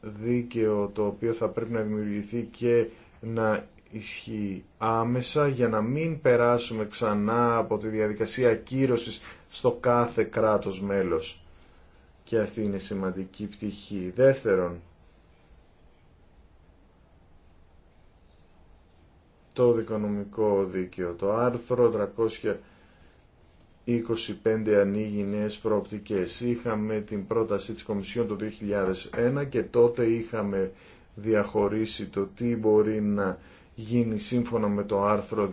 δίκαιο το οποίο θα πρέπει να δημιουργηθεί και να ισχύει άμεσα για να μην περάσουμε ξανά από τη διαδικασία κύρωσης στο κάθε κράτος μέλος. Και αυτή είναι σημαντική πτυχή. Δεύτερον, το δικονομικό δίκαιο. Το άρθρο 325 ανοίγει νέες προοπτικές. Είχαμε την πρόταση της Κομισιόν το 2001 και τότε είχαμε διαχωρίσει το τι μπορεί να γίνει σύμφωνα με το άρθρο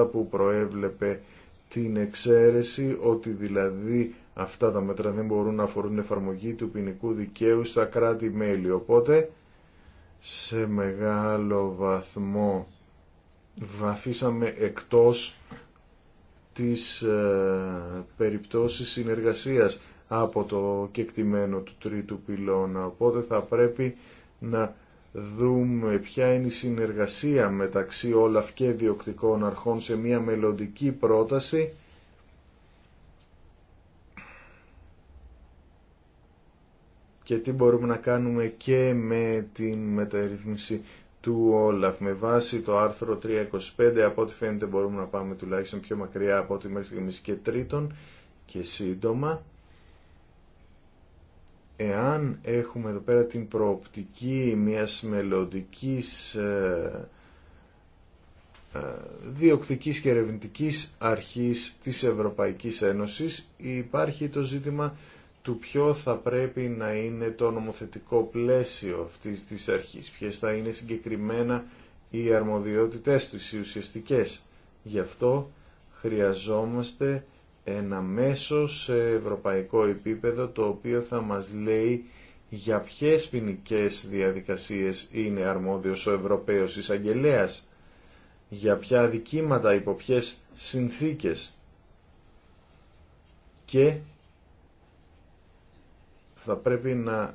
280 που προέβλεπε την εξαίρεση ότι δηλαδή αυτά τα μέτρα δεν μπορούν να αφορούν εφαρμογή του ποινικού δικαίου στα κράτη-μέλη. Οπότε σε μεγάλο βαθμό βαφήσαμε εκτός της ε, περιπτώσεις συνεργασίας από το κεκτημένο του τρίτου πυλώνα. Οπότε θα πρέπει να δούμε ποια είναι η συνεργασία μεταξύ όλαφ και διοκτικών αρχών σε μια μελλοντική πρόταση και τι μπορούμε να κάνουμε και με την μεταρρύθμιση του Όλαφ. Με βάση το άρθρο 325, από ό,τι φαίνεται μπορούμε να πάμε τουλάχιστον πιο μακριά από ό,τι μέχρι στιγμής και τρίτον και σύντομα. Εάν έχουμε εδώ πέρα την προοπτική μιας μελλοντικής ε, ε, διοκτικής και ερευνητικής αρχής της Ευρωπαϊκής Ένωσης υπάρχει το ζήτημα του ποιο θα πρέπει να είναι το νομοθετικό πλαίσιο αυτής της αρχής, ποιες θα είναι συγκεκριμένα οι αρμοδιότητες τους, οι ουσιαστικές. Γι' αυτό χρειαζόμαστε ένα μέσο σε ευρωπαϊκό επίπεδο το οποίο θα μας λέει για ποιες ποινικέ διαδικασίες είναι αρμόδιος ο Ευρωπαίος εισαγγελέα, για ποια δικήματα υπό ποιες συνθήκες και θα πρέπει να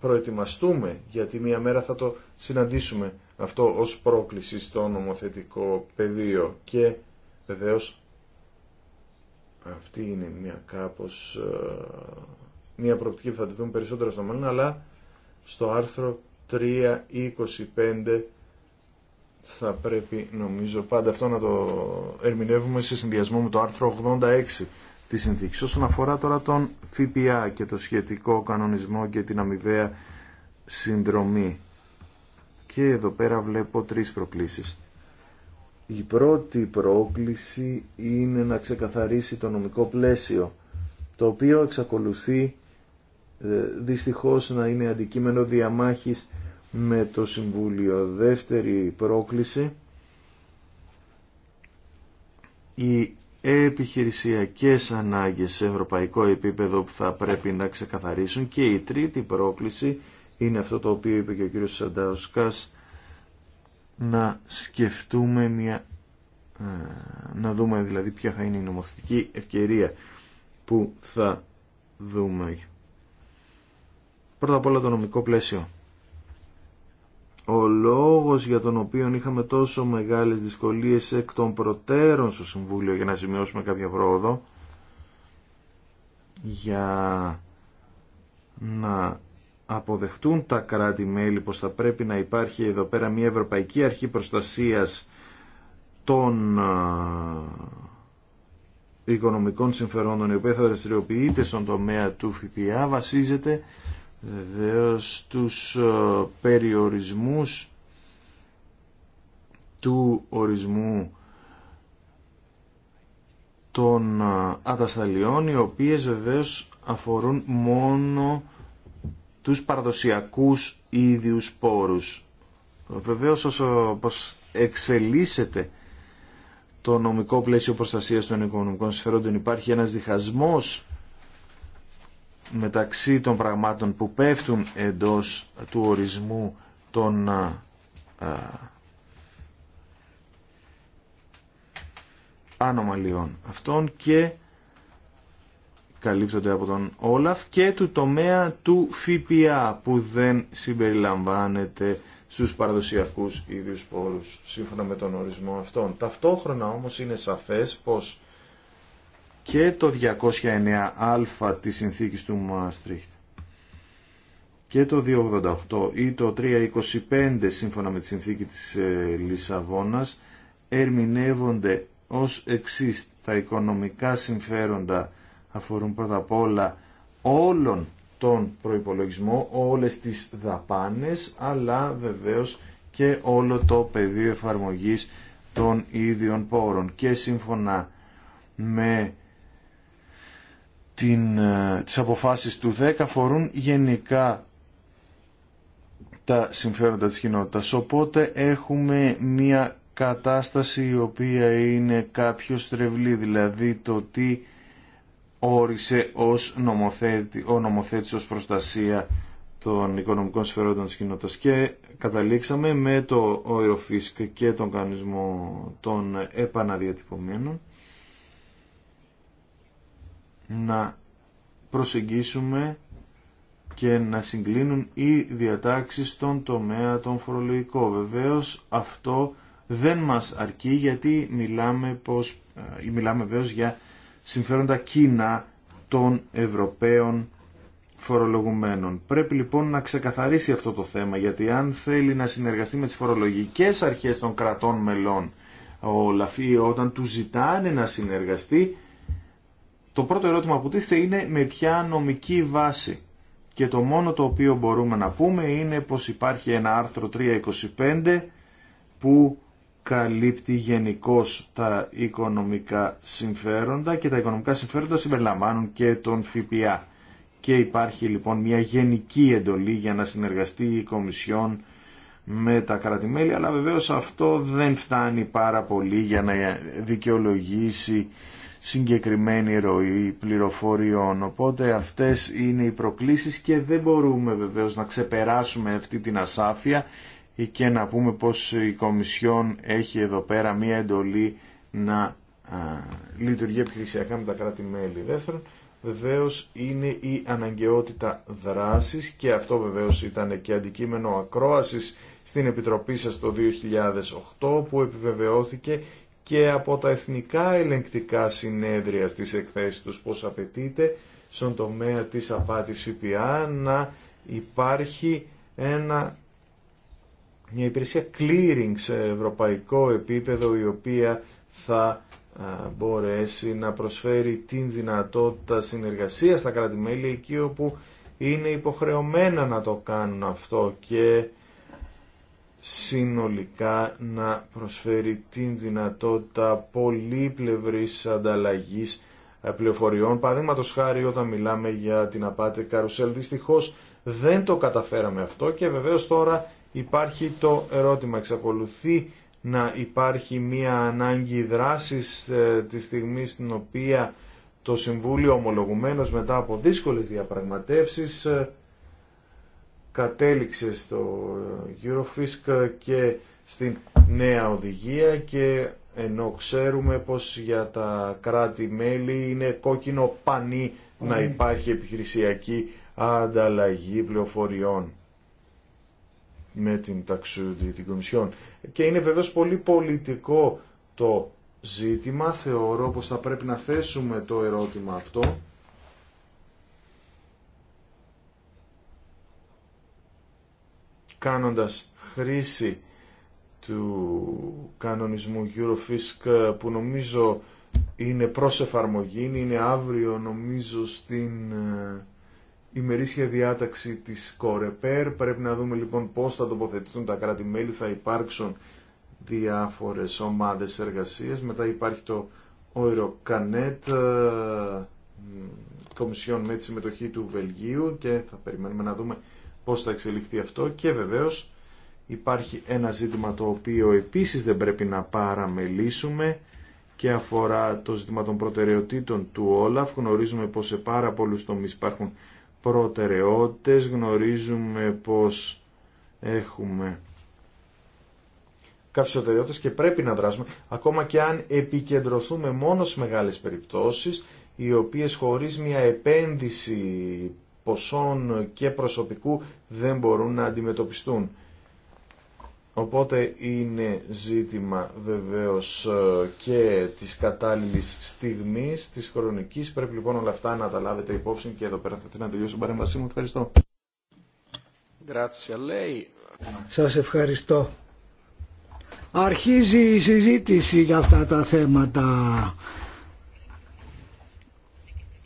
προετοιμαστούμε γιατί μία μέρα θα το συναντήσουμε αυτό ως πρόκληση στο νομοθετικό πεδίο και βεβαίως αυτή είναι μια κάπως ε, μια προοπτική που θα τη δούμε περισσότερο στο μέλλον αλλά στο άρθρο 3.25 θα πρέπει νομίζω πάντα αυτό να το ερμηνεύουμε σε συνδυασμό με το άρθρο 86 τη συνθήκη. Όσον αφορά τώρα τον ΦΠΑ και το σχετικό κανονισμό και την αμοιβαία συνδρομή. Και εδώ πέρα βλέπω τρεις προκλήσεις. Η πρώτη πρόκληση είναι να ξεκαθαρίσει το νομικό πλαίσιο, το οποίο εξακολουθεί ε, δυστυχώς να είναι αντικείμενο διαμάχης με το Συμβούλιο. Δεύτερη πρόκληση, η επιχειρησιακές ανάγκες σε ευρωπαϊκό επίπεδο που θα πρέπει να ξεκαθαρίσουν και η τρίτη πρόκληση είναι αυτό το οποίο είπε και ο κύριος Σαντάουσκας να σκεφτούμε μια ε, να δούμε δηλαδή ποια θα είναι η νομοθετική ευκαιρία που θα δούμε πρώτα απ' όλα το νομικό πλαίσιο ο λόγος για τον οποίο είχαμε τόσο μεγάλες δυσκολίες εκ των προτέρων στο Συμβούλιο για να σημειώσουμε κάποια πρόοδο για να αποδεχτούν τα κράτη-μέλη πως θα πρέπει να υπάρχει εδώ πέρα μια Ευρωπαϊκή Αρχή Προστασίας των οικονομικών συμφερόντων η οποία θα δραστηριοποιείται στον τομέα του ΦΠΑ βασίζεται βεβαίως τους ε, περιορισμούς του ορισμού των ε, ατασταλιών οι οποίες βεβαίως αφορούν μόνο τους παραδοσιακούς ίδιους πόρους. Βεβαίως όσο εξελίσσεται το νομικό πλαίσιο προστασίας των οικονομικών σφαιρών υπάρχει ένας διχασμός μεταξύ των πραγμάτων που πέφτουν εντός του ορισμού των ανομαλιών αυτών και καλύπτονται από τον Όλαφ και του τομέα του ΦΠΑ που δεν συμπεριλαμβάνεται στους παραδοσιακούς ίδιους πόρους σύμφωνα με τον ορισμό αυτών. Ταυτόχρονα όμως είναι σαφές πως και το 209α της συνθήκης του Μαστρίχτ και το 288 ή το 325 σύμφωνα με τη συνθήκη της ε, Λισαβόνας ερμηνεύονται ως εξής τα οικονομικά συμφέροντα αφορούν πρώτα απ' όλα όλων τον προϋπολογισμό, όλες τις δαπάνες, αλλά βεβαίως και όλο το πεδίο εφαρμογής των ίδιων πόρων. Και σύμφωνα με την, ε, τις αποφάσεις του 10 αφορούν γενικά τα συμφέροντα της κοινότητας. Οπότε έχουμε μια κατάσταση η οποία είναι κάποιο στρεβλή, δηλαδή το τι όρισε ως νομοθέτη, ο νομοθέτης ως προστασία των οικονομικών συμφέροντων της κοινότητας και καταλήξαμε με το ΟΕΡΟΦΙΣΚ και τον κανονισμό των επαναδιατυπωμένων να προσεγγίσουμε και να συγκλίνουν οι διατάξεις στον τομέα των φορολογικό. Βεβαίως αυτό δεν μας αρκεί γιατί μιλάμε, πως, ε, μιλάμε βεβαίως για συμφέροντα κοινά των Ευρωπαίων φορολογουμένων. Πρέπει λοιπόν να ξεκαθαρίσει αυτό το θέμα γιατί αν θέλει να συνεργαστεί με τις φορολογικές αρχές των κρατών μελών ο Λαφή όταν του ζητάνε να συνεργαστεί το πρώτο ερώτημα που τίθεται είναι με ποια νομική βάση. Και το μόνο το οποίο μπορούμε να πούμε είναι πως υπάρχει ένα άρθρο 325 που καλύπτει γενικώ τα οικονομικά συμφέροντα και τα οικονομικά συμφέροντα συμπεριλαμβάνουν και τον ΦΠΑ. Και υπάρχει λοιπόν μια γενική εντολή για να συνεργαστεί η Κομισιόν με τα κράτη-μέλη, αλλά βεβαίως αυτό δεν φτάνει πάρα πολύ για να δικαιολογήσει συγκεκριμένη ροή πληροφοριών. Οπότε αυτές είναι οι προκλήσεις και δεν μπορούμε βεβαίως να ξεπεράσουμε αυτή την ασάφεια και να πούμε πως η Κομισιόν έχει εδώ πέρα μία εντολή να λειτουργεί επιχειρησιακά με τα κράτη-μέλη. Δεύτερον, βεβαίως είναι η αναγκαιότητα δράσης και αυτό βεβαίως ήταν και αντικείμενο ακρόασης στην Επιτροπή σας το 2008 που επιβεβαιώθηκε και από τα εθνικά ελεγκτικά συνέδρια στις εκθέσεις τους πως απαιτείται στον τομέα της απάτης ΦΠΑ να υπάρχει ένα, μια υπηρεσία clearing σε ευρωπαϊκό επίπεδο η οποία θα μπορέσει να προσφέρει την δυνατότητα συνεργασίας στα κράτη-μέλη εκεί όπου είναι υποχρεωμένα να το κάνουν αυτό και συνολικά να προσφέρει την δυνατότητα πολύπλευρης ανταλλαγής ε, πληροφοριών. Παραδείγματο χάρη όταν μιλάμε για την απάτη καρουσέλ, δυστυχώς δεν το καταφέραμε αυτό και βεβαίως τώρα υπάρχει το ερώτημα, εξακολουθεί να υπάρχει μία ανάγκη δράσης ε, τη στιγμή στην οποία το Συμβούλιο ομολογουμένως μετά από δύσκολες διαπραγματεύσεις ε, κατέληξε στο Eurofisk και στην νέα οδηγία και ενώ ξέρουμε πως για τα κράτη-μέλη είναι κόκκινο πανί να υπάρχει επιχειρησιακή ανταλλαγή πληροφοριών με την Ταξιούδη, την Κομισιόν. Και είναι βεβαίως πολύ πολιτικό το ζήτημα. Θεωρώ πως θα πρέπει να θέσουμε το ερώτημα αυτό κάνοντας χρήση του κανονισμού Eurofisk που νομίζω είναι προς εφαρμογή, είναι αύριο νομίζω στην ε, ημερήσια διάταξη της Κορεπέρ. Πρέπει να δούμε λοιπόν πώς θα τοποθετηθούν τα κράτη-μέλη, θα υπάρξουν διάφορες ομάδες εργασίας. Μετά υπάρχει το Eurocanet, ε, κομισιόν με τη συμμετοχή του Βελγίου και θα περιμένουμε να δούμε πώς θα εξελιχθεί αυτό και βεβαίως υπάρχει ένα ζήτημα το οποίο επίσης δεν πρέπει να παραμελήσουμε και αφορά το ζήτημα των προτεραιοτήτων του Όλαφ. Γνωρίζουμε πως σε πάρα πολλούς τομείς υπάρχουν προτεραιότητες, γνωρίζουμε πως έχουμε κάποιες και πρέπει να δράσουμε, ακόμα και αν επικεντρωθούμε μόνο σε μεγάλες περιπτώσεις, οι οποίες χωρίς μια επένδυση ποσών και προσωπικού δεν μπορούν να αντιμετωπιστούν. Οπότε είναι ζήτημα βεβαίως ε, και της κατάλληλης στιγμής, της χρονικής. Πρέπει λοιπόν όλα αυτά να τα λάβετε υπόψη και εδώ πέρα θα την τελειώσω την παρέμβασή μου. Ευχαριστώ. Σας ευχαριστώ. Αρχίζει η συζήτηση για αυτά τα θέματα.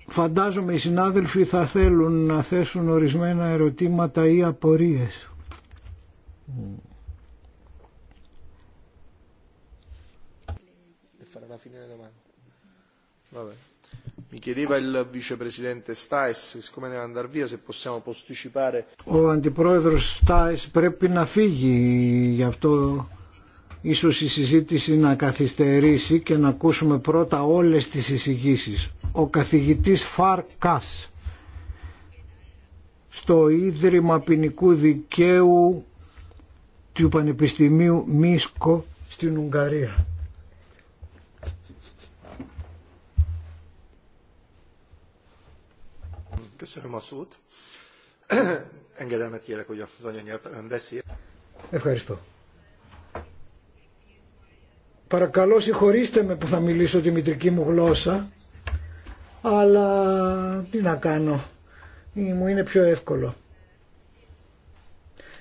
Φαντάζομαι οι συνάδελφοι θα θέλουν να θέσουν ορισμένα ερωτήματα ή απορίες. Ο αντιπρόεδρος Στάις πρέπει να φύγει, γι' αυτό ίσως η συζήτηση να καθυστερήσει και να ακούσουμε πρώτα όλες τις εισηγήσεις ο καθηγητής Κάς στο Ίδρυμα Ποινικού Δικαίου του Πανεπιστημίου Μίσκο στην Ουγγαρία. Ευχαριστώ. Παρακαλώ συγχωρήστε με που θα μιλήσω τη μητρική μου γλώσσα αλλά τι να κάνω, μου είναι πιο εύκολο.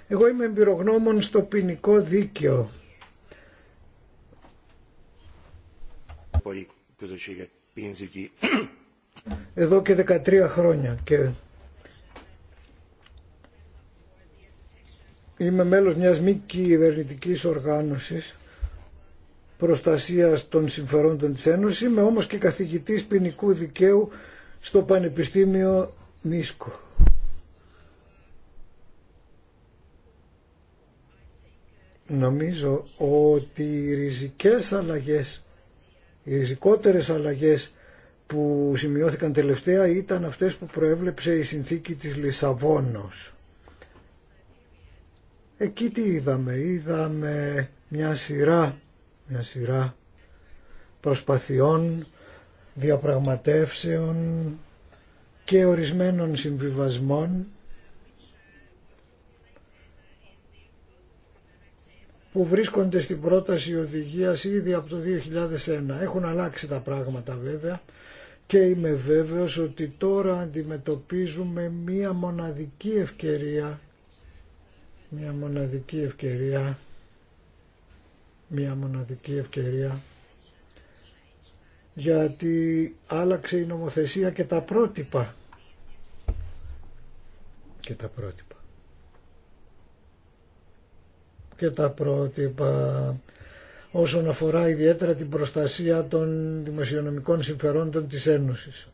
Εγώ είμαι εμπειρογνώμων στο ποινικό δίκαιο. Εδώ και 13 χρόνια και είμαι μέλος μιας μη κυβερνητικής οργάνωσης Προστασία των συμφερόντων τη Ένωση με όμως και καθηγητής ποινικού δικαίου στο Πανεπιστήμιο Μίσκο. Νομίζω ότι οι ριζικές αλλαγές, οι ριζικότερες αλλαγές που σημειώθηκαν τελευταία ήταν αυτές που προέβλεψε η συνθήκη της Λισαβόνος. Εκεί τι είδαμε, είδαμε μια σειρά μια σειρά προσπαθειών, διαπραγματεύσεων και ορισμένων συμβιβασμών που βρίσκονται στην πρόταση οδηγίας ήδη από το 2001. Έχουν αλλάξει τα πράγματα βέβαια και είμαι βέβαιος ότι τώρα αντιμετωπίζουμε μία μοναδική ευκαιρία μια μοναδική ευκαιρία μία μοναδική ευκαιρία γιατί άλλαξε η νομοθεσία και τα πρότυπα. Και τα πρότυπα. Και τα πρότυπα όσον αφορά ιδιαίτερα την προστασία των δημοσιονομικών συμφερόντων της Ένωσης.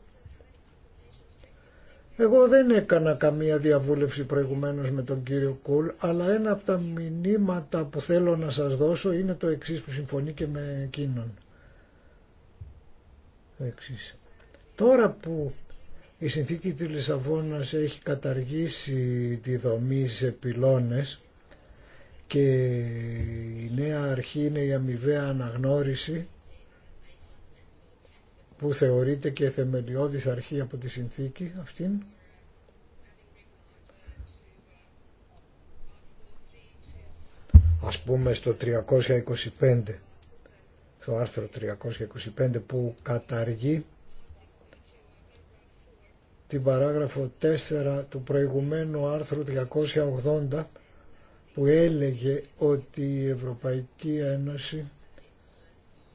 Εγώ δεν έκανα καμία διαβούλευση προηγουμένως με τον κύριο Κουλ, αλλά ένα από τα μηνύματα που θέλω να σας δώσω είναι το εξής που συμφωνεί και με εκείνον. Τώρα που η συνθήκη της Λισαβόνας έχει καταργήσει τη δομή σε και η νέα αρχή είναι η αμοιβαία αναγνώριση που θεωρείται και θεμελιώδης αρχή από τη συνθήκη αυτήν. Ας πούμε στο 325, στο άρθρο 325 που καταργεί την παράγραφο 4 του προηγουμένου άρθρου 280, που έλεγε ότι η Ευρωπαϊκή Ένωση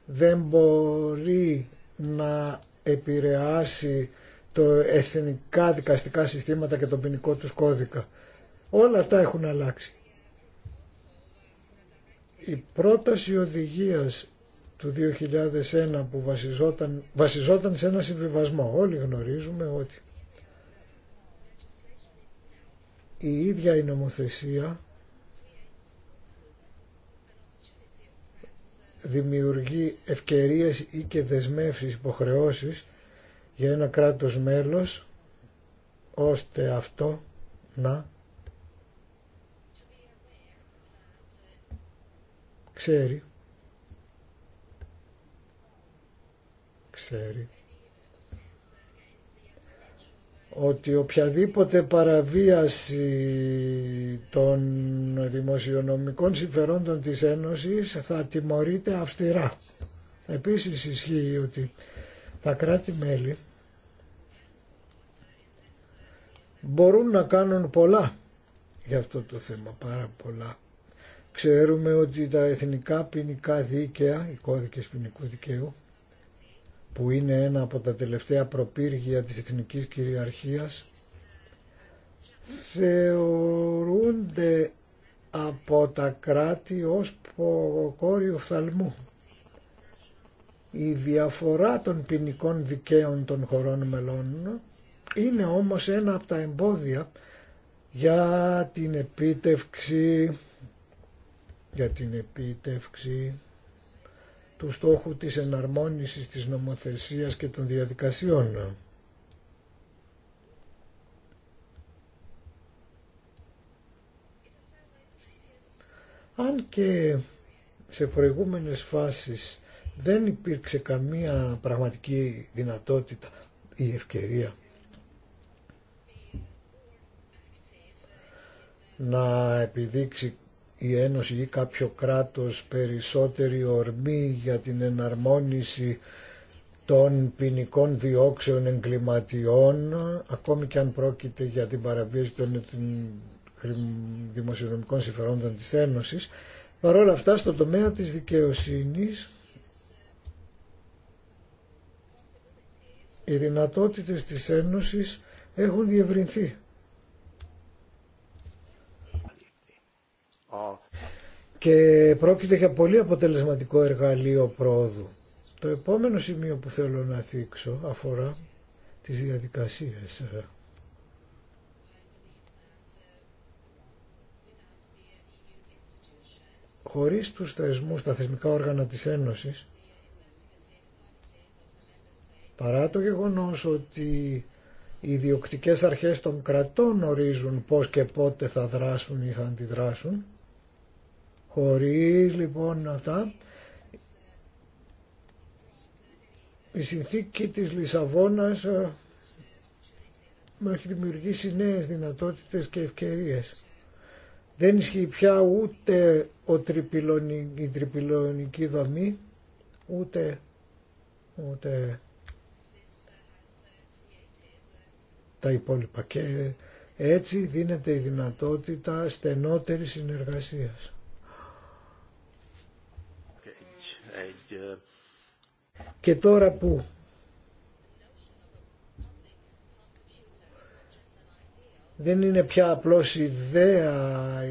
δεν μπορεί να επηρεάσει το εθνικά δικαστικά συστήματα και τον ποινικό τους κώδικα. Όλα αυτά έχουν αλλάξει. Η πρόταση οδηγίας του 2001 που βασιζόταν, βασιζόταν σε ένα συμβιβασμό. Όλοι γνωρίζουμε ότι η ίδια η νομοθεσία δημιουργεί ευκαιρίες ή και δεσμεύσεις, υποχρεώσεις για ένα κράτος μέλος ώστε αυτό να ξέρει ξέρει ότι οποιαδήποτε παραβίαση των δημοσιονομικών συμφερόντων της Ένωσης θα τιμωρείται αυστηρά. Επίσης ισχύει ότι τα κράτη-μέλη μπορούν να κάνουν πολλά για αυτό το θέμα, πάρα πολλά. Ξέρουμε ότι τα εθνικά ποινικά δίκαια, οι κώδικες ποινικού δικαίου, που είναι ένα από τα τελευταία προπύργια της εθνικής κυριαρχίας θεωρούνται από τα κράτη ως ποκόριο φθαλμού. Η διαφορά των ποινικών δικαίων των χωρών μελών είναι όμως ένα από τα εμπόδια για την επίτευξη για την επίτευξη του στόχου της εναρμόνισης της νομοθεσίας και των διαδικασιών. Αν και σε προηγούμενες φάσεις δεν υπήρξε καμία πραγματική δυνατότητα ή ευκαιρία να επιδείξει η Ένωση ή κάποιο κράτος περισσότερη ορμή για την εναρμόνιση των ποινικών διώξεων εγκληματιών, ακόμη και αν πρόκειται για την παραβίαση των δημοσιονομικών συμφερόντων της Ένωσης. Παρ' όλα αυτά, στο τομέα της δικαιοσύνης, οι δυνατότητες της Ένωσης έχουν διευρυνθεί. και πρόκειται για πολύ αποτελεσματικό εργαλείο πρόοδου. Το επόμενο σημείο που θέλω να θίξω αφορά τις διαδικασίες. Χωρίς τους θεσμούς, τα θεσμικά όργανα της Ένωσης, παρά το γεγονός ότι οι ιδιοκτικές αρχές των κρατών ορίζουν πώς και πότε θα δράσουν ή θα αντιδράσουν, Χωρίς λοιπόν αυτά, η συνθήκη της Λισαβόνας ε, μας έχει δημιουργήσει νέες δυνατότητες και ευκαιρίες. Δεν ισχύει πια ούτε ο η τριπυλωνική δομή, ούτε, ούτε τα υπόλοιπα. Και έτσι δίνεται η δυνατότητα στενότερης συνεργασίας. Και τώρα που δεν είναι πια απλώς ιδέα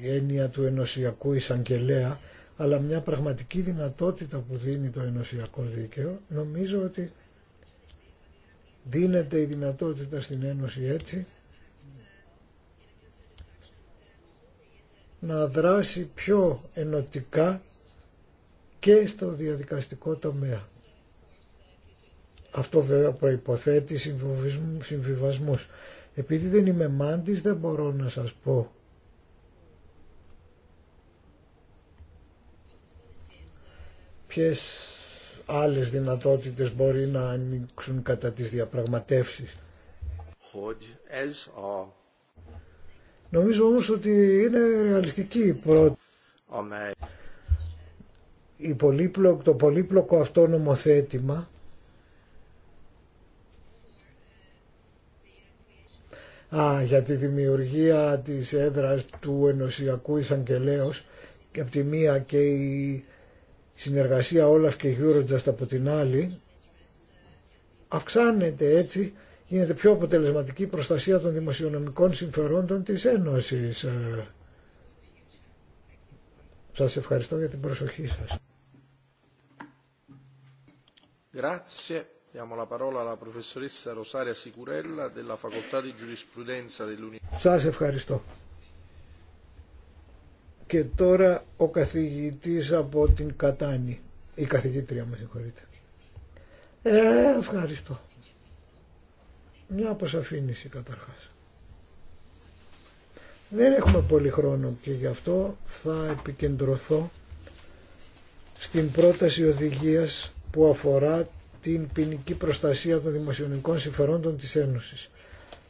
η έννοια του ενωσιακού εισαγγελέα, αλλά μια πραγματική δυνατότητα που δίνει το ενωσιακό δίκαιο, νομίζω ότι δίνεται η δυνατότητα στην Ένωση έτσι να δράσει πιο ενωτικά και στο διαδικαστικό τομέα. Αυτό βέβαια προϋποθέτει συμβιβασμούς. Επειδή δεν είμαι μάντης δεν μπορώ να σας πω ποιες άλλες δυνατότητες μπορεί να ανοίξουν κατά τις διαπραγματεύσεις. Νομίζω όμως ότι είναι ρεαλιστική η πρώτη η πολύπλο το πολύπλοκο αυτό νομοθέτημα α, για τη δημιουργία της έδρας του ενωσιακού εισαγγελέως και από τη μία και η συνεργασία Όλαφ και Eurojust από την άλλη αυξάνεται έτσι γίνεται πιο αποτελεσματική προστασία των δημοσιονομικών συμφερόντων της Ένωσης. Ε, σας ευχαριστώ για την προσοχή σας. Grazie. Σας ευχαριστώ. Και τώρα ο καθηγητής από την Κατάνη. Η καθηγήτρια μας συγχωρείτε. Ε, ευχαριστώ. Μια αποσαφήνιση καταρχάς. Δεν έχουμε πολύ χρόνο και γι' αυτό θα επικεντρωθώ στην πρόταση οδηγίας που αφορά την ποινική προστασία των δημοσιονομικών συμφερόντων της Ένωσης.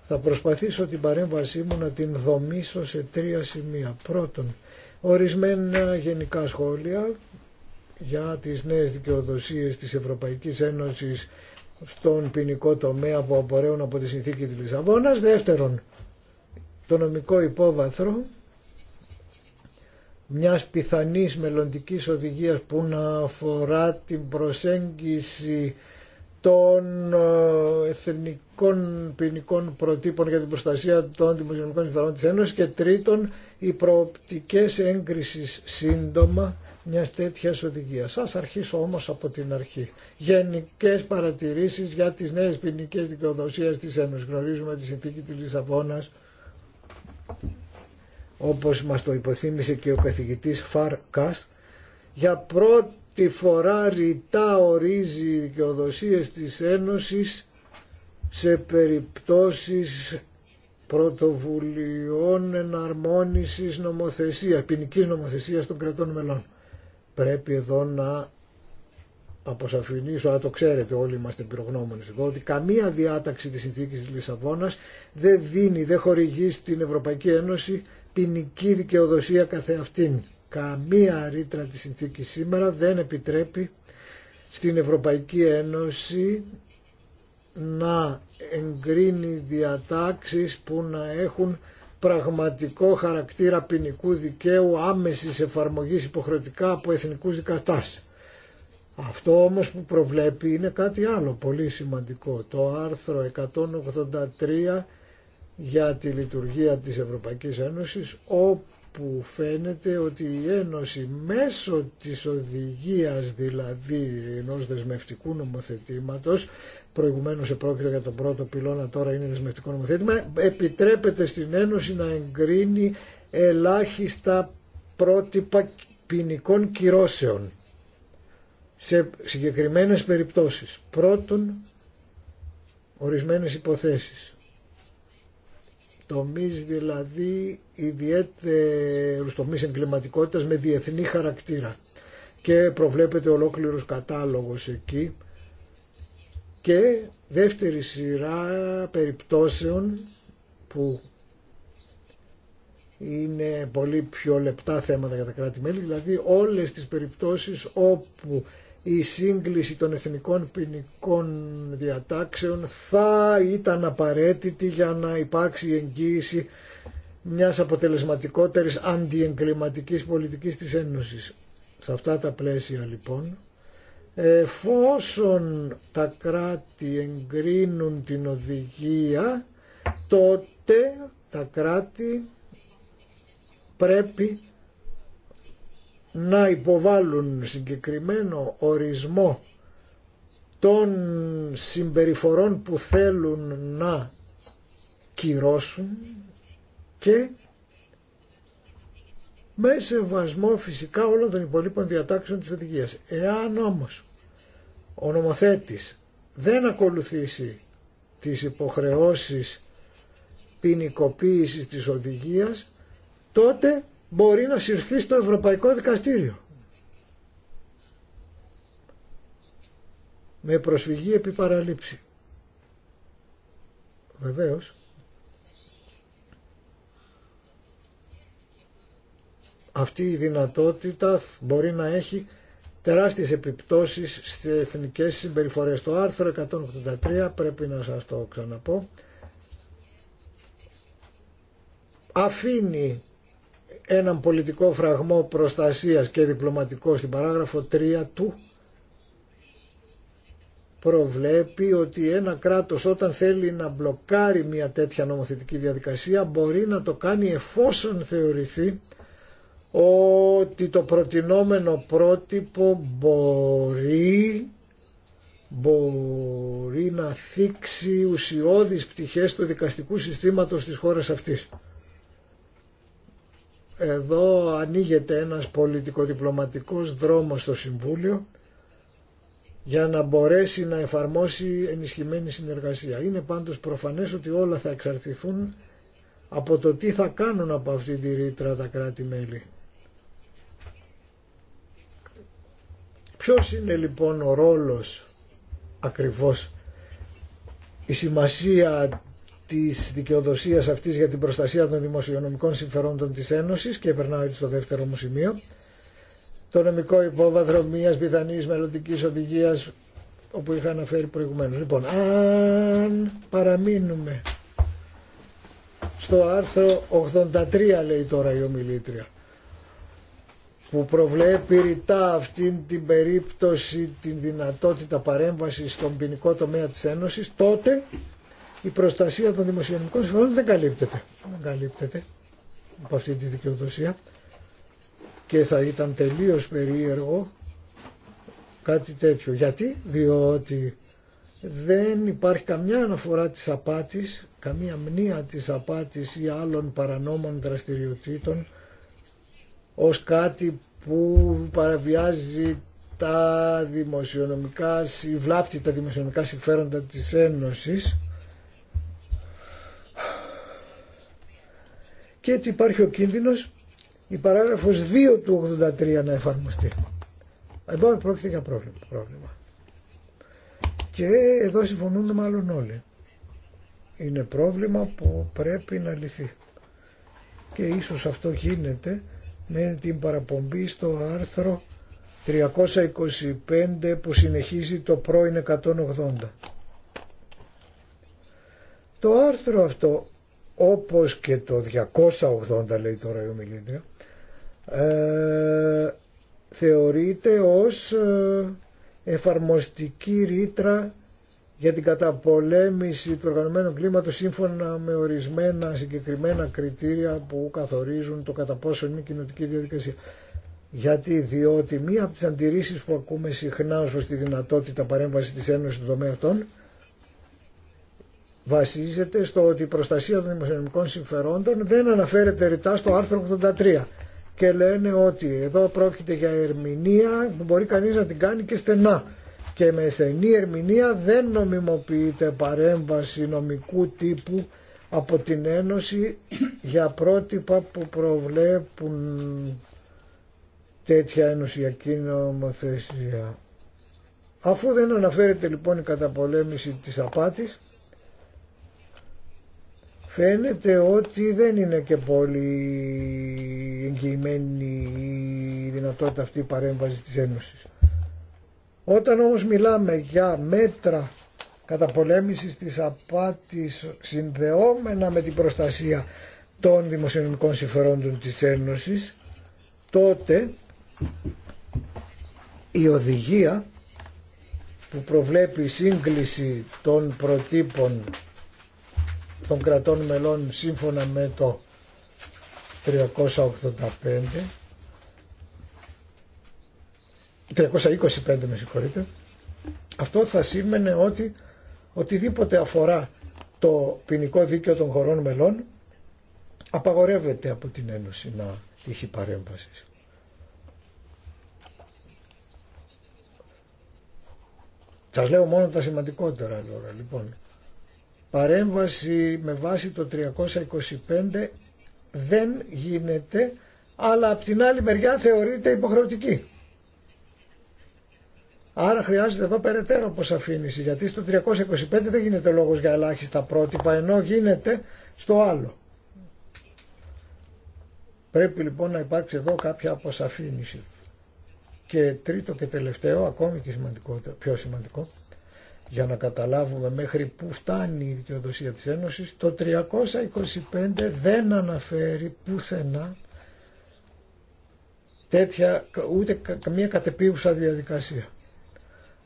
Θα προσπαθήσω την παρέμβασή μου να την δομήσω σε τρία σημεία. Πρώτον, ορισμένα γενικά σχόλια για τις νέες δικαιοδοσίες της Ευρωπαϊκής Ένωσης στον ποινικό τομέα που απορρέουν από τη συνθήκη της Λισαβόνας. Δεύτερον, το νομικό υπόβαθρο μιας πιθανής μελλοντικής οδηγίας που να αφορά την προσέγγιση των ε, εθνικών ποινικών προτύπων για την προστασία των δημοσιονομικών συμφερόντων της Ένωσης και τρίτον οι προοπτικές έγκρισης σύντομα μια τέτοια οδηγία. Ας αρχίσω όμως από την αρχή. Γενικές παρατηρήσεις για τις νέες ποινικέ δικαιοδοσίες της Ένωσης. Γνωρίζουμε τη συνθήκη της Λισαβόνας όπως μας το υποθύμησε και ο καθηγητής Φαρκάς, για πρώτη φορά ρητά ορίζει οι δικαιοδοσίες της Ένωσης σε περιπτώσεις πρωτοβουλειών εναρμόνισης νομοθεσίας, ποινική νομοθεσίας των κρατών μελών. Πρέπει εδώ να αποσαφηνίσω, αλλά το ξέρετε όλοι είμαστε πυρογνώμονες εδώ, ότι καμία διάταξη της συνθήκης της Λισαβόνας δεν δίνει, δεν χορηγεί στην Ευρωπαϊκή Ένωση ποινική δικαιοδοσία καθεαυτήν. Καμία ρήτρα της συνθήκης σήμερα δεν επιτρέπει στην Ευρωπαϊκή Ένωση να εγκρίνει διατάξεις που να έχουν πραγματικό χαρακτήρα ποινικού δικαίου άμεσης εφαρμογής υποχρεωτικά από εθνικούς δικαστάς. Αυτό όμως που προβλέπει είναι κάτι άλλο πολύ σημαντικό. Το άρθρο 183 για τη λειτουργία της Ευρωπαϊκής Ένωσης όπου φαίνεται ότι η Ένωση μέσω της οδηγίας δηλαδή ενός δεσμευτικού νομοθετήματος προηγουμένως επρόκειται για τον πρώτο πυλώνα τώρα είναι δεσμευτικό νομοθέτημα επιτρέπεται στην Ένωση να εγκρίνει ελάχιστα πρότυπα ποινικών κυρώσεων σε συγκεκριμένες περιπτώσεις. Πρώτον, ορισμένες υποθέσεις τομείς δηλαδή ιδιαίτερους τομείς εγκληματικότητας με διεθνή χαρακτήρα και προβλέπεται ολόκληρος κατάλογος εκεί και δεύτερη σειρά περιπτώσεων που είναι πολύ πιο λεπτά θέματα για τα κράτη-μέλη, δηλαδή όλες τις περιπτώσεις όπου η σύγκληση των εθνικών ποινικών διατάξεων θα ήταν απαραίτητη για να υπάρξει εγγύηση μιας αποτελεσματικότερης αντιεγκληματικής πολιτικής της Ένωσης. Σε αυτά τα πλαίσια λοιπόν, εφόσον τα κράτη εγκρίνουν την οδηγία, τότε τα κράτη πρέπει να υποβάλουν συγκεκριμένο ορισμό των συμπεριφορών που θέλουν να κυρώσουν και με σεβασμό φυσικά όλων των υπολείπων διατάξεων της οδηγίας. Εάν όμως ο νομοθέτης δεν ακολουθήσει τις υποχρεώσεις ποινικοποίηση της οδηγίας, τότε μπορεί να συρθεί στο Ευρωπαϊκό Δικαστήριο. Με προσφυγή επί παραλήψη. Βεβαίως. Αυτή η δυνατότητα μπορεί να έχει τεράστιες επιπτώσεις στις εθνικές συμπεριφορές. Το άρθρο 183 πρέπει να σας το ξαναπώ αφήνει έναν πολιτικό φραγμό προστασίας και διπλωματικό στην παράγραφο 3 του προβλέπει ότι ένα κράτος όταν θέλει να μπλοκάρει μια τέτοια νομοθετική διαδικασία μπορεί να το κάνει εφόσον θεωρηθεί ότι το προτινόμενο πρότυπο μπορεί, μπορεί να θίξει ουσιώδεις πτυχές του δικαστικού συστήματος της χώρας αυτής. Εδώ ανοίγεται ένας πολιτικο-διπλωματικός δρόμος στο Συμβούλιο για να μπορέσει να εφαρμόσει ενισχυμένη συνεργασία. Είναι πάντως προφανές ότι όλα θα εξαρτηθούν από το τι θα κάνουν από αυτή τη ρήτρα τα κράτη-μέλη. Ποιος είναι λοιπόν ο ρόλος ακριβώς η σημασία της δικαιοδοσίας αυτής για την προστασία των δημοσιονομικών συμφερόντων της Ένωσης και περνάω έτσι στο δεύτερο μου σημείο το νομικό υπόβαθρο Μία πιθανή μελλοντική οδηγία όπου είχα αναφέρει προηγουμένως. Λοιπόν, αν παραμείνουμε στο άρθρο 83 λέει τώρα η ομιλήτρια που προβλέπει ρητά αυτήν την περίπτωση την δυνατότητα παρέμβασης στον ποινικό τομέα της Ένωσης τότε η προστασία των δημοσιονομικών συμφωνών δεν καλύπτεται. Δεν καλύπτεται από αυτή τη δικαιοδοσία και θα ήταν τελείως περίεργο κάτι τέτοιο. Γιατί, διότι δεν υπάρχει καμιά αναφορά της απάτης, καμία μνήα της απάτης ή άλλων παρανόμων δραστηριοτήτων ως κάτι που παραβιάζει τα δημοσιονομικά, βλάπτει τα δημοσιονομικά συμφέροντα της Ένωσης και έτσι υπάρχει ο κίνδυνος η παράγραφος 2 του 83 να εφαρμοστεί. Εδώ πρόκειται για πρόβλημα. Και εδώ συμφωνούν μάλλον όλοι. Είναι πρόβλημα που πρέπει να λυθεί. Και ίσως αυτό γίνεται με την παραπομπή στο άρθρο 325 που συνεχίζει το πρώην 180. Το άρθρο αυτό όπως και το 280 λέει τώρα η ομιλήτρια ε, θεωρείται ως ε, εφαρμοστική ρήτρα για την καταπολέμηση του οργανωμένου κλίματος σύμφωνα με ορισμένα συγκεκριμένα κριτήρια που καθορίζουν το κατά πόσο είναι η κοινωτική διαδικασία. Γιατί, διότι μία από τις αντιρρήσεις που ακούμε συχνά ως τη δυνατότητα παρέμβασης της Ένωσης του τομέα αυτών βασίζεται στο ότι η προστασία των δημοσιονομικών συμφερόντων δεν αναφέρεται ρητά στο άρθρο 83 και λένε ότι εδώ πρόκειται για ερμηνεία που μπορεί κανείς να την κάνει και στενά και με στενή ερμηνεία δεν νομιμοποιείται παρέμβαση νομικού τύπου από την Ένωση για πρότυπα που προβλέπουν τέτοια ενωσιακή νομοθεσία. Αφού δεν αναφέρεται λοιπόν η καταπολέμηση της απάτης, Φαίνεται ότι δεν είναι και πολύ εγγυημένη η δυνατότητα αυτή παρέμβαση της Ένωσης. Όταν όμως μιλάμε για μέτρα καταπολέμησης της απάτης συνδεόμενα με την προστασία των δημοσιονομικών συμφερόντων της Ένωσης, τότε η οδηγία που προβλέπει η σύγκληση των προτύπων των κρατών μελών σύμφωνα με το 385 325 με συγχωρείτε αυτό θα σήμαινε ότι οτιδήποτε αφορά το ποινικό δίκαιο των χωρών μελών απαγορεύεται από την Ένωση να τύχει παρέμβαση. Σας λέω μόνο τα σημαντικότερα τώρα λοιπόν παρέμβαση με βάση το 325 δεν γίνεται, αλλά από την άλλη μεριά θεωρείται υποχρεωτική. Άρα χρειάζεται εδώ περαιτέρω αποσαφήνιση, γιατί στο 325 δεν γίνεται λόγος για ελάχιστα πρότυπα, ενώ γίνεται στο άλλο. Πρέπει λοιπόν να υπάρξει εδώ κάποια αποσαφήνιση. Και τρίτο και τελευταίο, ακόμη και σημαντικό, πιο σημαντικό, για να καταλάβουμε μέχρι πού φτάνει η δικαιοδοσία της Ένωσης, το 325 δεν αναφέρει πουθενά τέτοια, ούτε καμία κατεπίουσα διαδικασία.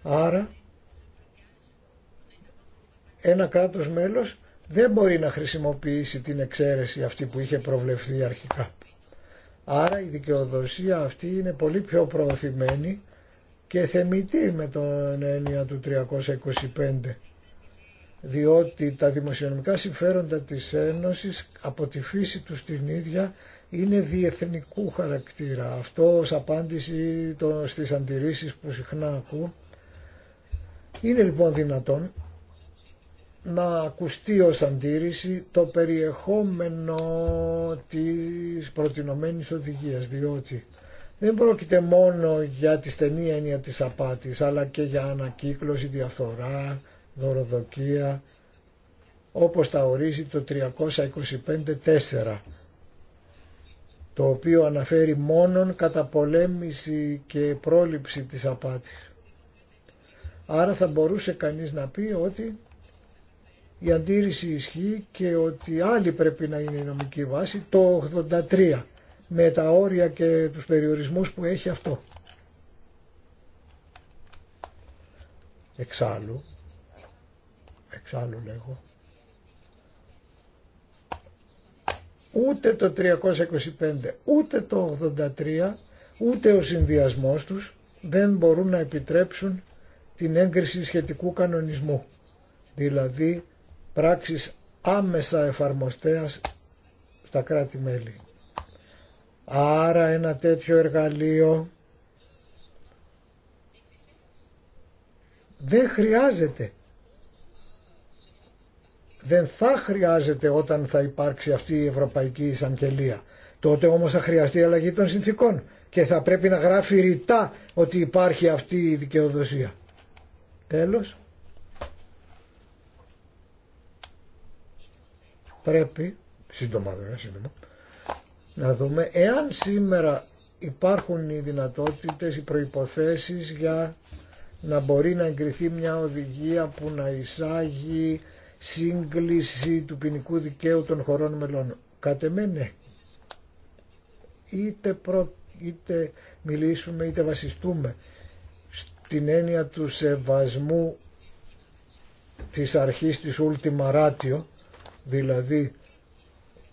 Άρα, ένα κράτος μέλος δεν μπορεί να χρησιμοποιήσει την εξαίρεση αυτή που είχε προβλεφθεί αρχικά. Άρα η δικαιοδοσία αυτή είναι πολύ πιο προωθημένη και θεμητή με τον έννοια του 325 διότι τα δημοσιονομικά συμφέροντα της Ένωσης από τη φύση του την ίδια είναι διεθνικού χαρακτήρα. Αυτό ως απάντηση το, στις αντιρρήσεις που συχνά ακούω. Είναι λοιπόν δυνατόν να ακουστεί ως αντίρρηση το περιεχόμενο της προτινομένης οδηγίας, διότι δεν πρόκειται μόνο για τη στενή έννοια της απάτης, αλλά και για ανακύκλωση, διαφθορά, δωροδοκία, όπως τα ορίζει το 325-4, το οποίο αναφέρει μόνον πολέμηση και πρόληψη της απάτης. Άρα θα μπορούσε κανείς να πει ότι η αντίρρηση ισχύει και ότι άλλη πρέπει να είναι η νομική βάση το 83 με τα όρια και τους περιορισμούς που έχει αυτό. Εξάλλου, εξάλλου λέγω, ούτε το 325, ούτε το 83, ούτε ο συνδυασμός τους δεν μπορούν να επιτρέψουν την έγκριση σχετικού κανονισμού, δηλαδή πράξεις άμεσα εφαρμοστέας στα κράτη-μέλη. Άρα ένα τέτοιο εργαλείο δεν χρειάζεται. Δεν θα χρειάζεται όταν θα υπάρξει αυτή η Ευρωπαϊκή Εισαγγελία. Τότε όμως θα χρειαστεί αλλαγή των συνθήκων και θα πρέπει να γράφει ρητά ότι υπάρχει αυτή η δικαιοδοσία. Τέλος. Πρέπει, σύντομα βέβαια, σύντομα, να δούμε εάν σήμερα υπάρχουν οι δυνατότητες, οι προϋποθέσεις για να μπορεί να εγκριθεί μια οδηγία που να εισάγει σύγκληση του ποινικού δικαίου των χωρών μελών. Κατ' εμέ, Είτε, προ... είτε μιλήσουμε είτε βασιστούμε στην έννοια του σεβασμού της αρχής της ultima ratio, δηλαδή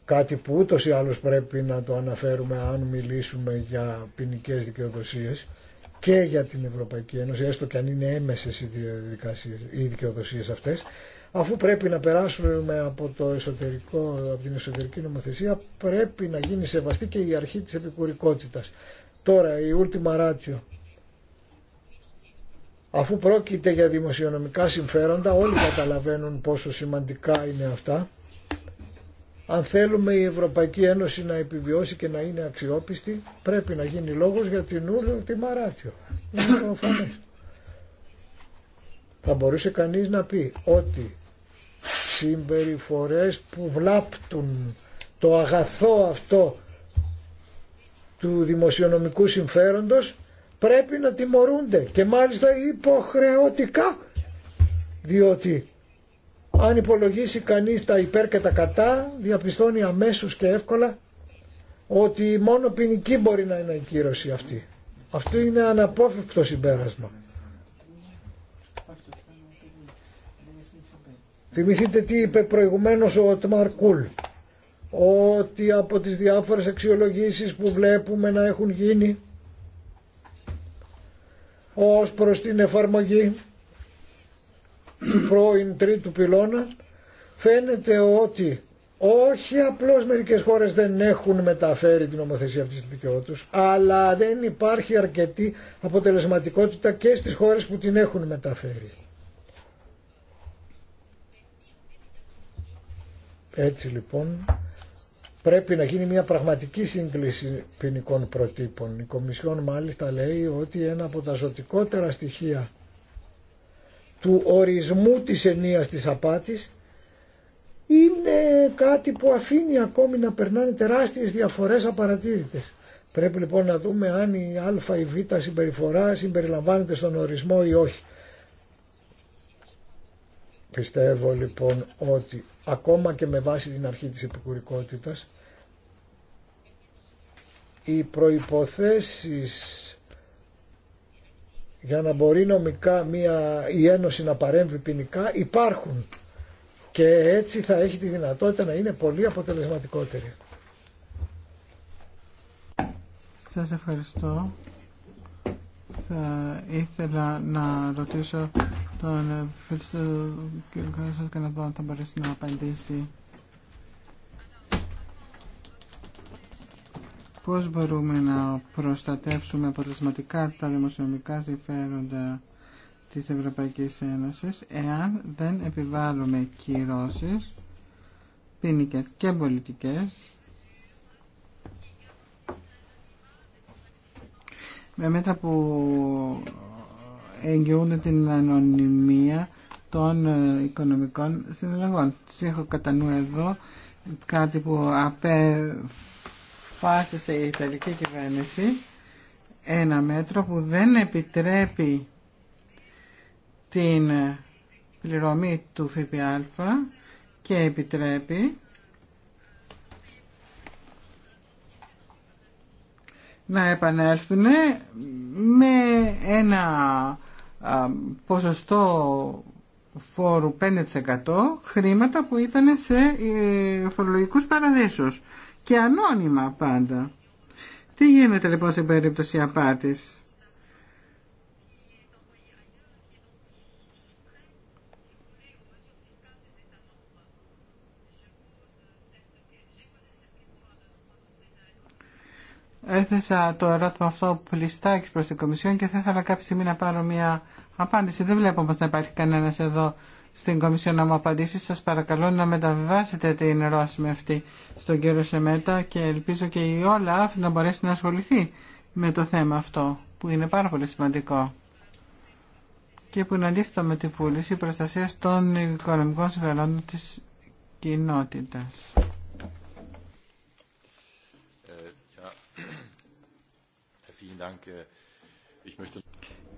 κάτι που ούτως ή άλλως πρέπει να το αναφέρουμε αν μιλήσουμε για ποινικέ δικαιοδοσίες και για την Ευρωπαϊκή Ένωση, έστω και αν είναι έμεσες οι, οι δικαιοδοσίες αυτές, αφού πρέπει να περάσουμε από, το εσωτερικό, από την εσωτερική νομοθεσία, πρέπει να γίνει σεβαστή και η αρχή της επικουρικότητας. Τώρα, η ultima ratio. Αφού πρόκειται για δημοσιονομικά συμφέροντα, όλοι καταλαβαίνουν πόσο σημαντικά είναι αυτά αν θέλουμε η Ευρωπαϊκή Ένωση να επιβιώσει και να είναι αξιόπιστη, πρέπει να γίνει λόγος για την Ούλτιμα τη Είναι Θα μπορούσε κανείς να πει ότι συμπεριφορές που βλάπτουν το αγαθό αυτό του δημοσιονομικού συμφέροντος πρέπει να τιμωρούνται και μάλιστα υποχρεωτικά διότι αν υπολογίσει κανείς τα υπέρ και τα κατά, διαπιστώνει αμέσως και εύκολα ότι μόνο ποινική μπορεί να είναι η κύρωση αυτή. Αυτό είναι αναπόφευκτο συμπέρασμα. Θυμηθείτε τι είπε προηγουμένως ο Τμαρκούλ, ότι από τις διάφορες αξιολογήσεις που βλέπουμε να έχουν γίνει ως προς την εφαρμογή του πρώην τρίτου πυλώνα φαίνεται ότι όχι απλώς μερικές χώρες δεν έχουν μεταφέρει την νομοθεσία αυτή της δικαιότητα αλλά δεν υπάρχει αρκετή αποτελεσματικότητα και στις χώρες που την έχουν μεταφέρει. Έτσι λοιπόν πρέπει να γίνει μια πραγματική σύγκληση ποινικών προτύπων. Η Κομισιόν μάλιστα λέει ότι ένα από τα ζωτικότερα στοιχεία του ορισμού της ενίας της απάτης είναι κάτι που αφήνει ακόμη να περνάνε τεράστιες διαφορές απαρατήρητες. Πρέπει λοιπόν να δούμε αν η α ή β συμπεριφορά συμπεριλαμβάνεται στον ορισμό ή όχι. Πιστεύω λοιπόν ότι ακόμα και με βάση την αρχή της επικουρικότητας οι προϋποθέσεις για να μπορεί νομικά μια, η Ένωση να παρέμβει ποινικά υπάρχουν και έτσι θα έχει τη δυνατότητα να είναι πολύ αποτελεσματικότερη. Σας ευχαριστώ. Θα ήθελα να ρωτήσω τον φίλο του κ. και να δω αν θα μπορέσει να απαντήσει πώς μπορούμε να προστατεύσουμε αποτελεσματικά τα δημοσιονομικά συμφέροντα της Ευρωπαϊκής Ένωσης εάν δεν επιβάλλουμε κυρώσεις ποινικέ και πολιτικές με μέτρα που εγγυούνται την ανωνυμία των οικονομικών συνεργών. Τις έχω κατά νου εδώ κάτι που απέ αποφάσισε η Ιταλική κυβέρνηση ένα μέτρο που δεν επιτρέπει την πληρωμή του ΦΠΑ και επιτρέπει να επανέλθουν με ένα ποσοστό φόρου 5% χρήματα που ήταν σε ε, φορολογικούς παραδείσους και ανώνυμα πάντα. Τι γίνεται λοιπόν σε περίπτωση απάτης. Έθεσα το ερώτημα αυτό πλιστάκι προς την Κομισιόν και θα ήθελα κάποια στιγμή να πάρω μια απάντηση. Δεν βλέπω πως να υπάρχει κανένας εδώ στην Κομισιόν να μου απαντήσει. Σας παρακαλώ να μεταβιβάσετε την ερώτηση με αυτή στον κύριο Σεμέτα και ελπίζω και η Όλαφ να μπορέσει να ασχοληθεί με το θέμα αυτό που είναι πάρα πολύ σημαντικό και που είναι αντίθετο με την πούληση προστασίας των οικονομικών συμφερόντων της κοινότητας. Ε, ε, ε,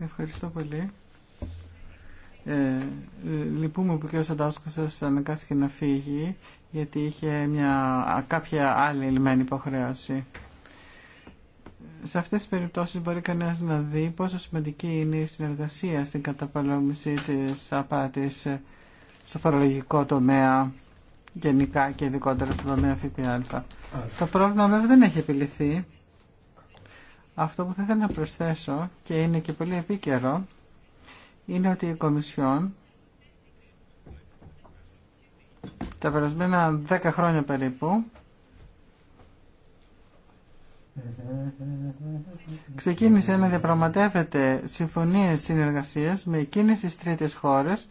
Ευχαριστώ πολύ. Ε, ε, λυπούμε που ο κ. Σαντάσκο σα αναγκάστηκε να φύγει γιατί είχε μια, κάποια άλλη ελμένη υποχρέωση. Σε αυτές τις περιπτώσεις μπορεί κανένας να δει πόσο σημαντική είναι η συνεργασία στην καταπαλώμηση της απάτης στο φορολογικό τομέα γενικά και ειδικότερα στο τομέα ΦΠΑ. Το πρόβλημα βέβαια δεν έχει επιληθεί. Αυτό που θα ήθελα να προσθέσω και είναι και πολύ επίκαιρο είναι ότι η Κομισιόν τα περασμένα 10 χρόνια περίπου ξεκίνησε να διαπραγματεύεται συμφωνίες συνεργασίας με εκείνες τις τρίτες χώρες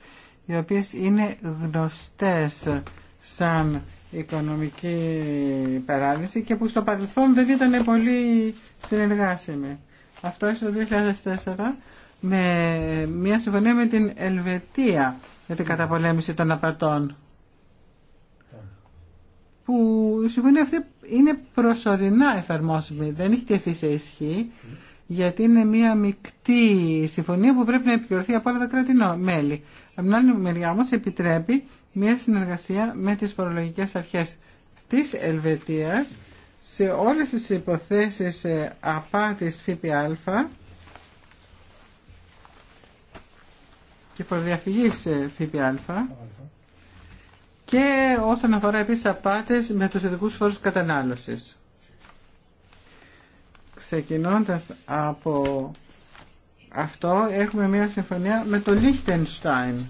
οι οποίες είναι γνωστές σαν οικονομική παράδειση και που στο παρελθόν δεν ήταν πολύ συνεργάσιμη. Αυτό το 2004 με μια συμφωνία με την Ελβετία για την καταπολέμηση των απατών. Που η συμφωνία αυτή είναι προσωρινά εφαρμόσιμη, δεν έχει τεθεί σε ισχύ, γιατί είναι μια μεικτή συμφωνία που πρέπει να επικυρωθεί από όλα τα κράτη-μέλη. Από την άλλη μεριά επιτρέπει μια συνεργασία με τις φορολογικές αρχές της Ελβετίας σε όλες τις υποθέσεις ε, απάτης ΦΠΑ και φοροδιαφυγής ε, ΦΠΑ και όσον αφορά επίση απάτε με τους ειδικού φόρους κατανάλωσης. Ξεκινώντας από αυτό έχουμε μια συμφωνία με το Λίχτενστάιν.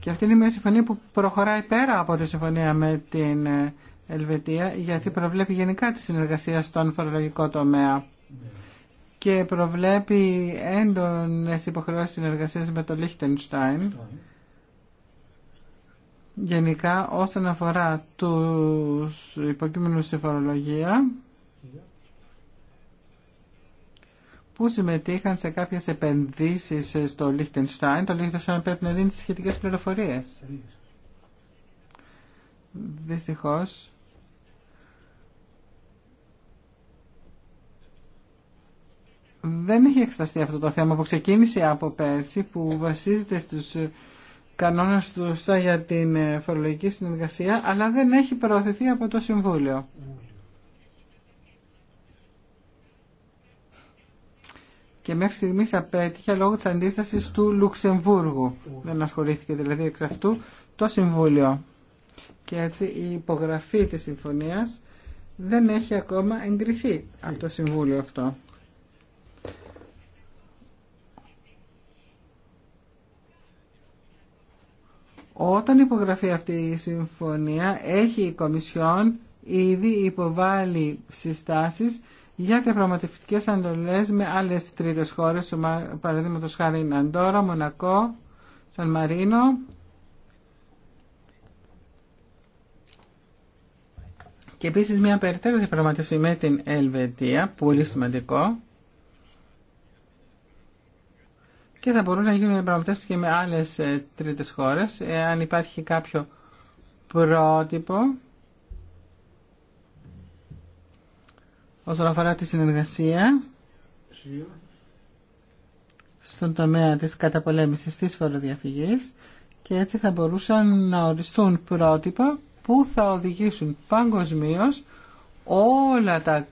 Και αυτή είναι μια συμφωνία που προχωράει πέρα από τη συμφωνία με την ε, Ελβετία γιατί προβλέπει γενικά τη συνεργασία στον φορολογικό τομέα και προβλέπει έντονες υποχρεώσεις συνεργασίας με το Λίχτενστάιν γενικά όσον αφορά τους υποκείμενους σε φορολογία που συμμετείχαν σε κάποιες επενδύσεις στο Λίχτενστάιν. Το Λίχτενστάιν πρέπει να δίνει τι σχετικές πληροφορίες. Δυστυχώς δεν έχει εξεταστεί αυτό το θέμα που ξεκίνησε από πέρσι που βασίζεται στους κανόνες του ΣΑ για την ε, φορολογική συνεργασία αλλά δεν έχει προωθηθεί από το Συμβούλιο. Και μέχρι στιγμής απέτυχε λόγω της αντίστασης του Λουξεμβούργου. Δεν ασχολήθηκε δηλαδή εξ αυτού το Συμβούλιο. Και έτσι η υπογραφή της συμφωνίας δεν έχει ακόμα εγκριθεί από το Συμβούλιο αυτό. Όταν υπογραφεί αυτή η συμφωνία, έχει η Κομισιόν ήδη υποβάλει συστάσεις για διαπραγματευτικέ αντολέ με άλλε τρίτε χώρε, παραδείγματο χάρη Αντόρα, Μονακό, Σαν Μαρίνο. Και επίση μια περαιτέρω διαπραγματεύση με την Ελβετία, πολύ σημαντικό. και θα μπορούν να γίνουν διαπραγματεύσει και με άλλες ε, τρίτες χώρε. αν υπάρχει κάποιο πρότυπο όσον αφορά τη συνεργασία στον τομέα της καταπολέμησης της φοροδιαφυγής και έτσι θα μπορούσαν να οριστούν πρότυπα που θα οδηγήσουν παγκοσμίω όλα τα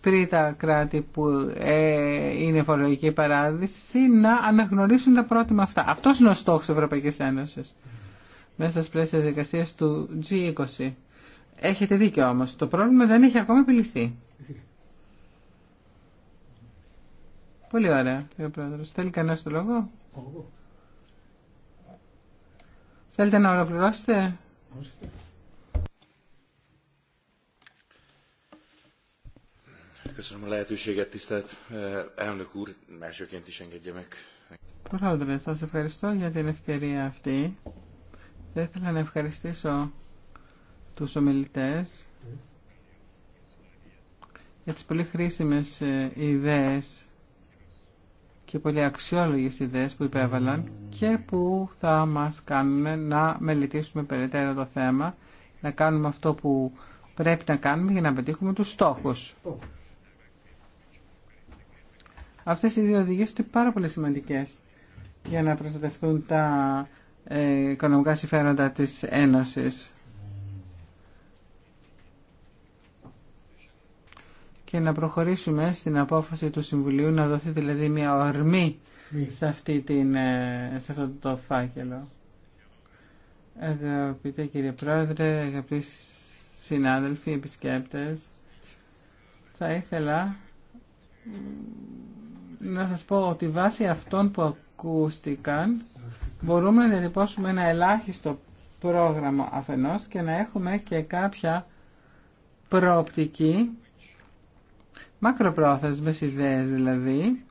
τρίτα κράτη που ε, είναι φορολογική παράδειση να αναγνωρίσουν τα πρότυμα αυτά. Αυτός είναι ο στόχος της Ευρωπαϊκής Ένωσης μέσα στις πλαίσια δικασία του G20. Έχετε δίκιο όμως, το πρόβλημα δεν έχει ακόμα επιληφθεί. Πολύ ωραία, κύριε ο πρόεδρος. Θέλει κανένα το λόγο? Θέλετε να ολοκληρώσετε? Köszönöm σα ευχαριστώ για την ευκαιρία αυτή. Θα ήθελα να ευχαριστήσω τους ομιλητέ για τι πολύ χρήσιμες ιδέες και πολύ αξιόλογες ιδέες που υπέβαλαν και που θα μας κάνουν να μελετήσουμε περαιτέρω το θέμα, να κάνουμε αυτό που πρέπει να κάνουμε για να πετύχουμε τους στόχους. Αυτές οι δύο οδηγίε είναι πάρα πολύ σημαντικέ για να προστατευτούν τα ε, οικονομικά συμφέροντα της Ένωσης. και να προχωρήσουμε στην απόφαση του Συμβουλίου να δοθεί δηλαδή μια ορμή ναι. σε, αυτή την, ε, σε αυτό το φάκελο. Αγαπητέ κύριε Πρόεδρε, αγαπητοί συνάδελφοι, επισκέπτες, θα ήθελα να σας πω ότι βάσει αυτών που ακούστηκαν μπορούμε να διατυπώσουμε ένα ελάχιστο πρόγραμμα αφενός και να έχουμε και κάποια προοπτική μακροπρόθεσμες ιδέες δηλαδή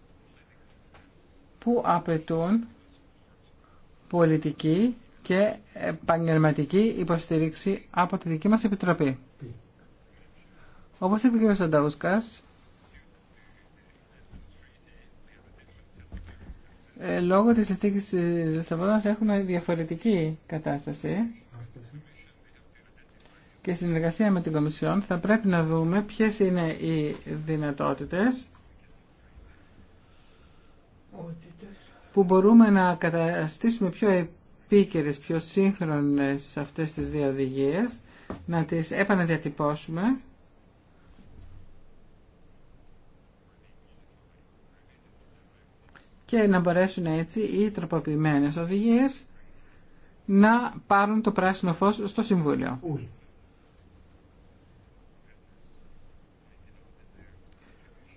που απαιτούν πολιτική και επαγγελματική υποστήριξη από τη δική μας Επιτροπή. Όπως είπε ο κ. Σανταούσκας, Ε, λόγω της συνθήκης της Λισαβόνας έχουμε διαφορετική κατάσταση και συνεργασία με την Κομισιόν θα πρέπει να δούμε ποιες είναι οι δυνατότητες που μπορούμε να καταστήσουμε πιο επίκαιρες, πιο σύγχρονες αυτές τις δύο οδηγίες, να τις επαναδιατυπώσουμε και να μπορέσουν έτσι οι τροποποιημένες οδηγίες να πάρουν το πράσινο φως στο Συμβούλιο.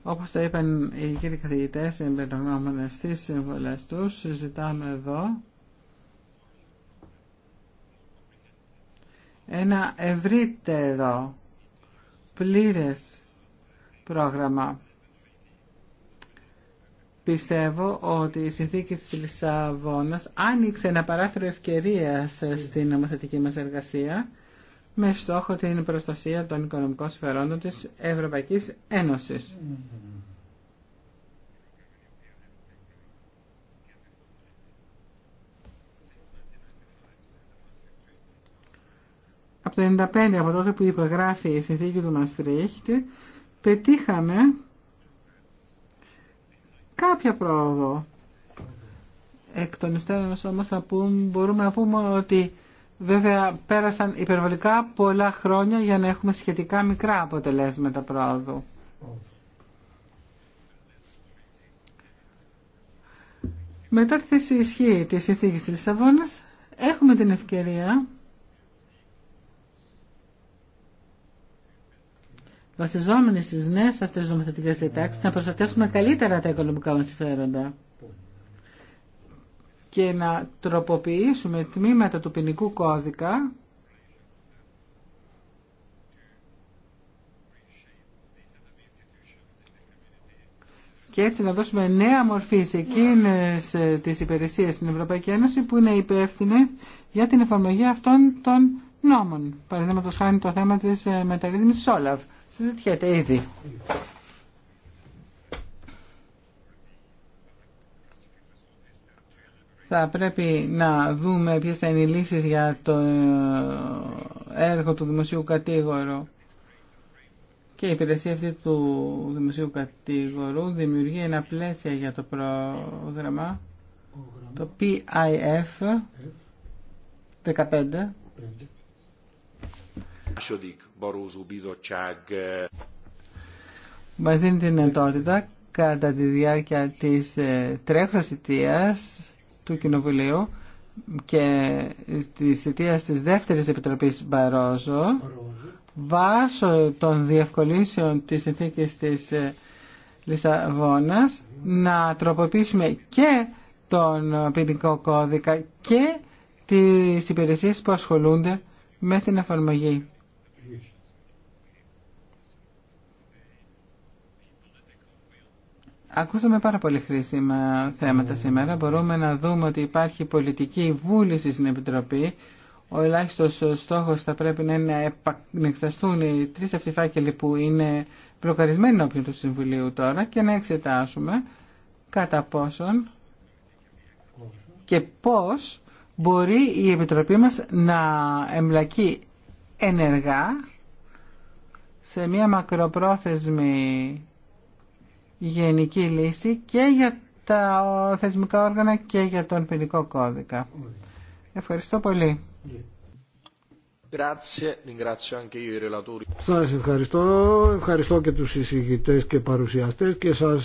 Όπως τα είπαν οι κύριοι καθηγητές, οι εμπεριλαμβάνομενες στις συμβολές τους, συζητάμε εδώ ένα ευρύτερο πλήρες πρόγραμμα Πιστεύω ότι η συνθήκη της Λισαβόνας άνοιξε ένα παράθυρο ευκαιρίας στην νομοθετική μας εργασία με στόχο την προστασία των οικονομικών συμφερόντων της Ευρωπαϊκής Ένωσης. Από το 1995, από τότε που υπογράφει η συνθήκη του Μαστρίχτη, πετύχαμε κάποια πρόοδο. Εκ των υστέρων όμως μπορούμε να πούμε ότι βέβαια πέρασαν υπερβολικά πολλά χρόνια για να έχουμε σχετικά μικρά αποτελέσματα πρόοδου. Μετά τη θέση ισχύ της συνθήκης της έχουμε την ευκαιρία βασιζόμενοι στις νέες αυτές νομοθετικές διατάξεις, να προστατεύσουμε καλύτερα τα οικονομικά μας συμφέροντα και να τροποποιήσουμε τμήματα του ποινικού κώδικα και έτσι να δώσουμε νέα μορφή σε εκείνες ε, τις υπηρεσίες στην Ευρωπαϊκή Ένωση που είναι υπεύθυνε για την εφαρμογή αυτών των νόμων. Παραδείγματο χάνει το θέμα της ε, μεταρρύθμισης Όλαφ συζητιέται ήδη. Θα πρέπει να δούμε ποιες θα είναι οι λύσεις για το ε, έργο του δημοσίου κατήγορου. Και η υπηρεσία αυτή του δημοσίου κατηγορού δημιουργεί ένα πλαίσιο για το πρόγραμμα, το PIF 15, Eh, Μας δίνει τη δυνατότητα κατά τη διάρκεια της ε, τρέχουσας ηττίας του Κοινοβουλίου και της ηττίας της δεύτερης Επιτροπής Μπαρόζο βάσω των διευκολύνσεων της συνθήκης της ε, Λισαβόνας να τροποποιήσουμε και τον ποινικό κώδικα και τις υπηρεσίες που ασχολούνται με την εφαρμογή Ακούσαμε πάρα πολύ χρήσιμα θέματα σήμερα. Μπορούμε να δούμε ότι υπάρχει πολιτική βούληση στην Επιτροπή. Ο ελάχιστο στόχο θα πρέπει να είναι να οι τρει αυτοί που είναι προκαρισμένοι όποιον του Συμβουλίου τώρα και να εξετάσουμε κατά πόσον και πώς μπορεί η Επιτροπή μας να εμπλακεί ενεργά σε μια μακροπρόθεσμη γενική λύση και για τα θεσμικά όργανα και για τον ποινικό κώδικα. Ευχαριστώ πολύ. Σας ευχαριστώ. Ευχαριστώ και τους συζητητές και παρουσιαστές και σας